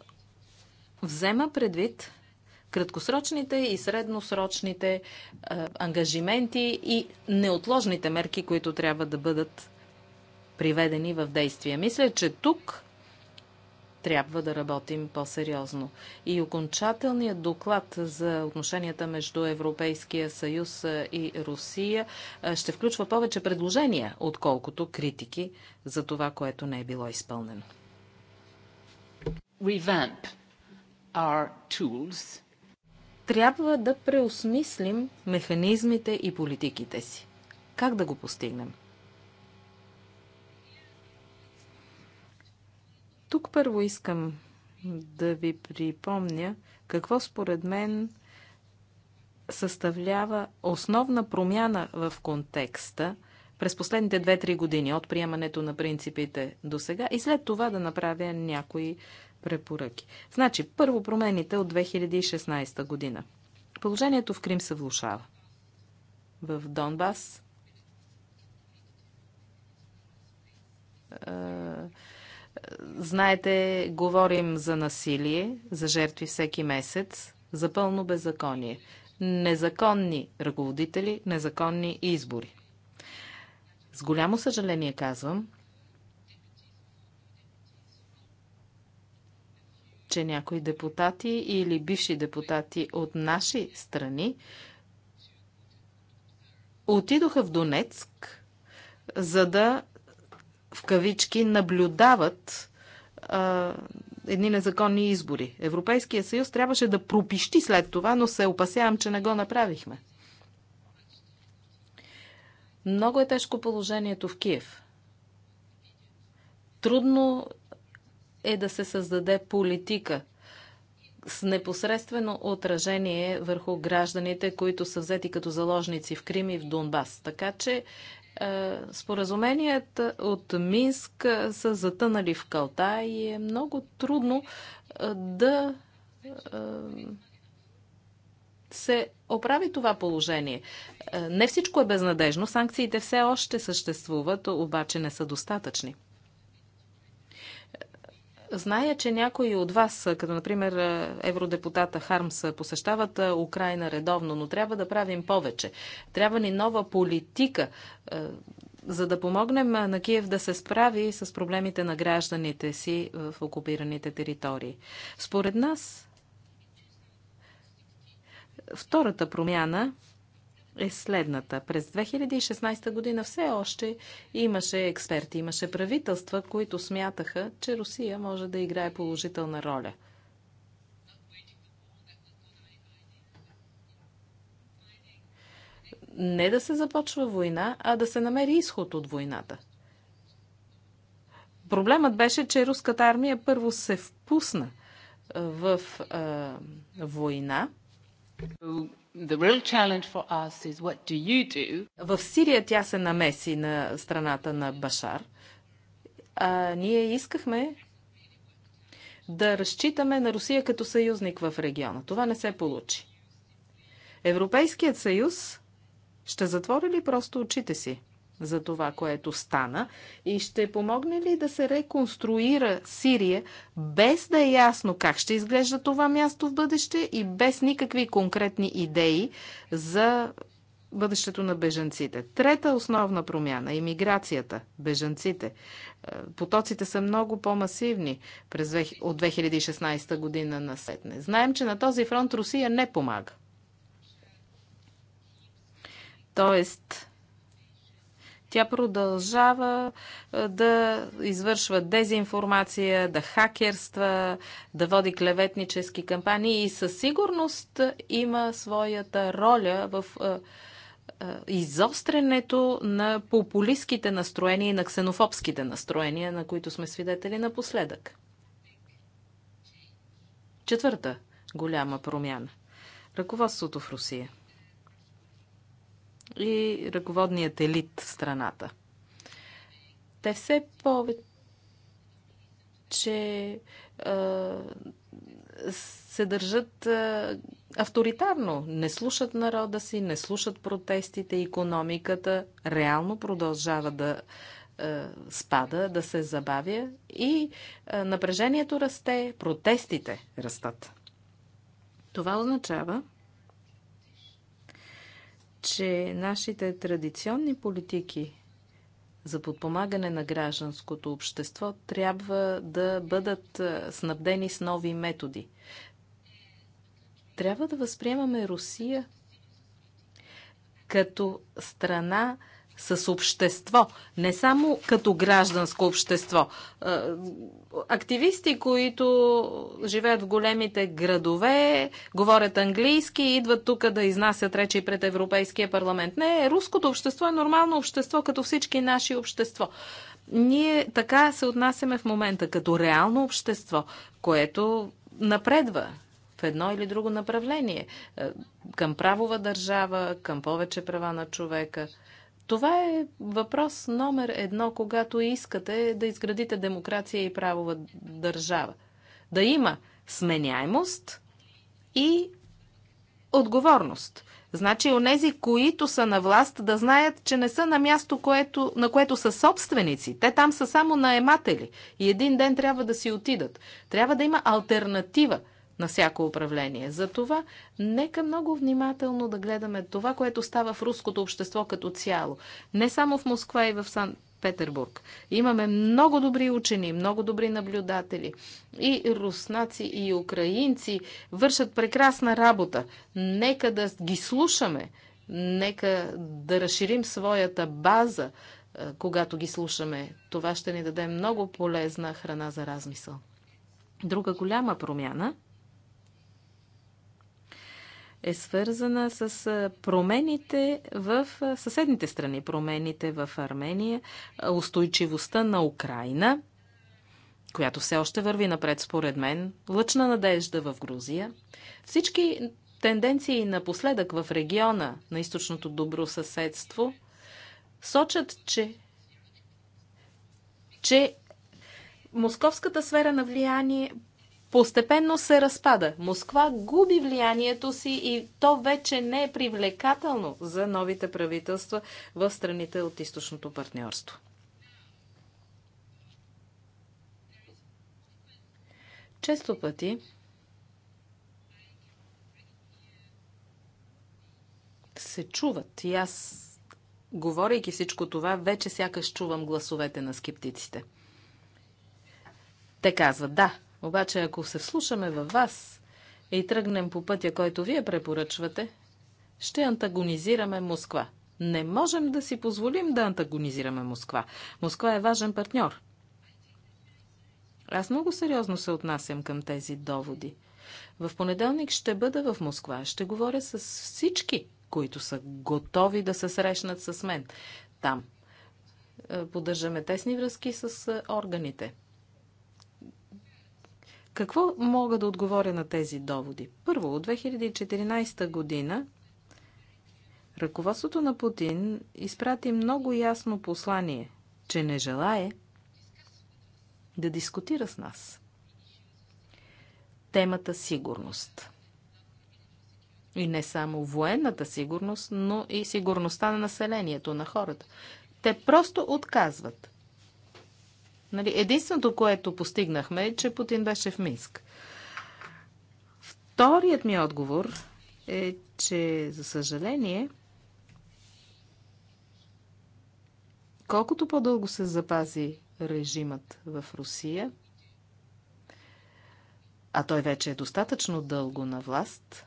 взема предвид краткосрочните и средносрочните е, ангажименти и неотложните мерки, които трябва да бъдат приведени в действие. Мисля, че тук трябва да работим по-сериозно. И окончателният доклад за отношенията между Европейския съюз и Русия ще включва повече предложения, отколкото критики за това, което не е било изпълнено. Revamp our tools. Трябва да преосмислим механизмите и политиките си. Как да го постигнем? Тук първо искам да ви припомня какво според мен съставлява основна промяна в контекста през последните 2-3 години от приемането на принципите до сега и след това да направя някои препоръки. Значи, първо промените от 2016 година. Положението в Крим се влушава. В Донбас. Знаете, говорим за насилие, за жертви всеки месец, за пълно беззаконие. Незаконни ръководители, незаконни избори. С голямо съжаление казвам, че някои депутати или бивши депутати от наши страни отидоха в Донецк, за да в кавички наблюдават а, едни незаконни избори. Европейския съюз трябваше да пропищи след това, но се опасявам, че не го направихме. Много е тежко положението в Киев. Трудно е да се създаде политика с непосредствено отражение върху гражданите, които са взети като заложници в Крим и в Донбас. Така че е, Споразуменията е, от Минск е, са затънали в калта и е много трудно да се оправи това положение. Не всичко е безнадежно, санкциите все още съществуват, обаче не са достатъчни. Зная, че някои от вас, като например е, евродепутата Хармс, посещават е, Украина редовно, но трябва да правим повече. Трябва ни нова политика, е, за да помогнем на Киев да се справи с проблемите на гражданите си в окупираните територии. Според нас, втората промяна е следната. През 2016 година все още имаше експерти, имаше правителства, които смятаха, че Русия може да играе положителна роля. Не да се започва война, а да се намери изход от войната. Проблемът беше, че руската армия първо се впусна в а, война. В Сирия тя се намеси на страната на Башар. А ние искахме да разчитаме на Русия като съюзник в региона. Това не се получи. Европейският съюз ще затвори ли просто очите си? за това, което стана? И ще помогне ли да се реконструира Сирия, без да е ясно как ще изглежда това място в бъдеще и без никакви конкретни идеи за бъдещето на бежанците. Трета основна промяна – иммиграцията, бежанците. Е, потоците са много по-масивни през, от 2016 година на сетне. Знаем, че на този фронт Русия не помага. Тоест, тя продължава да извършва дезинформация, да хакерства, да води клеветнически кампании и със сигурност има своята роля в изострянето на популистските настроения и на ксенофобските настроения, на които сме свидетели напоследък. Четвърта голяма промяна. Ръководството в Русия – и ръководният елит в страната. Те все повече се държат авторитарно. Не слушат народа си, не слушат протестите, економиката реално продължава да спада, да се забавя и напрежението расте, протестите растат. Това означава, че нашите традиционни политики за подпомагане на гражданското общество трябва да бъдат снабдени с нови методи. Трябва да възприемаме Русия като страна, с общество, не само като гражданско общество. Активисти, които живеят в големите градове, говорят английски и идват тук да изнасят речи пред Европейския парламент. Не, руското общество е нормално общество, като всички наши общество. Ние така се отнасяме в момента, като реално общество, което напредва в едно или друго направление. Е, към правова държава, към повече права на човека – това е въпрос номер едно, когато искате да изградите демокрация и правова държава. Да има сменяемост и отговорност. Значи, онези, които са на власт, да знаят, че не са на място, което, на което са собственици. Те там са само наематели. И един ден трябва да си отидат. Трябва да има альтернатива – на всяко управление. Затова нека много внимателно да гледаме това, което става в руското общество като цяло. Не само в Москва и в Сан Петербург. Имаме много добри учени, много добри наблюдатели. И руснаци, и украинци вършат прекрасна работа. Нека да ги слушаме, нека да разширим своята база, е, когато ги слушаме. Това ще ни даде много полезна храна за размисъл. Друга голяма промяна е свързана с промените в съседните страни, промените в Армения, устойчивостта на Украина, която все още върви напред според мен, лъчна надежда в Грузия. Всички тенденции напоследък в региона на източното добро съседство сочат, че, че московската сфера на влияние постепенно се разпада. Москва губи влиянието си и то вече не е привлекателно за новите правителства в страните от източното партньорство. Често пъти се чуват и аз, говорейки всичко това, вече сякаш чувам гласовете на скептиците. Те казват, да, обаче, ако се вслушаме във вас и тръгнем по пътя, който вие препоръчвате, ще антагонизираме Москва. Не можем да си позволим да антагонизираме Москва. Москва е важен партньор. Аз много сериозно се отнасям към тези доводи. В понеделник ще бъда в Москва. Ще говоря с всички, които са готови да се срещнат с мен там. Е, поддържаме тесни връзки с е, органите. Какво мога да отговоря на тези доводи? Първо, от 2014 година ръководството на Путин изпрати много ясно послание, че не желае да дискутира с нас темата сигурност. И не само военната сигурност, но и сигурността на населението, на хората. Те просто отказват. Нали, единственото, което постигнахме е, че Путин беше в Минск. Вторият ми отговор е, че за съжаление, колкото по-дълго се запази режимът в Русия, а той вече е достатъчно дълго на власт,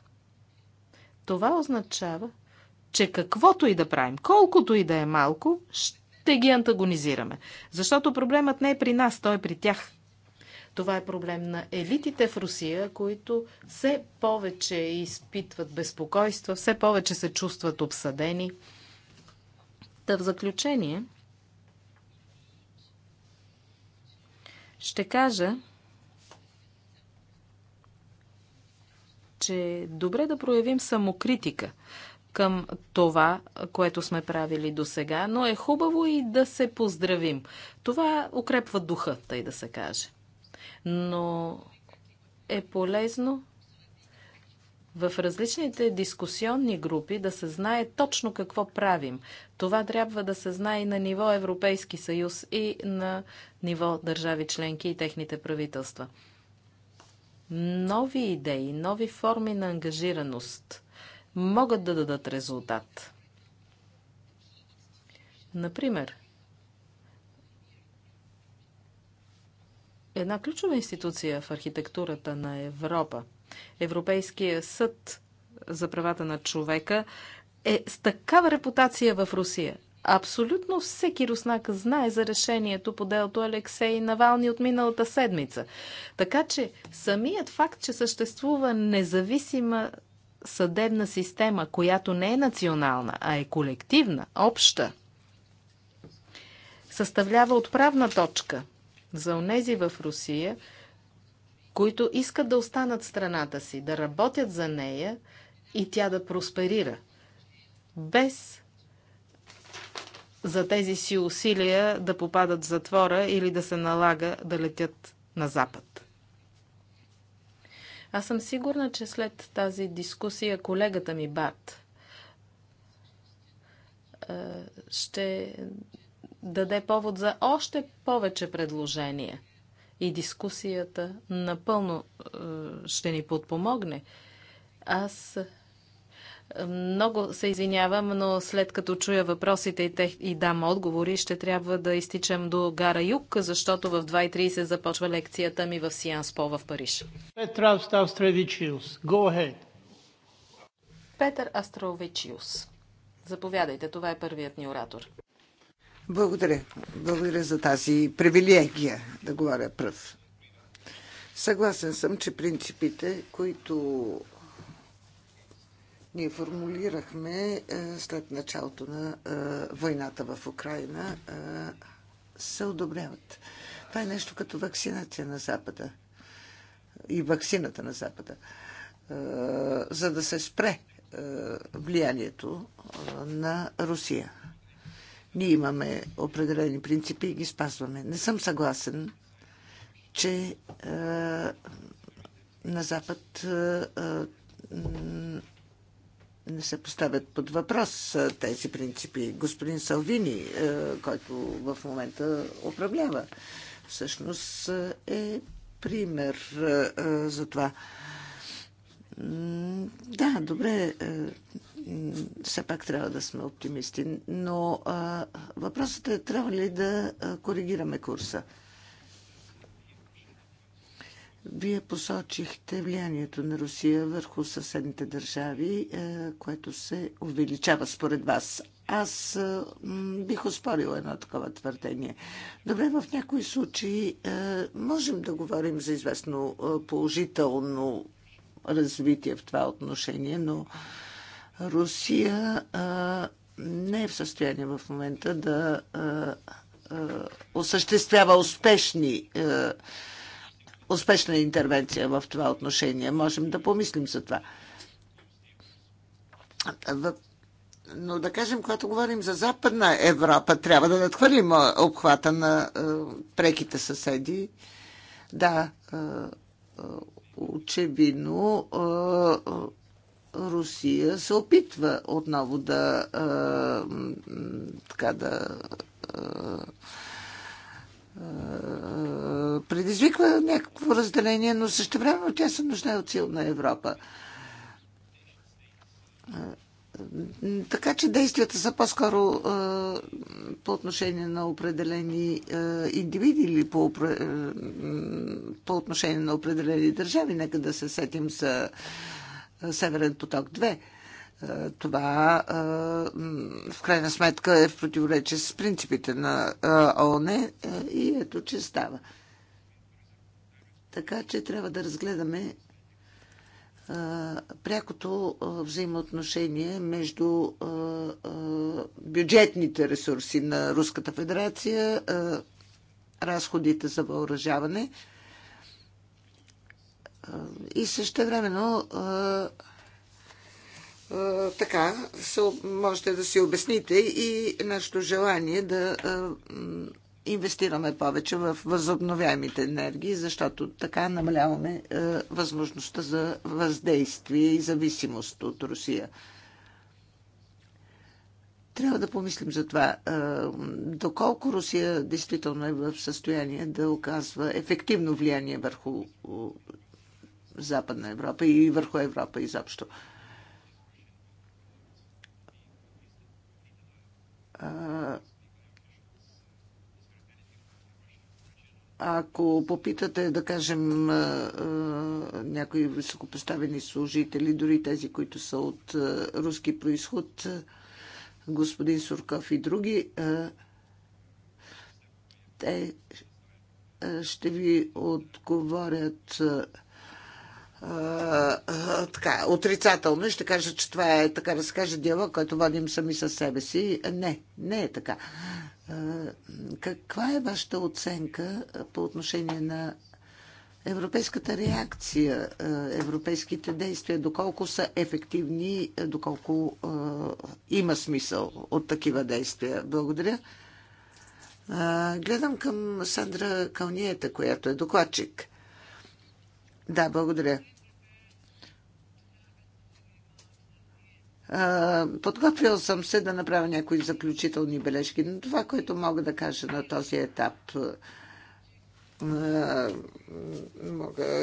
това означава, че каквото и да правим, колкото и да е малко, ще ще ги антагонизираме. Защото проблемът не е при нас, той е при тях. Това е проблем на елитите в Русия, които все повече изпитват безпокойства, все повече се чувстват обсадени. Та в заключение ще кажа, че е добре да проявим самокритика – към това, което сме правили до сега, но е хубаво и да се поздравим. Това укрепва духа, тъй да се каже. Но е полезно в различните дискусионни групи да се знае точно какво правим. Това трябва да се знае и на ниво Европейски съюз и на ниво държави членки и техните правителства. Нови идеи, нови форми на ангажираност – могат да дадат резултат. Например, една ключова институция в архитектурата на Европа, Европейския съд за правата на човека, е с такава репутация в Русия. Абсолютно всеки руснак знае за решението по делото Алексей Навални от миналата седмица. Така че самият факт, че съществува независима съдебна система, която не е национална, а е колективна, обща, съставлява отправна точка за онези в Русия, които искат да останат страната си, да работят за нея и тя да просперира. Без за тези си усилия да попадат в затвора или да се налага да летят на запад. Аз съм сигурна, че след тази дискусия колегата ми Барт ще даде повод за още повече предложения. И дискусията напълно ще ни подпомогне. Аз много се извинявам, но след като чуя въпросите и, тех, и дам отговори, ще трябва да изтичам до гара Юг, защото в 2.30 започва лекцията ми в Сианс По в Париж. Петър Ставстравичиус, go ahead. Петър Астровичиус. Заповядайте, това е първият ни оратор. Благодаря. Благодаря за тази привилегия да говоря пръв. Съгласен съм, че принципите, които ние формулирахме е, след началото на е, войната в Украина, е, се одобряват. Това е нещо като вакцинация на Запада. И вакцината на Запада. За да се спре влиянието на Русия. Ние имаме определени принципи и ги спазваме. Не съм съгласен, че на Запад не се поставят под въпрос тези принципи. Господин Салвини, който в момента управлява, всъщност е пример за това. Да, добре, все пак трябва да сме оптимисти, но въпросът е трябва ли да коригираме курса. Вие посочихте влиянието на Русия върху съседните държави, е, което се увеличава според вас. Аз е, бих оспорила едно такова твърдение. Добре, в някои случаи е, можем да говорим за известно положително развитие в това отношение, но Русия не е в състояние в момента да осъществява успешни успешна интервенция в това отношение. Можем да помислим за това. Но да кажем, когато говорим за Западна Европа, трябва да надхвърлим обхвата на преките съседи. Да, очевидно Русия се опитва отново да, така, да предизвиква някакво разделение, но същевременно тя се нужда от силна Европа. Така че действията са по-скоро е, по отношение на определени е, индивиди или по, е, по отношение на определени държави. Нека да се сетим за Северен поток 2. Това в крайна сметка е в противоречие с принципите на ОНЕ и ето че става. Така че трябва да разгледаме прякото взаимоотношение между бюджетните ресурси на Руската федерация, разходите за въоръжаване и също времено така можете да си обясните и нашето желание да инвестираме повече в възобновяемите енергии, защото така намаляваме е, възможността за въздействие и зависимост от Русия. Трябва да помислим за това. Е, доколко Русия действително е в състояние да оказва ефективно влияние върху е, Западна Европа и върху Европа изобщо. А, Ако попитате, да кажем, някои високопоставени служители, дори тези, които са от руски происход, господин Сурков и други, те ще ви отговорят така, отрицателно и ще кажат, че това е, така да се каже, диалог, който водим сами със себе си. Не, не е така. Каква е вашата оценка по отношение на европейската реакция, европейските действия, доколко са ефективни, доколко има смисъл от такива действия? Благодаря. Гледам към Сандра Калниета, която е докладчик. Да, благодаря. Подготвил съм се да направя някои заключителни бележки, но това, което мога да кажа на този етап, мога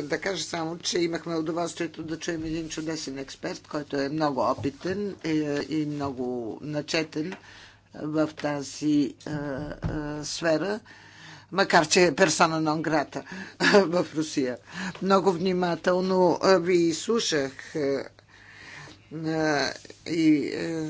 да кажа само, че имахме удоволствието да чуем един чудесен експерт, който е много опитен е, и много начетен в тази сфера макар че е персона нон грата в Русия. Много внимателно ви слушах и е,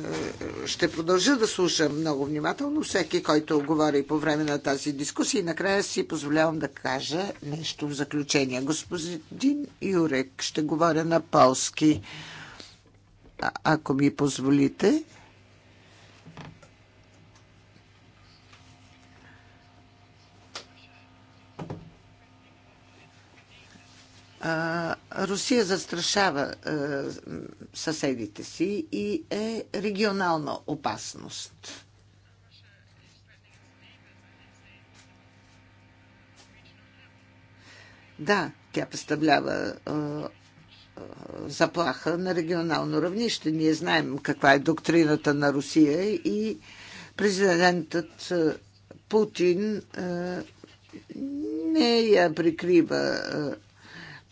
ще продължа да слушам много внимателно всеки, който говори по време на тази дискусия. И накрая си позволявам да кажа нещо в заключение. Господин Юрек, ще говоря на полски, ако ми позволите. Русия застрашава съседите си и е регионална опасност. Да, тя представлява заплаха на регионално равнище. Ние знаем каква е доктрината на Русия и президентът Путин не я прикрива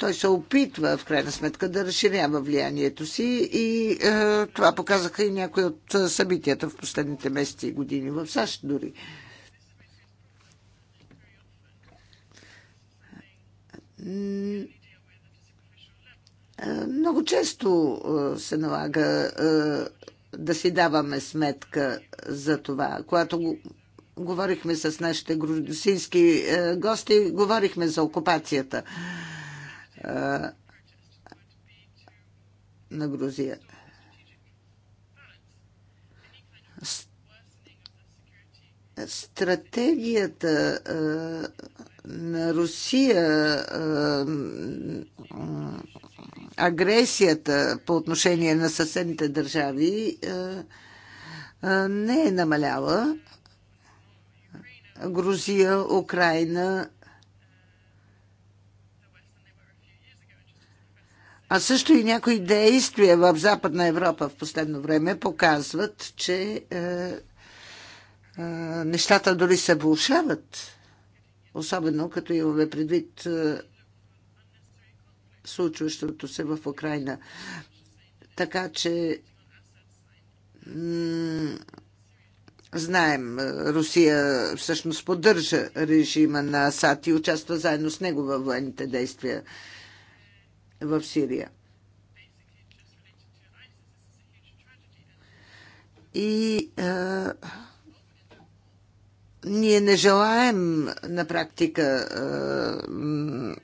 той се опитва, в крайна сметка, да разширява влиянието си и е, това показаха и някои от е, събитията в последните месеци и години в САЩ дори. Е, много често е, се налага да си даваме сметка за това. Когато говорихме с нашите грузински гости, говорихме за окупацията на Грузия. Стратегията на Русия, агресията по отношение на съседните държави не е намаляла. Грузия, Украина а също и някои действия в Западна Европа в последно време показват, че е, е, нещата дори се влушават, особено като имаме предвид е, случващото се в Украина. Така че Знаем, е, Русия всъщност поддържа режима на Асад и участва заедно с него във военните действия в Сирия. И а, ние не желаем на практика а,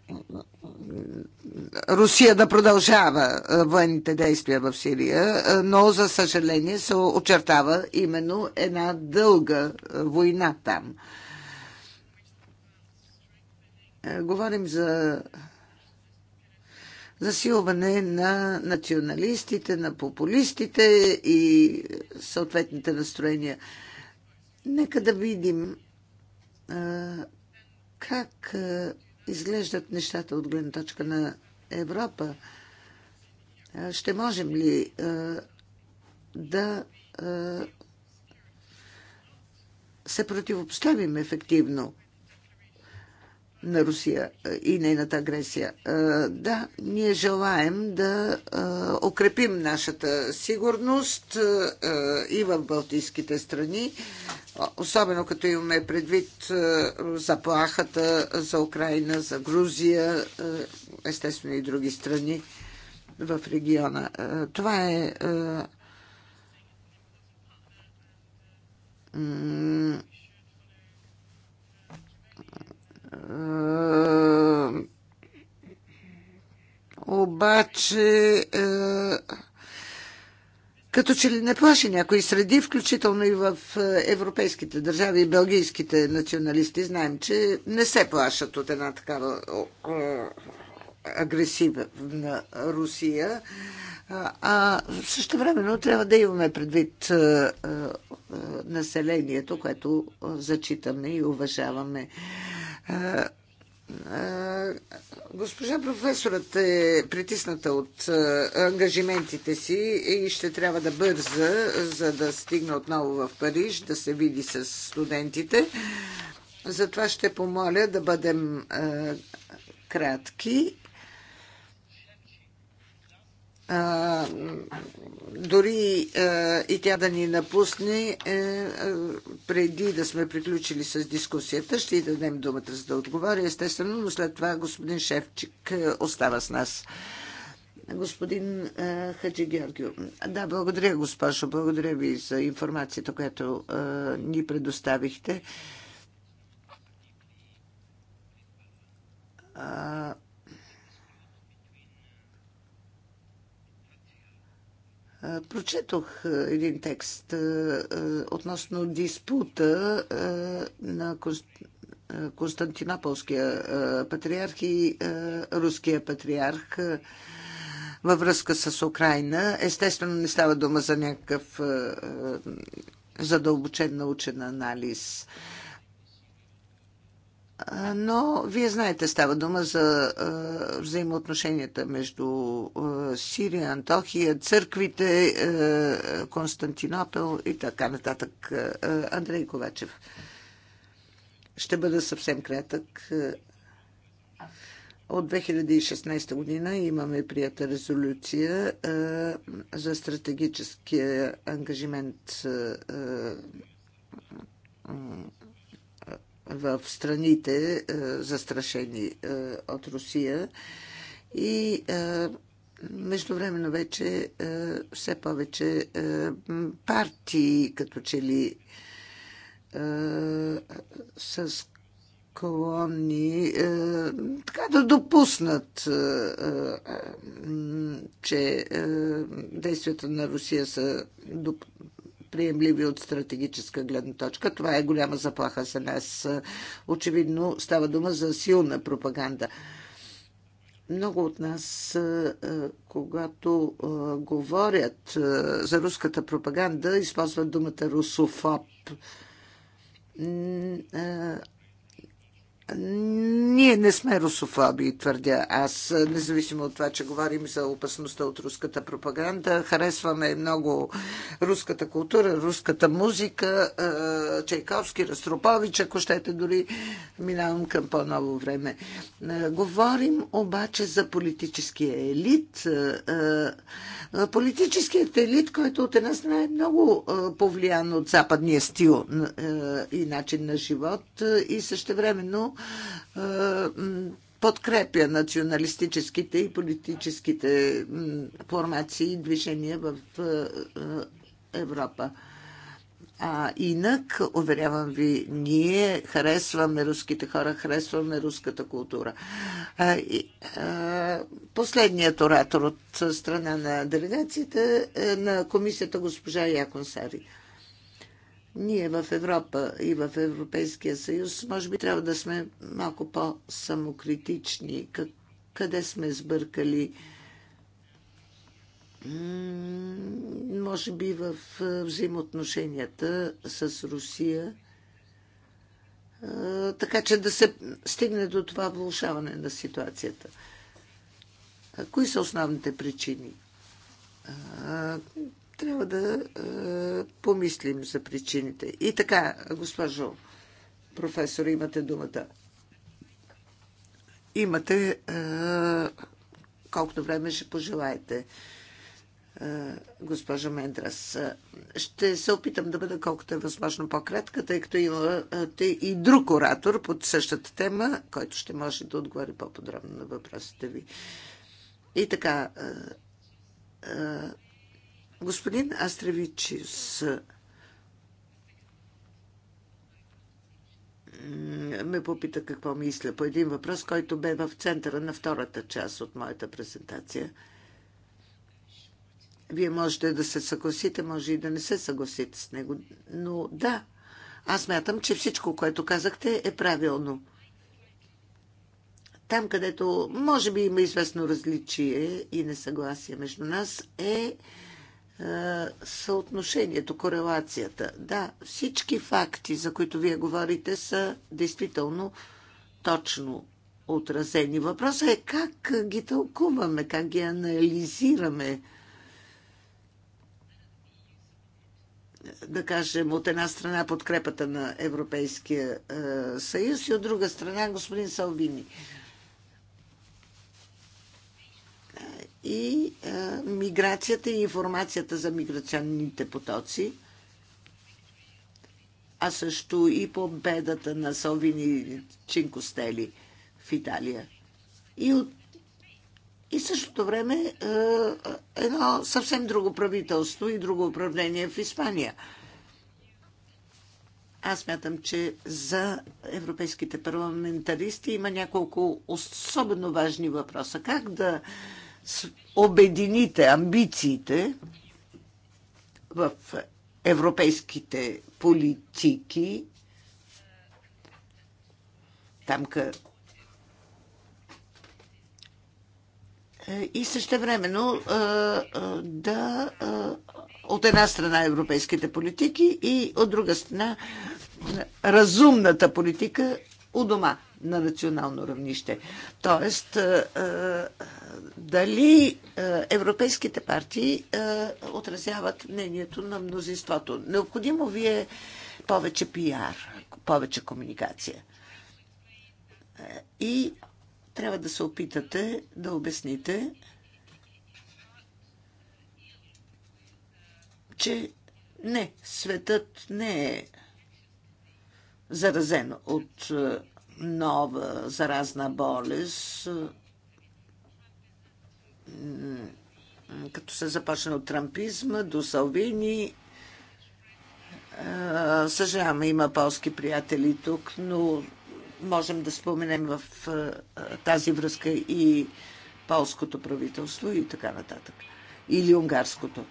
Русия да продължава военните действия в Сирия, но за съжаление се очертава именно една дълга война там. Говорим за засилване на националистите, на популистите и съответните настроения. Нека да видим как изглеждат нещата от гледна точка на Европа. Ще можем ли да се противопоставим ефективно на Русия и нейната агресия. Да, ние желаем да укрепим нашата сигурност и в Балтийските страни, особено като имаме предвид заплахата за Украина, за Грузия, естествено и други страни в региона. Това е Е, обаче е, като че ли не плаши някои среди, включително и в е, европейските държави и белгийските националисти. Знаем, че не се плашат от една такава агресивна Русия. А също времено трябва да имаме предвид населението, което зачитаме и уважаваме. Госпожа професорът е притисната от ангажиментите си и ще трябва да бърза, за да стигне отново в Париж, да се види с студентите. Затова ще помоля да бъдем кратки а, дори а, и тя да ни напусне, а, е, е, преди да сме приключили с дискусията, ще й дадем думата за да отговаря. естествено, но след това господин Шевчик е, остава с нас. Господин е, Хаджи Георгио. Да, благодаря, госпожо. Благодаря ви за информацията, която е, ни предоставихте. А, Прочетох един текст относно диспута на Константинополския патриарх и руския патриарх във връзка с Украина. Естествено, не става дума за някакъв задълбочен научен анализ. Но вие знаете, става дума за взаимоотношенията между Сирия, Антохия, църквите, Константинопел и така нататък. Андрей Ковачев. Ще бъда съвсем кратък. От 2016 година имаме прията резолюция за стратегическия ангажимент в страните е, застрашени е, от Русия и е, междувременно вече все повече партии като че ли са склонни така да допуснат, че действията на Русия са приемливи от стратегическа гледна точка. Това е голяма заплаха за нас. Очевидно става дума за силна пропаганда. Много от нас, е, е, когато е, говорят за руската пропаганда, използват думата русофоб ние не сме русофоби, твърдя аз, независимо от това, че говорим за опасността от руската пропаганда. Харесваме много руската култура, руската музика, е, Чайковски, Растропович, ако щете дори минавам към по-ново време. Е, говорим обаче за политическия елит. Е, политическият елит, който от една страна е много повлиян от западния стил и начин на живот и същевременно е, подкрепя националистическите и политическите формации и движения в е, е, Европа. А инак, уверявам ви, ние харесваме руските хора, харесваме руската култура. А, и, а, последният оратор от страна на делегацията на комисията госпожа Якон Сари. Ние в Европа и в Европейския съюз може би трябва да сме малко по-самокритични, къде сме сбъркали може би в взаимоотношенията с Русия, така че да се стигне до това влушаване на ситуацията. Кои са основните причини? трябва да е, помислим за причините. И така, госпожо професор, имате думата. Имате е, колкото време ще пожелаете, е, госпожа Мендрас. Ще се опитам да бъда колкото е възможно по-кратка, тъй като има е, и друг оратор под същата тема, който ще може да отговори по-подробно на въпросите ви. И така, е, е, Господин Астревичис ме попита какво мисля по един въпрос, който бе в центъра на втората част от моята презентация. Вие можете да се съгласите, може и да не се съгласите с него. Но да, аз мятам, че всичко, което казахте, е правилно. Там, където може би има известно различие и несъгласие между нас, е съотношението, корелацията. Да, всички факти, за които вие говорите, са действително точно отразени. Въпросът е как ги тълкуваме, как ги анализираме. Да кажем, от една страна подкрепата на Европейския съюз и от друга страна господин Салвини. и а, миграцията и информацията за миграционните потоци, а също и победата на Салвини Чинкостели в Италия. И, от, и същото време а, едно съвсем друго правителство и друго управление в Испания. Аз мятам, че за европейските парламентаристи има няколко особено важни въпроса. Как да а, обедините амбициите в европейските политики, там къ... Е, и също времено е, е, да от една страна европейските политики и от друга страна разумната политика у дома на национално равнище. Тоест, е, е, дали е, европейските партии отразяват мнението на мнозинството. Необходимо ви е повече пиар, повече комуникация. И трябва да се опитате да обясните, че не, светът не е заразен от нова заразна болест, като се започна от трампизма до Салвини. Съжалявам, има полски приятели тук, но можем да споменем в тази връзка и полското правителство и така нататък. Или унгарското.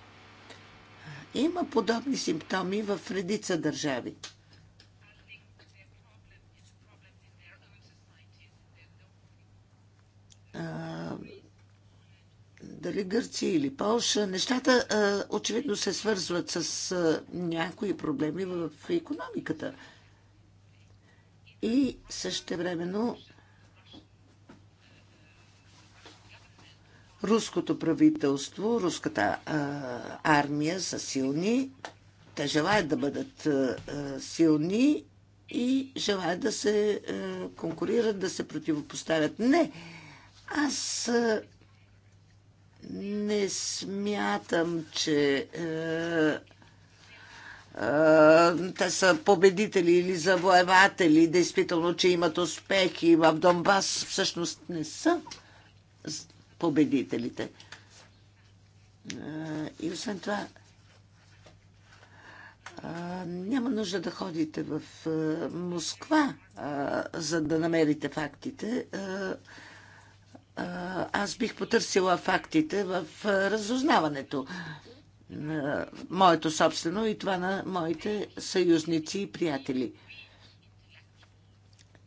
Има подобни симптоми в редица държави. дали Гърция или Полша, нещата а, очевидно се свързват с а, някои проблеми в економиката. И същевременно руското правителство, руската а, армия са силни. Те желаят да бъдат а, силни и желаят да се а, конкурират, да се противопоставят. Не! А, аз не смятам, че е, е, те са победители или завоеватели, действително, че имат успехи в Донбас. Всъщност не са победителите. Е, и освен това, а, няма нужда да ходите в а, е, Москва, а, за да намерите фактите. А, е, аз бих потърсила фактите в разузнаването. Моето собствено и това на моите съюзници и приятели.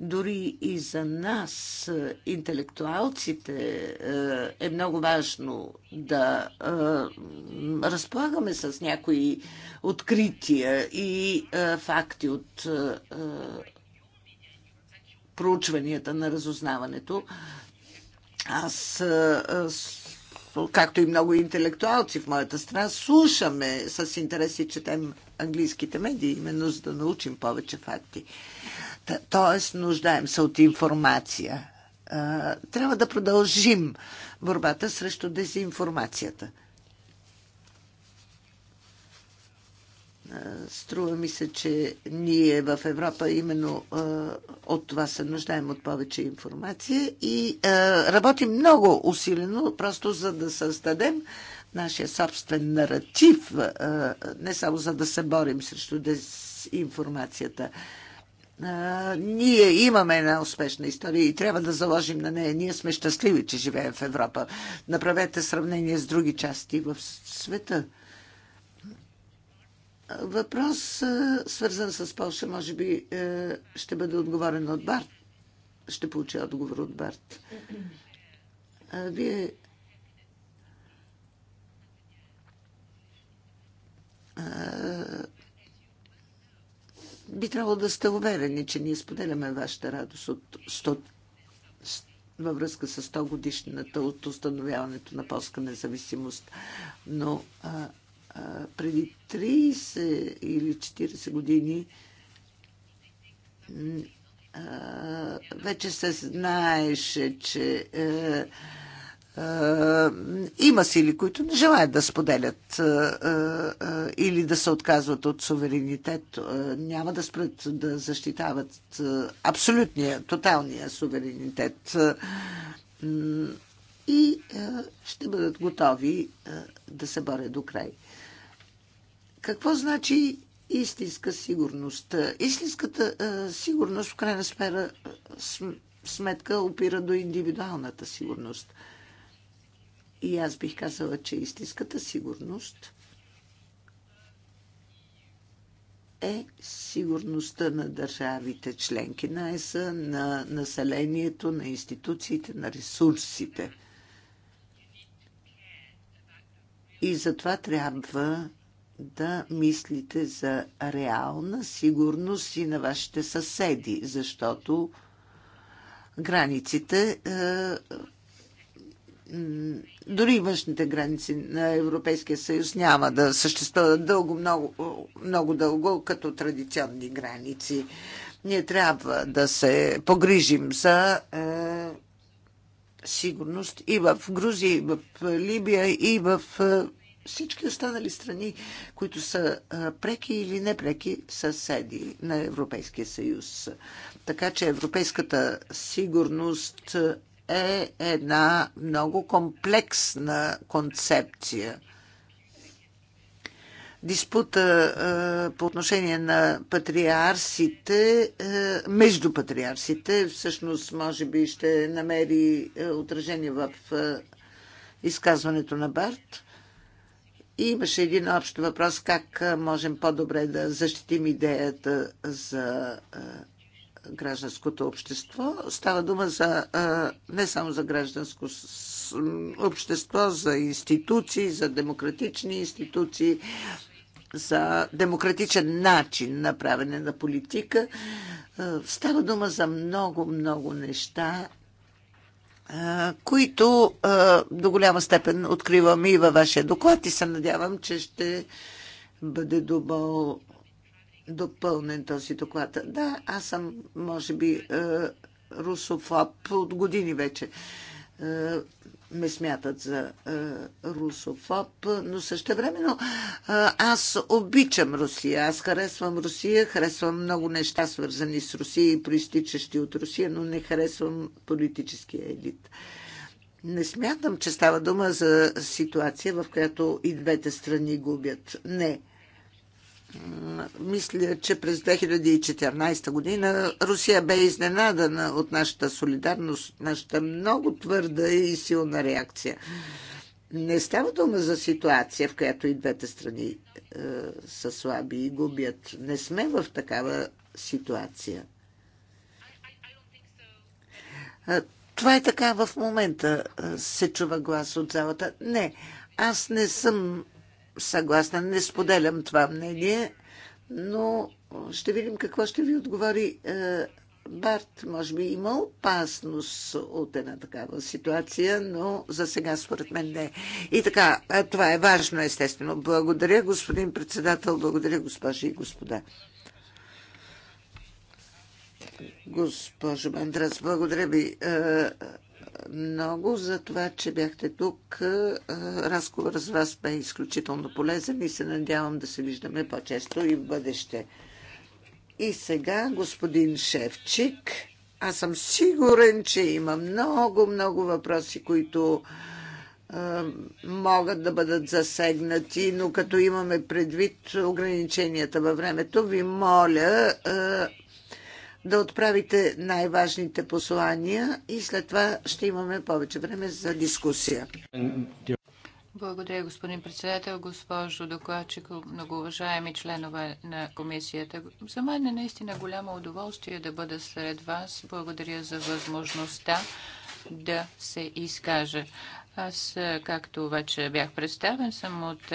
Дори и за нас, интелектуалците, е много важно да разполагаме с някои открития и факти от проучванията на разузнаването, аз както и много интелектуалци в моята страна, слушаме с интерес и четем английските медии, именно за да научим повече факти. Тоест, нуждаем се от информация. Трябва да продължим борбата срещу дезинформацията. Струва ми се, че ние в Европа именно от това се нуждаем от повече информация и работим много усилено, просто за да създадем нашия собствен наратив, не само за да се борим срещу дезинформацията. Ние имаме една успешна история и трябва да заложим на нея. Ние сме щастливи, че живеем в Европа. Направете сравнение с други части в света въпрос, е, свързан с Польша, може би е, ще бъде отговорен от Барт. Ще получи отговор от Барт. Е, вие би трябвало да сте уверени, че ние споделяме вашата радост от 100, във връзка с 100 годишната от установяването на полска независимост. Но а, преди 30 или 40 години вече се знаеше, че е, е, има сили, които не желаят да споделят е, или да се отказват от суверенитет. Няма да спрат да защитават абсолютния, тоталния суверенитет. И ще бъдат готови да се борят до край. Какво значи истинска сигурност? Истинската а, е, сигурност в крайна сфера е, сметка опира до индивидуалната сигурност. И аз бих казала, че истинската сигурност е сигурността на държавите, членки на ЕСА, на населението, на институциите, на ресурсите. И затова трябва да мислите за реална сигурност и на вашите съседи, защото границите, е, дори външните граници на Европейския съюз няма да съществуват дълго, много, много дълго като традиционни граници. Ние трябва да се погрижим за е, сигурност и в Грузия, и в Либия, и в е, всички останали страни, които са преки или непреки съседи на Европейския съюз. Така че европейската сигурност е една много комплексна концепция. Диспута по отношение на патриарсите, между патриарсите, всъщност може би ще намери отражение в изказването на Барт. И имаше един общ въпрос как можем по-добре да защитим идеята за гражданското общество. Става дума за, не само за гражданско общество, за институции, за демократични институции, за демократичен начин на правене на политика. Става дума за много, много неща които до голяма степен откривам и във вашия доклад и се надявам, че ще бъде добъл, допълнен този доклад. Да, аз съм, може би, русофоб от години вече ме смятат за е, русофоб, но времено е, аз обичам Русия. Аз харесвам Русия, харесвам много неща, свързани с Русия и проистичащи от Русия, но не харесвам политическия елит. Не смятам, че става дума за ситуация, в която и двете страни губят. Не мисля, че през 2014 година Русия бе изненадана от нашата солидарност, нашата много твърда и силна реакция. Не става дума за ситуация, в която и двете страни е, са слаби и губят. Не сме в такава ситуация. Това е така в момента, е, се чува глас от залата. Не, аз не съм съгласна, не споделям това мнение, но ще видим какво ще ви отговори е, Барт. Може би има опасност от една такава ситуация, но за сега според мен не. И така, е, това е важно, естествено. Благодаря, господин председател, благодаря, госпожи и господа. Госпожо Мандрас, благодаря ви. Е, много за това, че бяхте тук. Е, разговор с вас бе изключително полезен и се надявам да се виждаме по-често и в бъдеще. И сега господин Шевчик. Аз съм сигурен, че има много, много въпроси, които е, могат да бъдат засегнати, но като имаме предвид ограниченията във времето, ви моля е, да отправите най-важните послания и след това ще имаме повече време за дискусия. Благодаря, господин председател, госпожо докладчик, многоуважаеми членове на комисията. За мен е наистина голямо удоволствие да бъда сред вас. Благодаря за възможността да се изкаже. Аз, както вече бях представен, съм от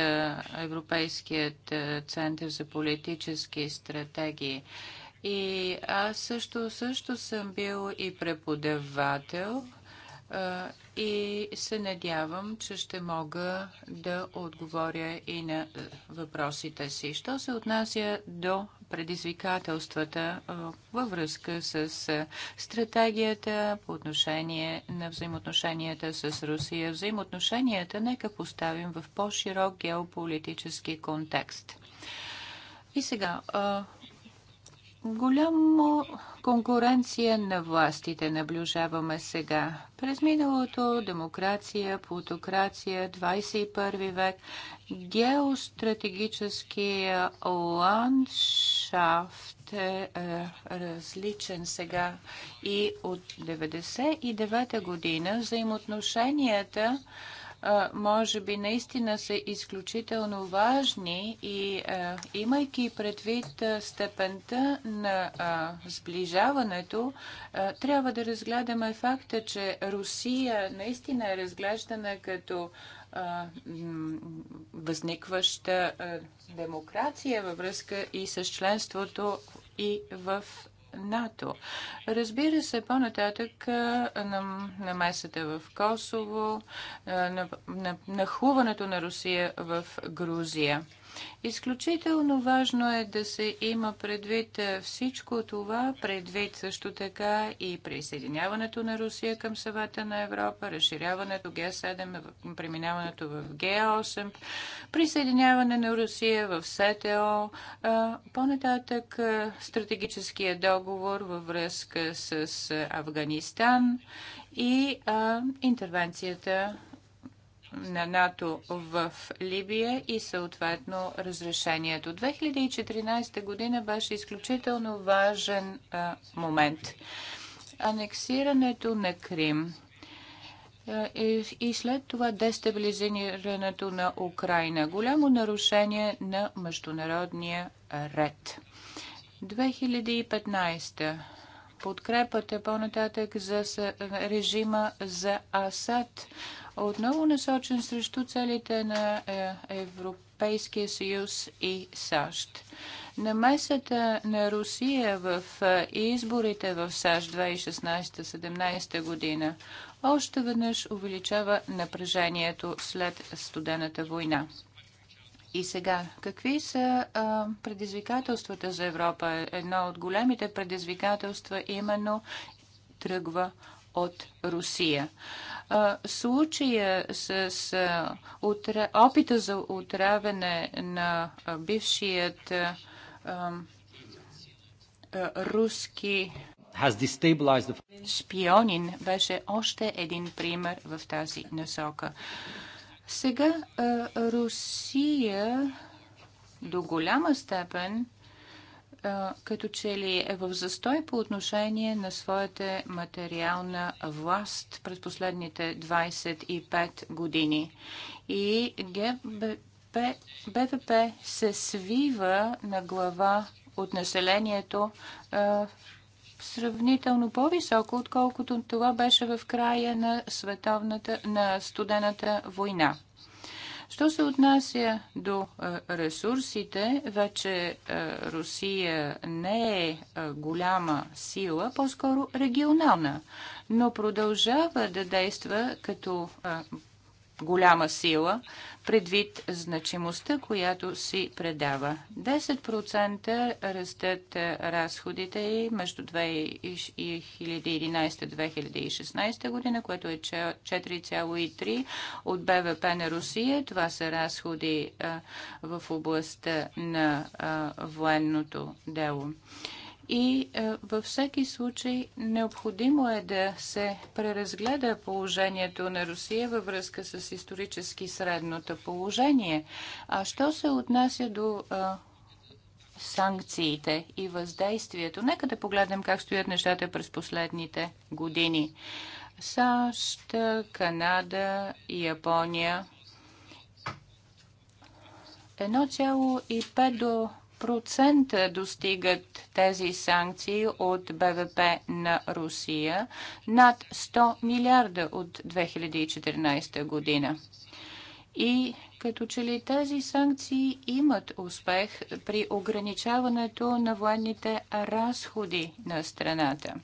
Европейският център за политически стратегии и аз също, също съм бил и преподавател и се надявам, че ще мога да отговоря и на въпросите си. Що се отнася до предизвикателствата във връзка с стратегията по отношение на взаимоотношенията с Русия, взаимоотношенията нека поставим в по-широк геополитически контекст. И сега, Голямо конкуренция на властите наблюжаваме сега. През миналото демокрация, плутокрация, 21 век, геостратегическия ландшафт е, е различен сега и от 99 година взаимоотношенията може би наистина са изключително важни и имайки предвид степента на сближаването, трябва да разгледаме факта, че Русия наистина е разглеждана като възникваща демокрация във връзка и с членството и в НАТО. Разбира се, по-нататък на, на месата в Косово, на, на, нахуването на Русия в Грузия. Изключително важно е да се има предвид е, всичко това, предвид също така и присъединяването на Русия към съвета на Европа, разширяването Г7, е, преминаването в Г8, присъединяване на Русия в СТО, е, по-нататък стратегическия договор във връзка с Афганистан и а, интервенцията на НАТО в Либия и съответно разрешението. 2014 година беше изключително важен а, момент. Анексирането на Крим и след това дестабилизирането на Украина. Голямо нарушение на международния ред. 2015 подкрепата по-нататък за режима за Асад – отново насочен срещу целите на е, Европейския съюз и САЩ. Намесата на Русия в е, изборите в САЩ 2016-17 година още веднъж увеличава напрежението след студената война. И сега, какви са предизвикателствата за Европа? Едно от големите предизвикателства именно тръгва от Русия случая с опита за отравяне на бившият руски шпионин беше още един пример в тази насока. Сега Русия до голяма степен като че ли е в застой по отношение на своята материална власт през последните 25 години. И ГБП, БВП се свива на глава от населението сравнително по-високо, отколкото това беше в края на, световната, на студената война. Що се отнася до е, ресурсите, вече е, Русия не е, е голяма сила, по-скоро регионална, но продължава да действа като голяма сила предвид значимостта, която си предава. 10% растат разходите и между 2011-2016 година, което е 4,3 от БВП на Русия. Това са разходи в областта на военното дело. И е, във всеки случай необходимо е да се преразгледа положението на Русия във връзка с исторически средното положение. А що се отнася до е, санкциите и въздействието, нека да погледнем как стоят нещата през последните години. САЩ, Канада, Япония. 1,5 до процента достигат тези санкции от БВП на Русия над 100 милиарда от 2014 година. И като че ли тези санкции имат успех при ограничаването на военните разходи на страната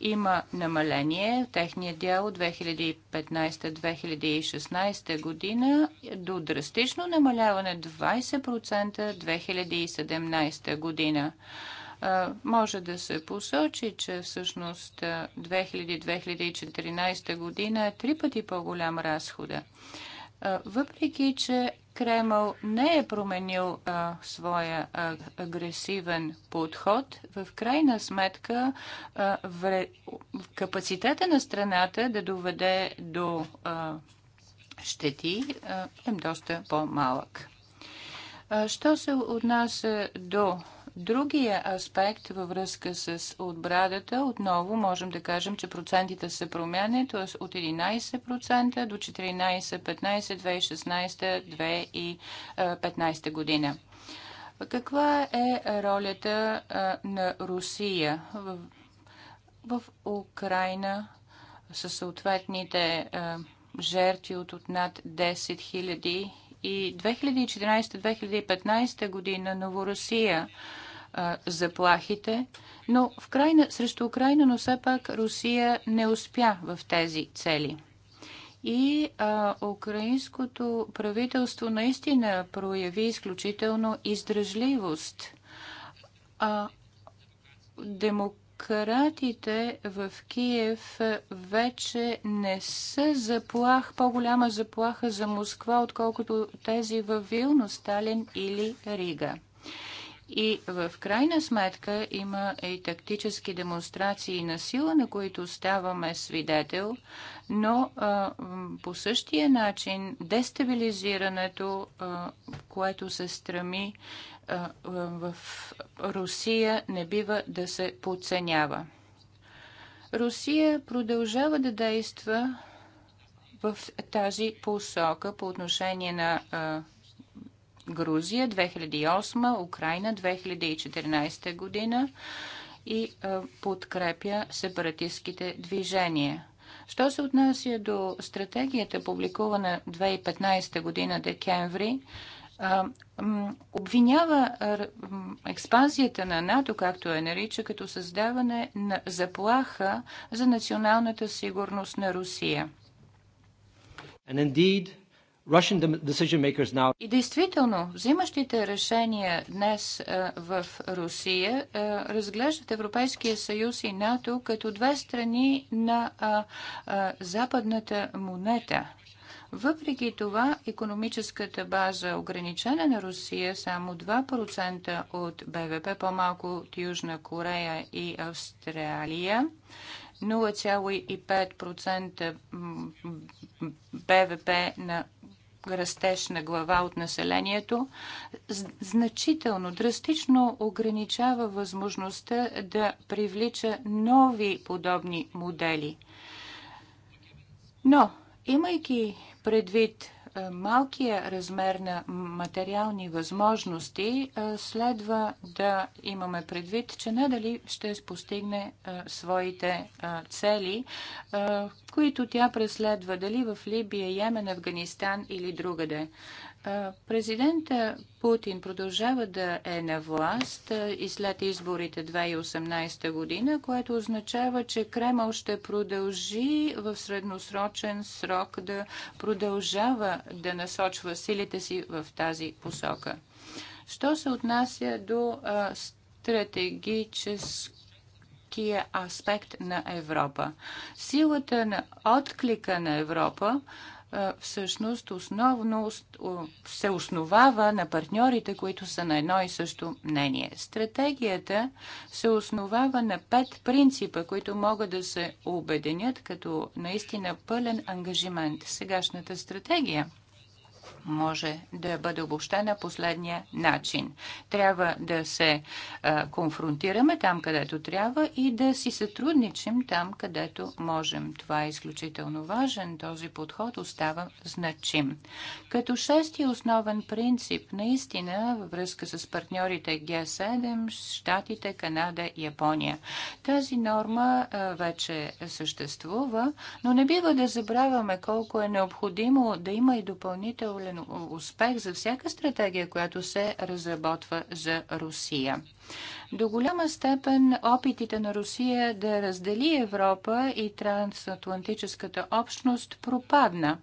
има намаление в техния дял от 2015-2016 година до драстично намаляване 20% 2017 година. Може да се посочи, че всъщност 2000-2014 година е три пъти по-голям разхода. Въпреки, че Кремъл не е променил а, своя а, агресивен подход. В крайна сметка а, вре... капацитета на страната да доведе до а, щети а, е доста по-малък. Що се отнася до Другия аспект във връзка с отбрадата, отново можем да кажем, че процентите се променят, т.е. от 11% до 14-15, 2016-2015 е, година. Каква е ролята е, на Русия в, в Украина със съответните е, жертви от, от над 10 000 и 2014-2015 година Новорусия а, заплахите, но в крайна, срещу Украина, но все пак Русия не успя в тези цели. И а, украинското правителство наистина прояви изключително издръжливост. А, демократите в Киев вече не са заплах, по-голяма заплаха за Москва, отколкото тези във Вилно, Сталин или Рига. И в крайна сметка има и тактически демонстрации на сила, на които ставаме свидетел, но а, по същия начин дестабилизирането, а, което се стреми а, в Русия, не бива да се подценява. Русия продължава да действа в тази посока по отношение на Грузия 2008, Украина 2014 година и е, подкрепя сепаратистските движения. Що се отнася до стратегията, публикувана 2015 година декември, е, обвинява е, експанзията на НАТО, както е нарича, като създаване на заплаха за националната сигурност на Русия. And indeed, и действително, взимащите решения днес е, в Русия е, разглеждат Европейския съюз и НАТО като две страни на е, западната монета. Въпреки това, економическата база ограничена на Русия само 2% от БВП, по-малко от Южна Корея и Австралия. 0,5% БВП на растеж на глава от населението, значително, драстично ограничава възможността да привлича нови подобни модели. Но, имайки предвид е, малкия размер на материални възможности, е, следва да имаме предвид, че надали ще постигне е, своите цели, които тя преследва дали в Либия, Йемен, Афганистан или другаде. Президента Путин продължава да е на власт и след изборите 2018 година, което означава, че Кремъл ще продължи в средносрочен срок да продължава да насочва силите си в тази посока. Що се отнася до стратегическо аспект на Европа. Силата на отклика на Европа всъщност основно се основава на партньорите, които са на едно и също мнение. Стратегията се основава на пет принципа, които могат да се обединят като наистина пълен ангажимент. Сегашната стратегия може да бъде обобщена последния начин. Трябва да се конфронтираме там, където трябва и да си сътрудничим там, където можем. Това е изключително важен. Този подход остава значим. Като шести основен принцип, наистина, във връзка с партньорите Г7, Штатите, Канада и Япония. Тази норма вече съществува, но не бива да забравяме колко е необходимо да има и допълнителен успех за всяка стратегия, която се разработва за Русия. До голяма степен опитите на Русия да раздели Европа и трансатлантическата общност пропадна.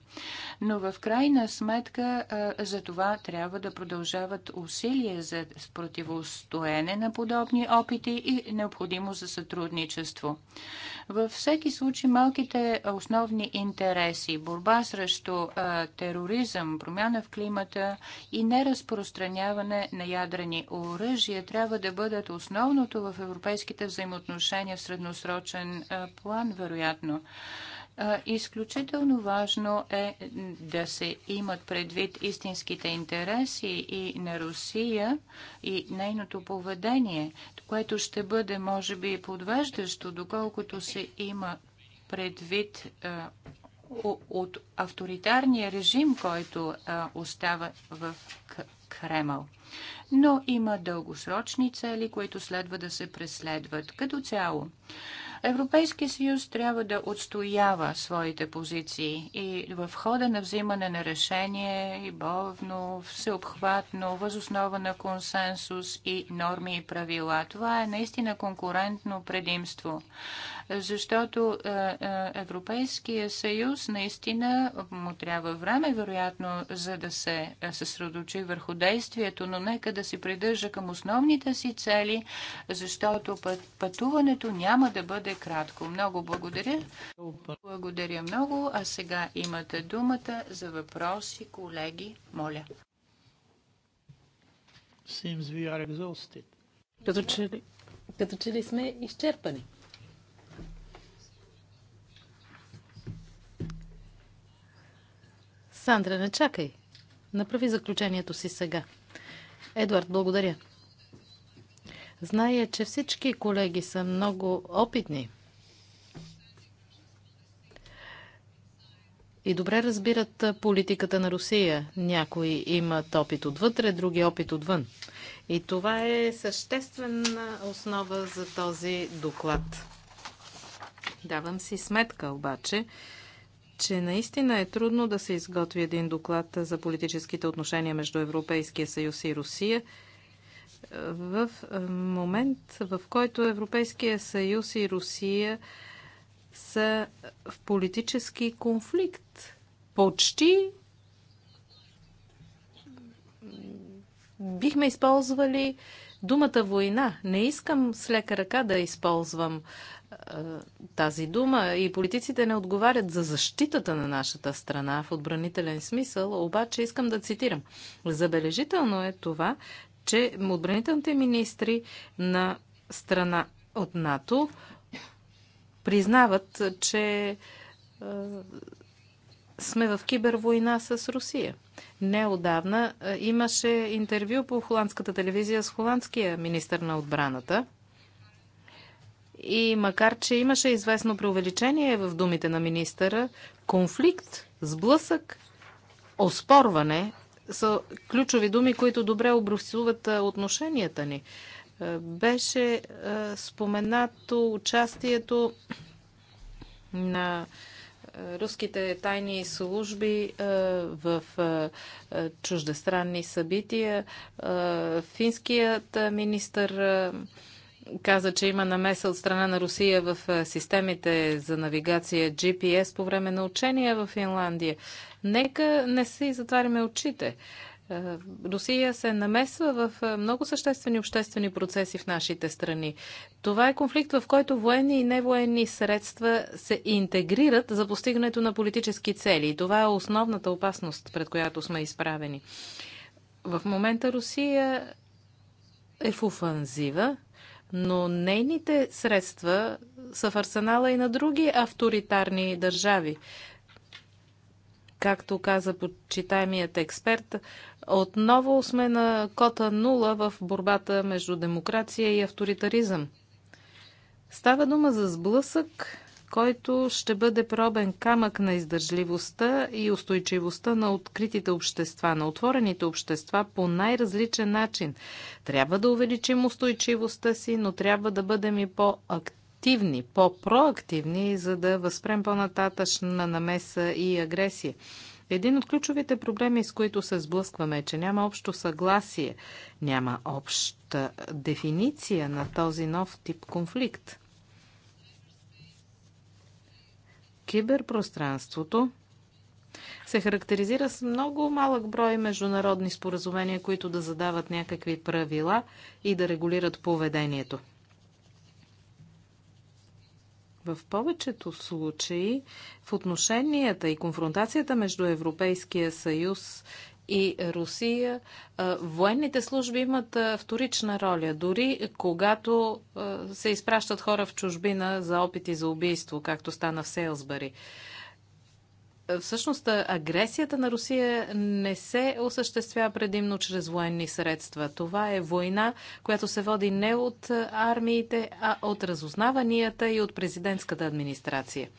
Но в крайна сметка за това трябва да продължават усилия за противостоене на подобни опити и необходимо за сътрудничество. Във всеки случай малките основни интереси, борба срещу тероризъм, промяна в климата и неразпространяване на ядрени оръжия трябва да бъдат основното в европейските взаимоотношения в средносрочен план, вероятно. Изключително важно е да се имат предвид истинските интереси и на Русия и нейното поведение, което ще бъде, може би, подвеждащо, доколкото се има предвид от авторитарния режим, който остава в Кремъл. Но има дългосрочни цели, които следва да се преследват като цяло. Европейския съюз трябва да отстоява своите позиции и в хода на взимане на решение и бовно, всеобхватно, възоснова на консенсус и норми и правила. Това е наистина конкурентно предимство защото е, е, Европейския съюз наистина му трябва време, вероятно, за да се е, съсредочи върху действието, но нека да се придържа към основните си цели, защото пътуването няма да бъде кратко. Много благодаря. Благодаря много. А сега имате думата за въпроси, колеги. Моля. Като че ли, като че ли сме изчерпани? Сандра, не чакай. Направи заключението си сега. Едуард, благодаря. Зная, че всички колеги са много опитни и добре разбират политиката на Русия. Някои имат опит отвътре, други опит отвън. И това е съществена основа за този доклад. Давам си сметка обаче, че наистина е трудно да се изготви един доклад за политическите отношения между Европейския съюз и Русия в е, момент, в който Европейския съюз и Русия са в политически конфликт. Почти бихме използвали думата война. Не искам с лека ръка да използвам е, тази дума и политиците не отговарят за защитата на нашата страна в отбранителен смисъл, обаче искам да цитирам. Забележително е това, че отбранителните министри на страна от НАТО признават, че е, сме в кибервойна с Русия. Неодавна имаше интервю по холандската телевизия с холандския министр на отбраната и макар, че имаше известно преувеличение в думите на министъра, конфликт, сблъсък, оспорване са ключови думи, които добре обрусуват отношенията ни. Беше споменато участието на руските тайни служби в чуждестранни събития. Финският министър каза, че има намеса от страна на Русия в системите за навигация GPS по време на учения в Финландия. Нека не си затваряме очите. Русия се намесва в много съществени обществени процеси в нашите страни. Това е конфликт, в който военни и невоенни средства се интегрират за постигането на политически цели. това е основната опасност, пред която сме изправени. В момента Русия е в офанзива но нейните средства са в арсенала и на други авторитарни държави. Както каза почитаемият експерт, отново сме на кота нула в борбата между демокрация и авторитаризъм. Става дума за сблъсък който ще бъде пробен камък на издържливостта и устойчивостта на откритите общества, на отворените общества по най-различен начин. Трябва да увеличим устойчивостта си, но трябва да бъдем и по-активни, по-проактивни, за да възпрем по-нататъчна намеса и агресия. Един от ключовите проблеми, с които се сблъскваме, е, че няма общо съгласие, няма обща дефиниция на този нов тип конфликт. Киберпространството се характеризира с много малък брой международни споразумения, които да задават някакви правила и да регулират поведението. В повечето случаи в отношенията и конфронтацията между Европейския съюз и Русия, военните служби имат вторична роля, дори когато се изпращат хора в чужбина за опити за убийство, както стана в Сейлсбъри. Всъщност, агресията на Русия не се осъществява предимно чрез военни средства. Това е война, която се води не от армиите, а от разузнаванията и от президентската администрация.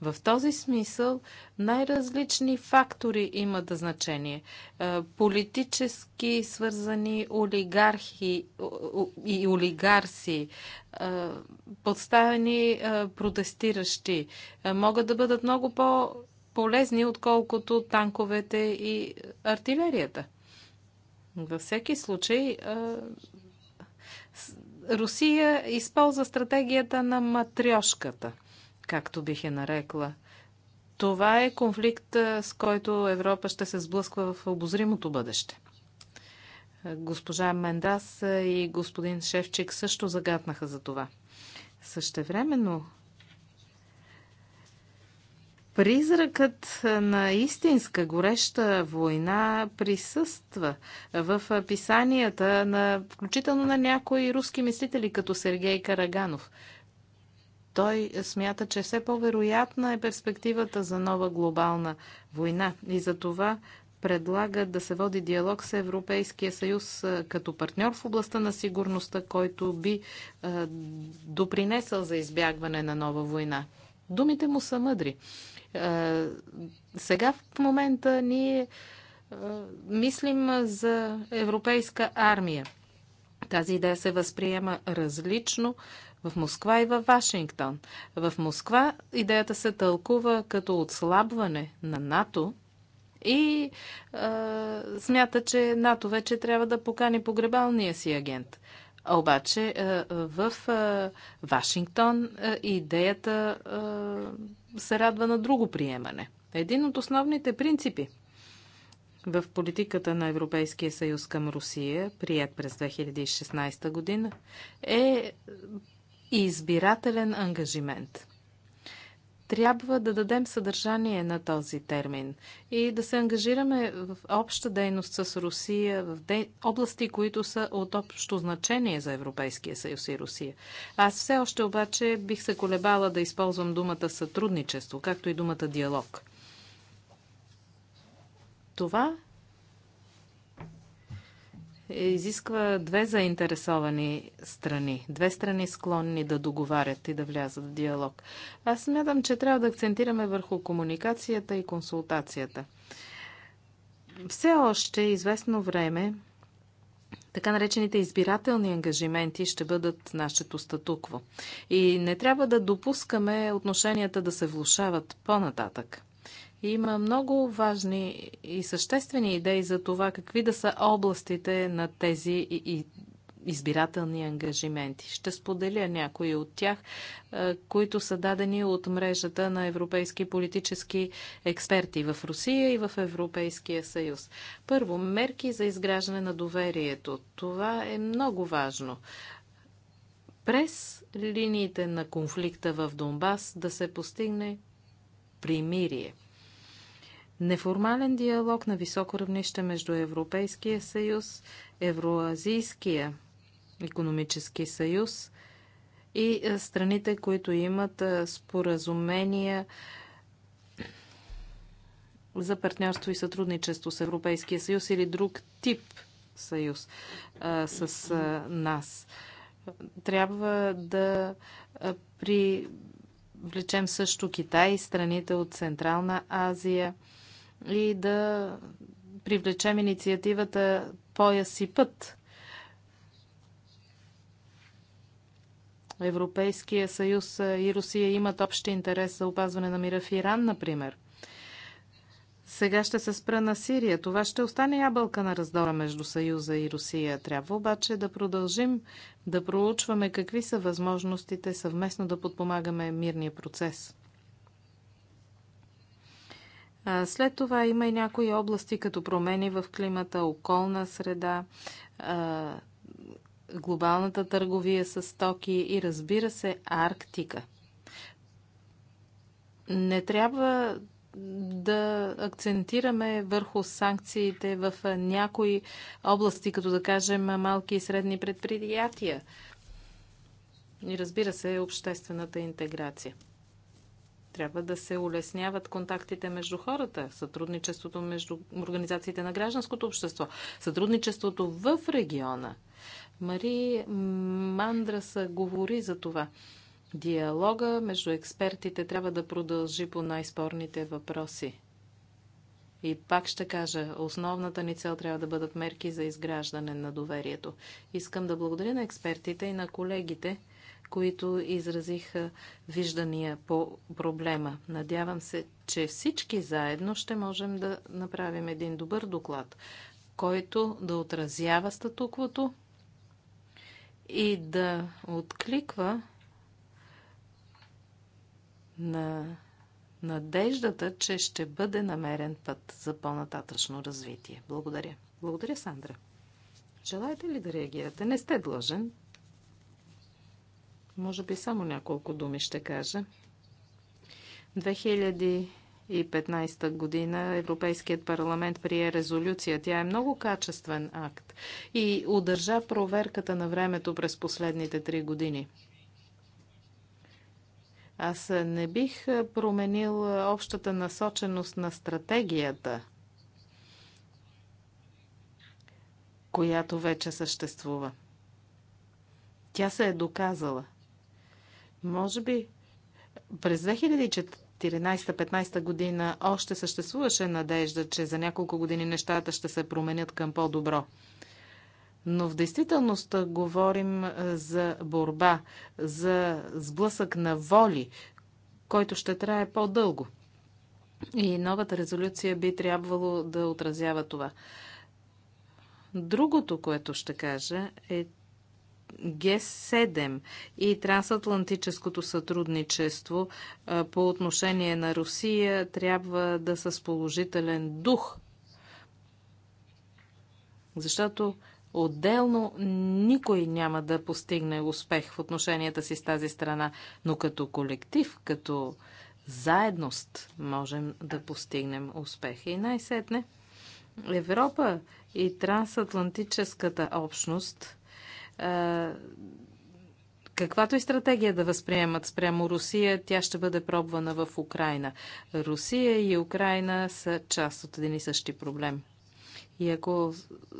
В този смисъл най-различни фактори имат значение. Е, политически свързани олигархи и олигарси, е, подставени е, протестиращи, могат да бъдат много по-полезни, отколкото танковете и артилерията. Във всеки случай, Русия използва стратегията на матрешката – както бих я нарекла. Това е конфликт, с който Европа ще се сблъсква в обозримото бъдеще. Госпожа Мендас и господин Шевчик също загаднаха за това. Същевременно Призракът на истинска гореща война присъства в писанията на, включително на някои руски мислители, като Сергей Караганов – той смята, че все по-вероятна е перспективата за нова глобална война и за това предлага да се води диалог с Европейския съюз като партньор в областта на сигурността, който би допринесъл за избягване на нова война. Думите му са мъдри. Сега в момента ние мислим за европейска армия. Тази идея се възприема различно в Москва и във Вашингтон. В Москва идеята се тълкува като отслабване на НАТО и е, смята, че НАТО вече трябва да покани погребалния си агент. А обаче в Вашингтон идеята се радва на друго приемане. Един от основните принципи в политиката на Европейския съюз към Русия, прият през 2016 година, е и избирателен ангажимент. Трябва да дадем съдържание на този термин и да се ангажираме в обща дейност с Русия в де... области, които са от общо значение за Европейския съюз и Русия. Аз все още обаче бих се колебала да използвам думата сътрудничество, както и думата диалог. Това е, изисква две заинтересовани страни, две страни склонни да договарят и да влязат в диалог. Аз смятам, че трябва да акцентираме върху комуникацията и консултацията. Все още е известно време така наречените избирателни ангажименти ще бъдат нашето статукво. И не трябва да допускаме отношенията да се влушават по-нататък. Има много важни и съществени идеи за това какви да са областите на тези избирателни ангажименти. Ще споделя някои от тях, е, които са дадени от мрежата на европейски политически експерти в Русия и в Европейския съюз. Първо, мерки за изграждане на доверието. Това е много важно. През линиите на конфликта в Донбас да се постигне примирие – неформален диалог на високо равнище между Европейския съюз, Евроазийския економически съюз и е, страните, които имат е, споразумения е, за партньорство и сътрудничество с Европейския съюз или друг тип съюз а, с а, нас. Трябва да привлечем също Китай и страните от Централна Азия и да привлечем инициативата Пояс и път. Европейския съюз и Русия имат общи интерес за опазване на мира в Иран, например. Сега ще се спра на Сирия. Това ще остане ябълка на раздора между Съюза и Русия. Трябва обаче да продължим да проучваме какви са възможностите съвместно да подпомагаме мирния процес. След това има и някои области, като промени в климата, околна среда, глобалната търговия с стоки и разбира се Арктика. Не трябва да акцентираме върху санкциите в някои области, като да кажем малки и средни предприятия. И разбира се, обществената интеграция. Трябва да се улесняват контактите между хората, сътрудничеството между организациите на гражданското общество, сътрудничеството в региона. Мари Мандраса говори за това. Диалога между експертите трябва да продължи по най-спорните въпроси. И пак ще кажа, основната ни цел трябва да бъдат мерки за изграждане на доверието. Искам да благодаря на експертите и на колегите, които изразиха виждания по проблема. Надявам се, че всички заедно ще можем да направим един добър доклад, който да отразява статуквото и да откликва на надеждата, че ще бъде намерен път за по-нататъчно развитие. Благодаря. Благодаря, Сандра. Желаете ли да реагирате? Не сте длъжен. Може би само няколко думи ще кажа. 2015 година Европейският парламент прие резолюция. Тя е много качествен акт и удържа проверката на времето през последните три години. Аз не бих променил общата насоченост на стратегията, която вече съществува. Тя се е доказала – може би през 2014-15 година още съществуваше надежда, че за няколко години нещата ще се променят към по-добро. Но в действителност говорим за борба, за сблъсък на воли, който ще трае по-дълго. И новата резолюция би трябвало да отразява това. Другото, което ще кажа е, г7 и трансатлантическото сътрудничество по отношение на Русия трябва да са с положителен дух. Защото отделно никой няма да постигне успех в отношенията си с тази страна, но като колектив, като заедност можем да постигнем успех. И най-сетне Европа и трансатлантическата общност каквато и стратегия да възприемат спрямо Русия, тя ще бъде пробвана в Украина. Русия и Украина са част от един и същи проблем. И ако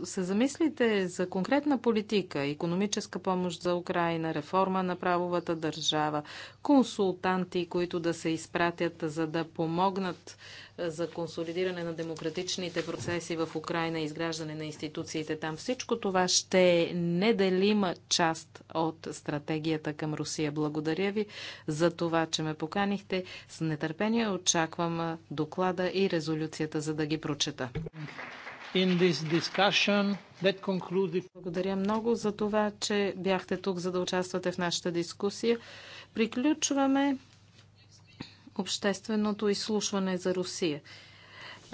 се замислите за конкретна политика, економическа помощ за Украина, реформа на правовата държава, консултанти, които да се изпратят за да помогнат е, за консолидиране на демократичните процеси в Украина, изграждане на институциите там, всичко това ще е неделима част от стратегията към Русия. Благодаря ви за това, че ме поканихте. С нетърпение очаквам е, доклада и резолюцията, за да ги прочета. Concluded... Благодаря много за това, че бяхте тук, за да участвате в нашата дискусия. Приключваме общественото изслушване за Русия.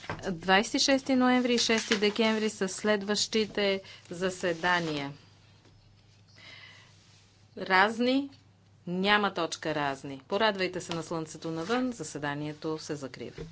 26 ноември и 6 декември са следващите заседания. Разни? Няма точка разни. Порадвайте се на слънцето навън. Заседанието се закрива.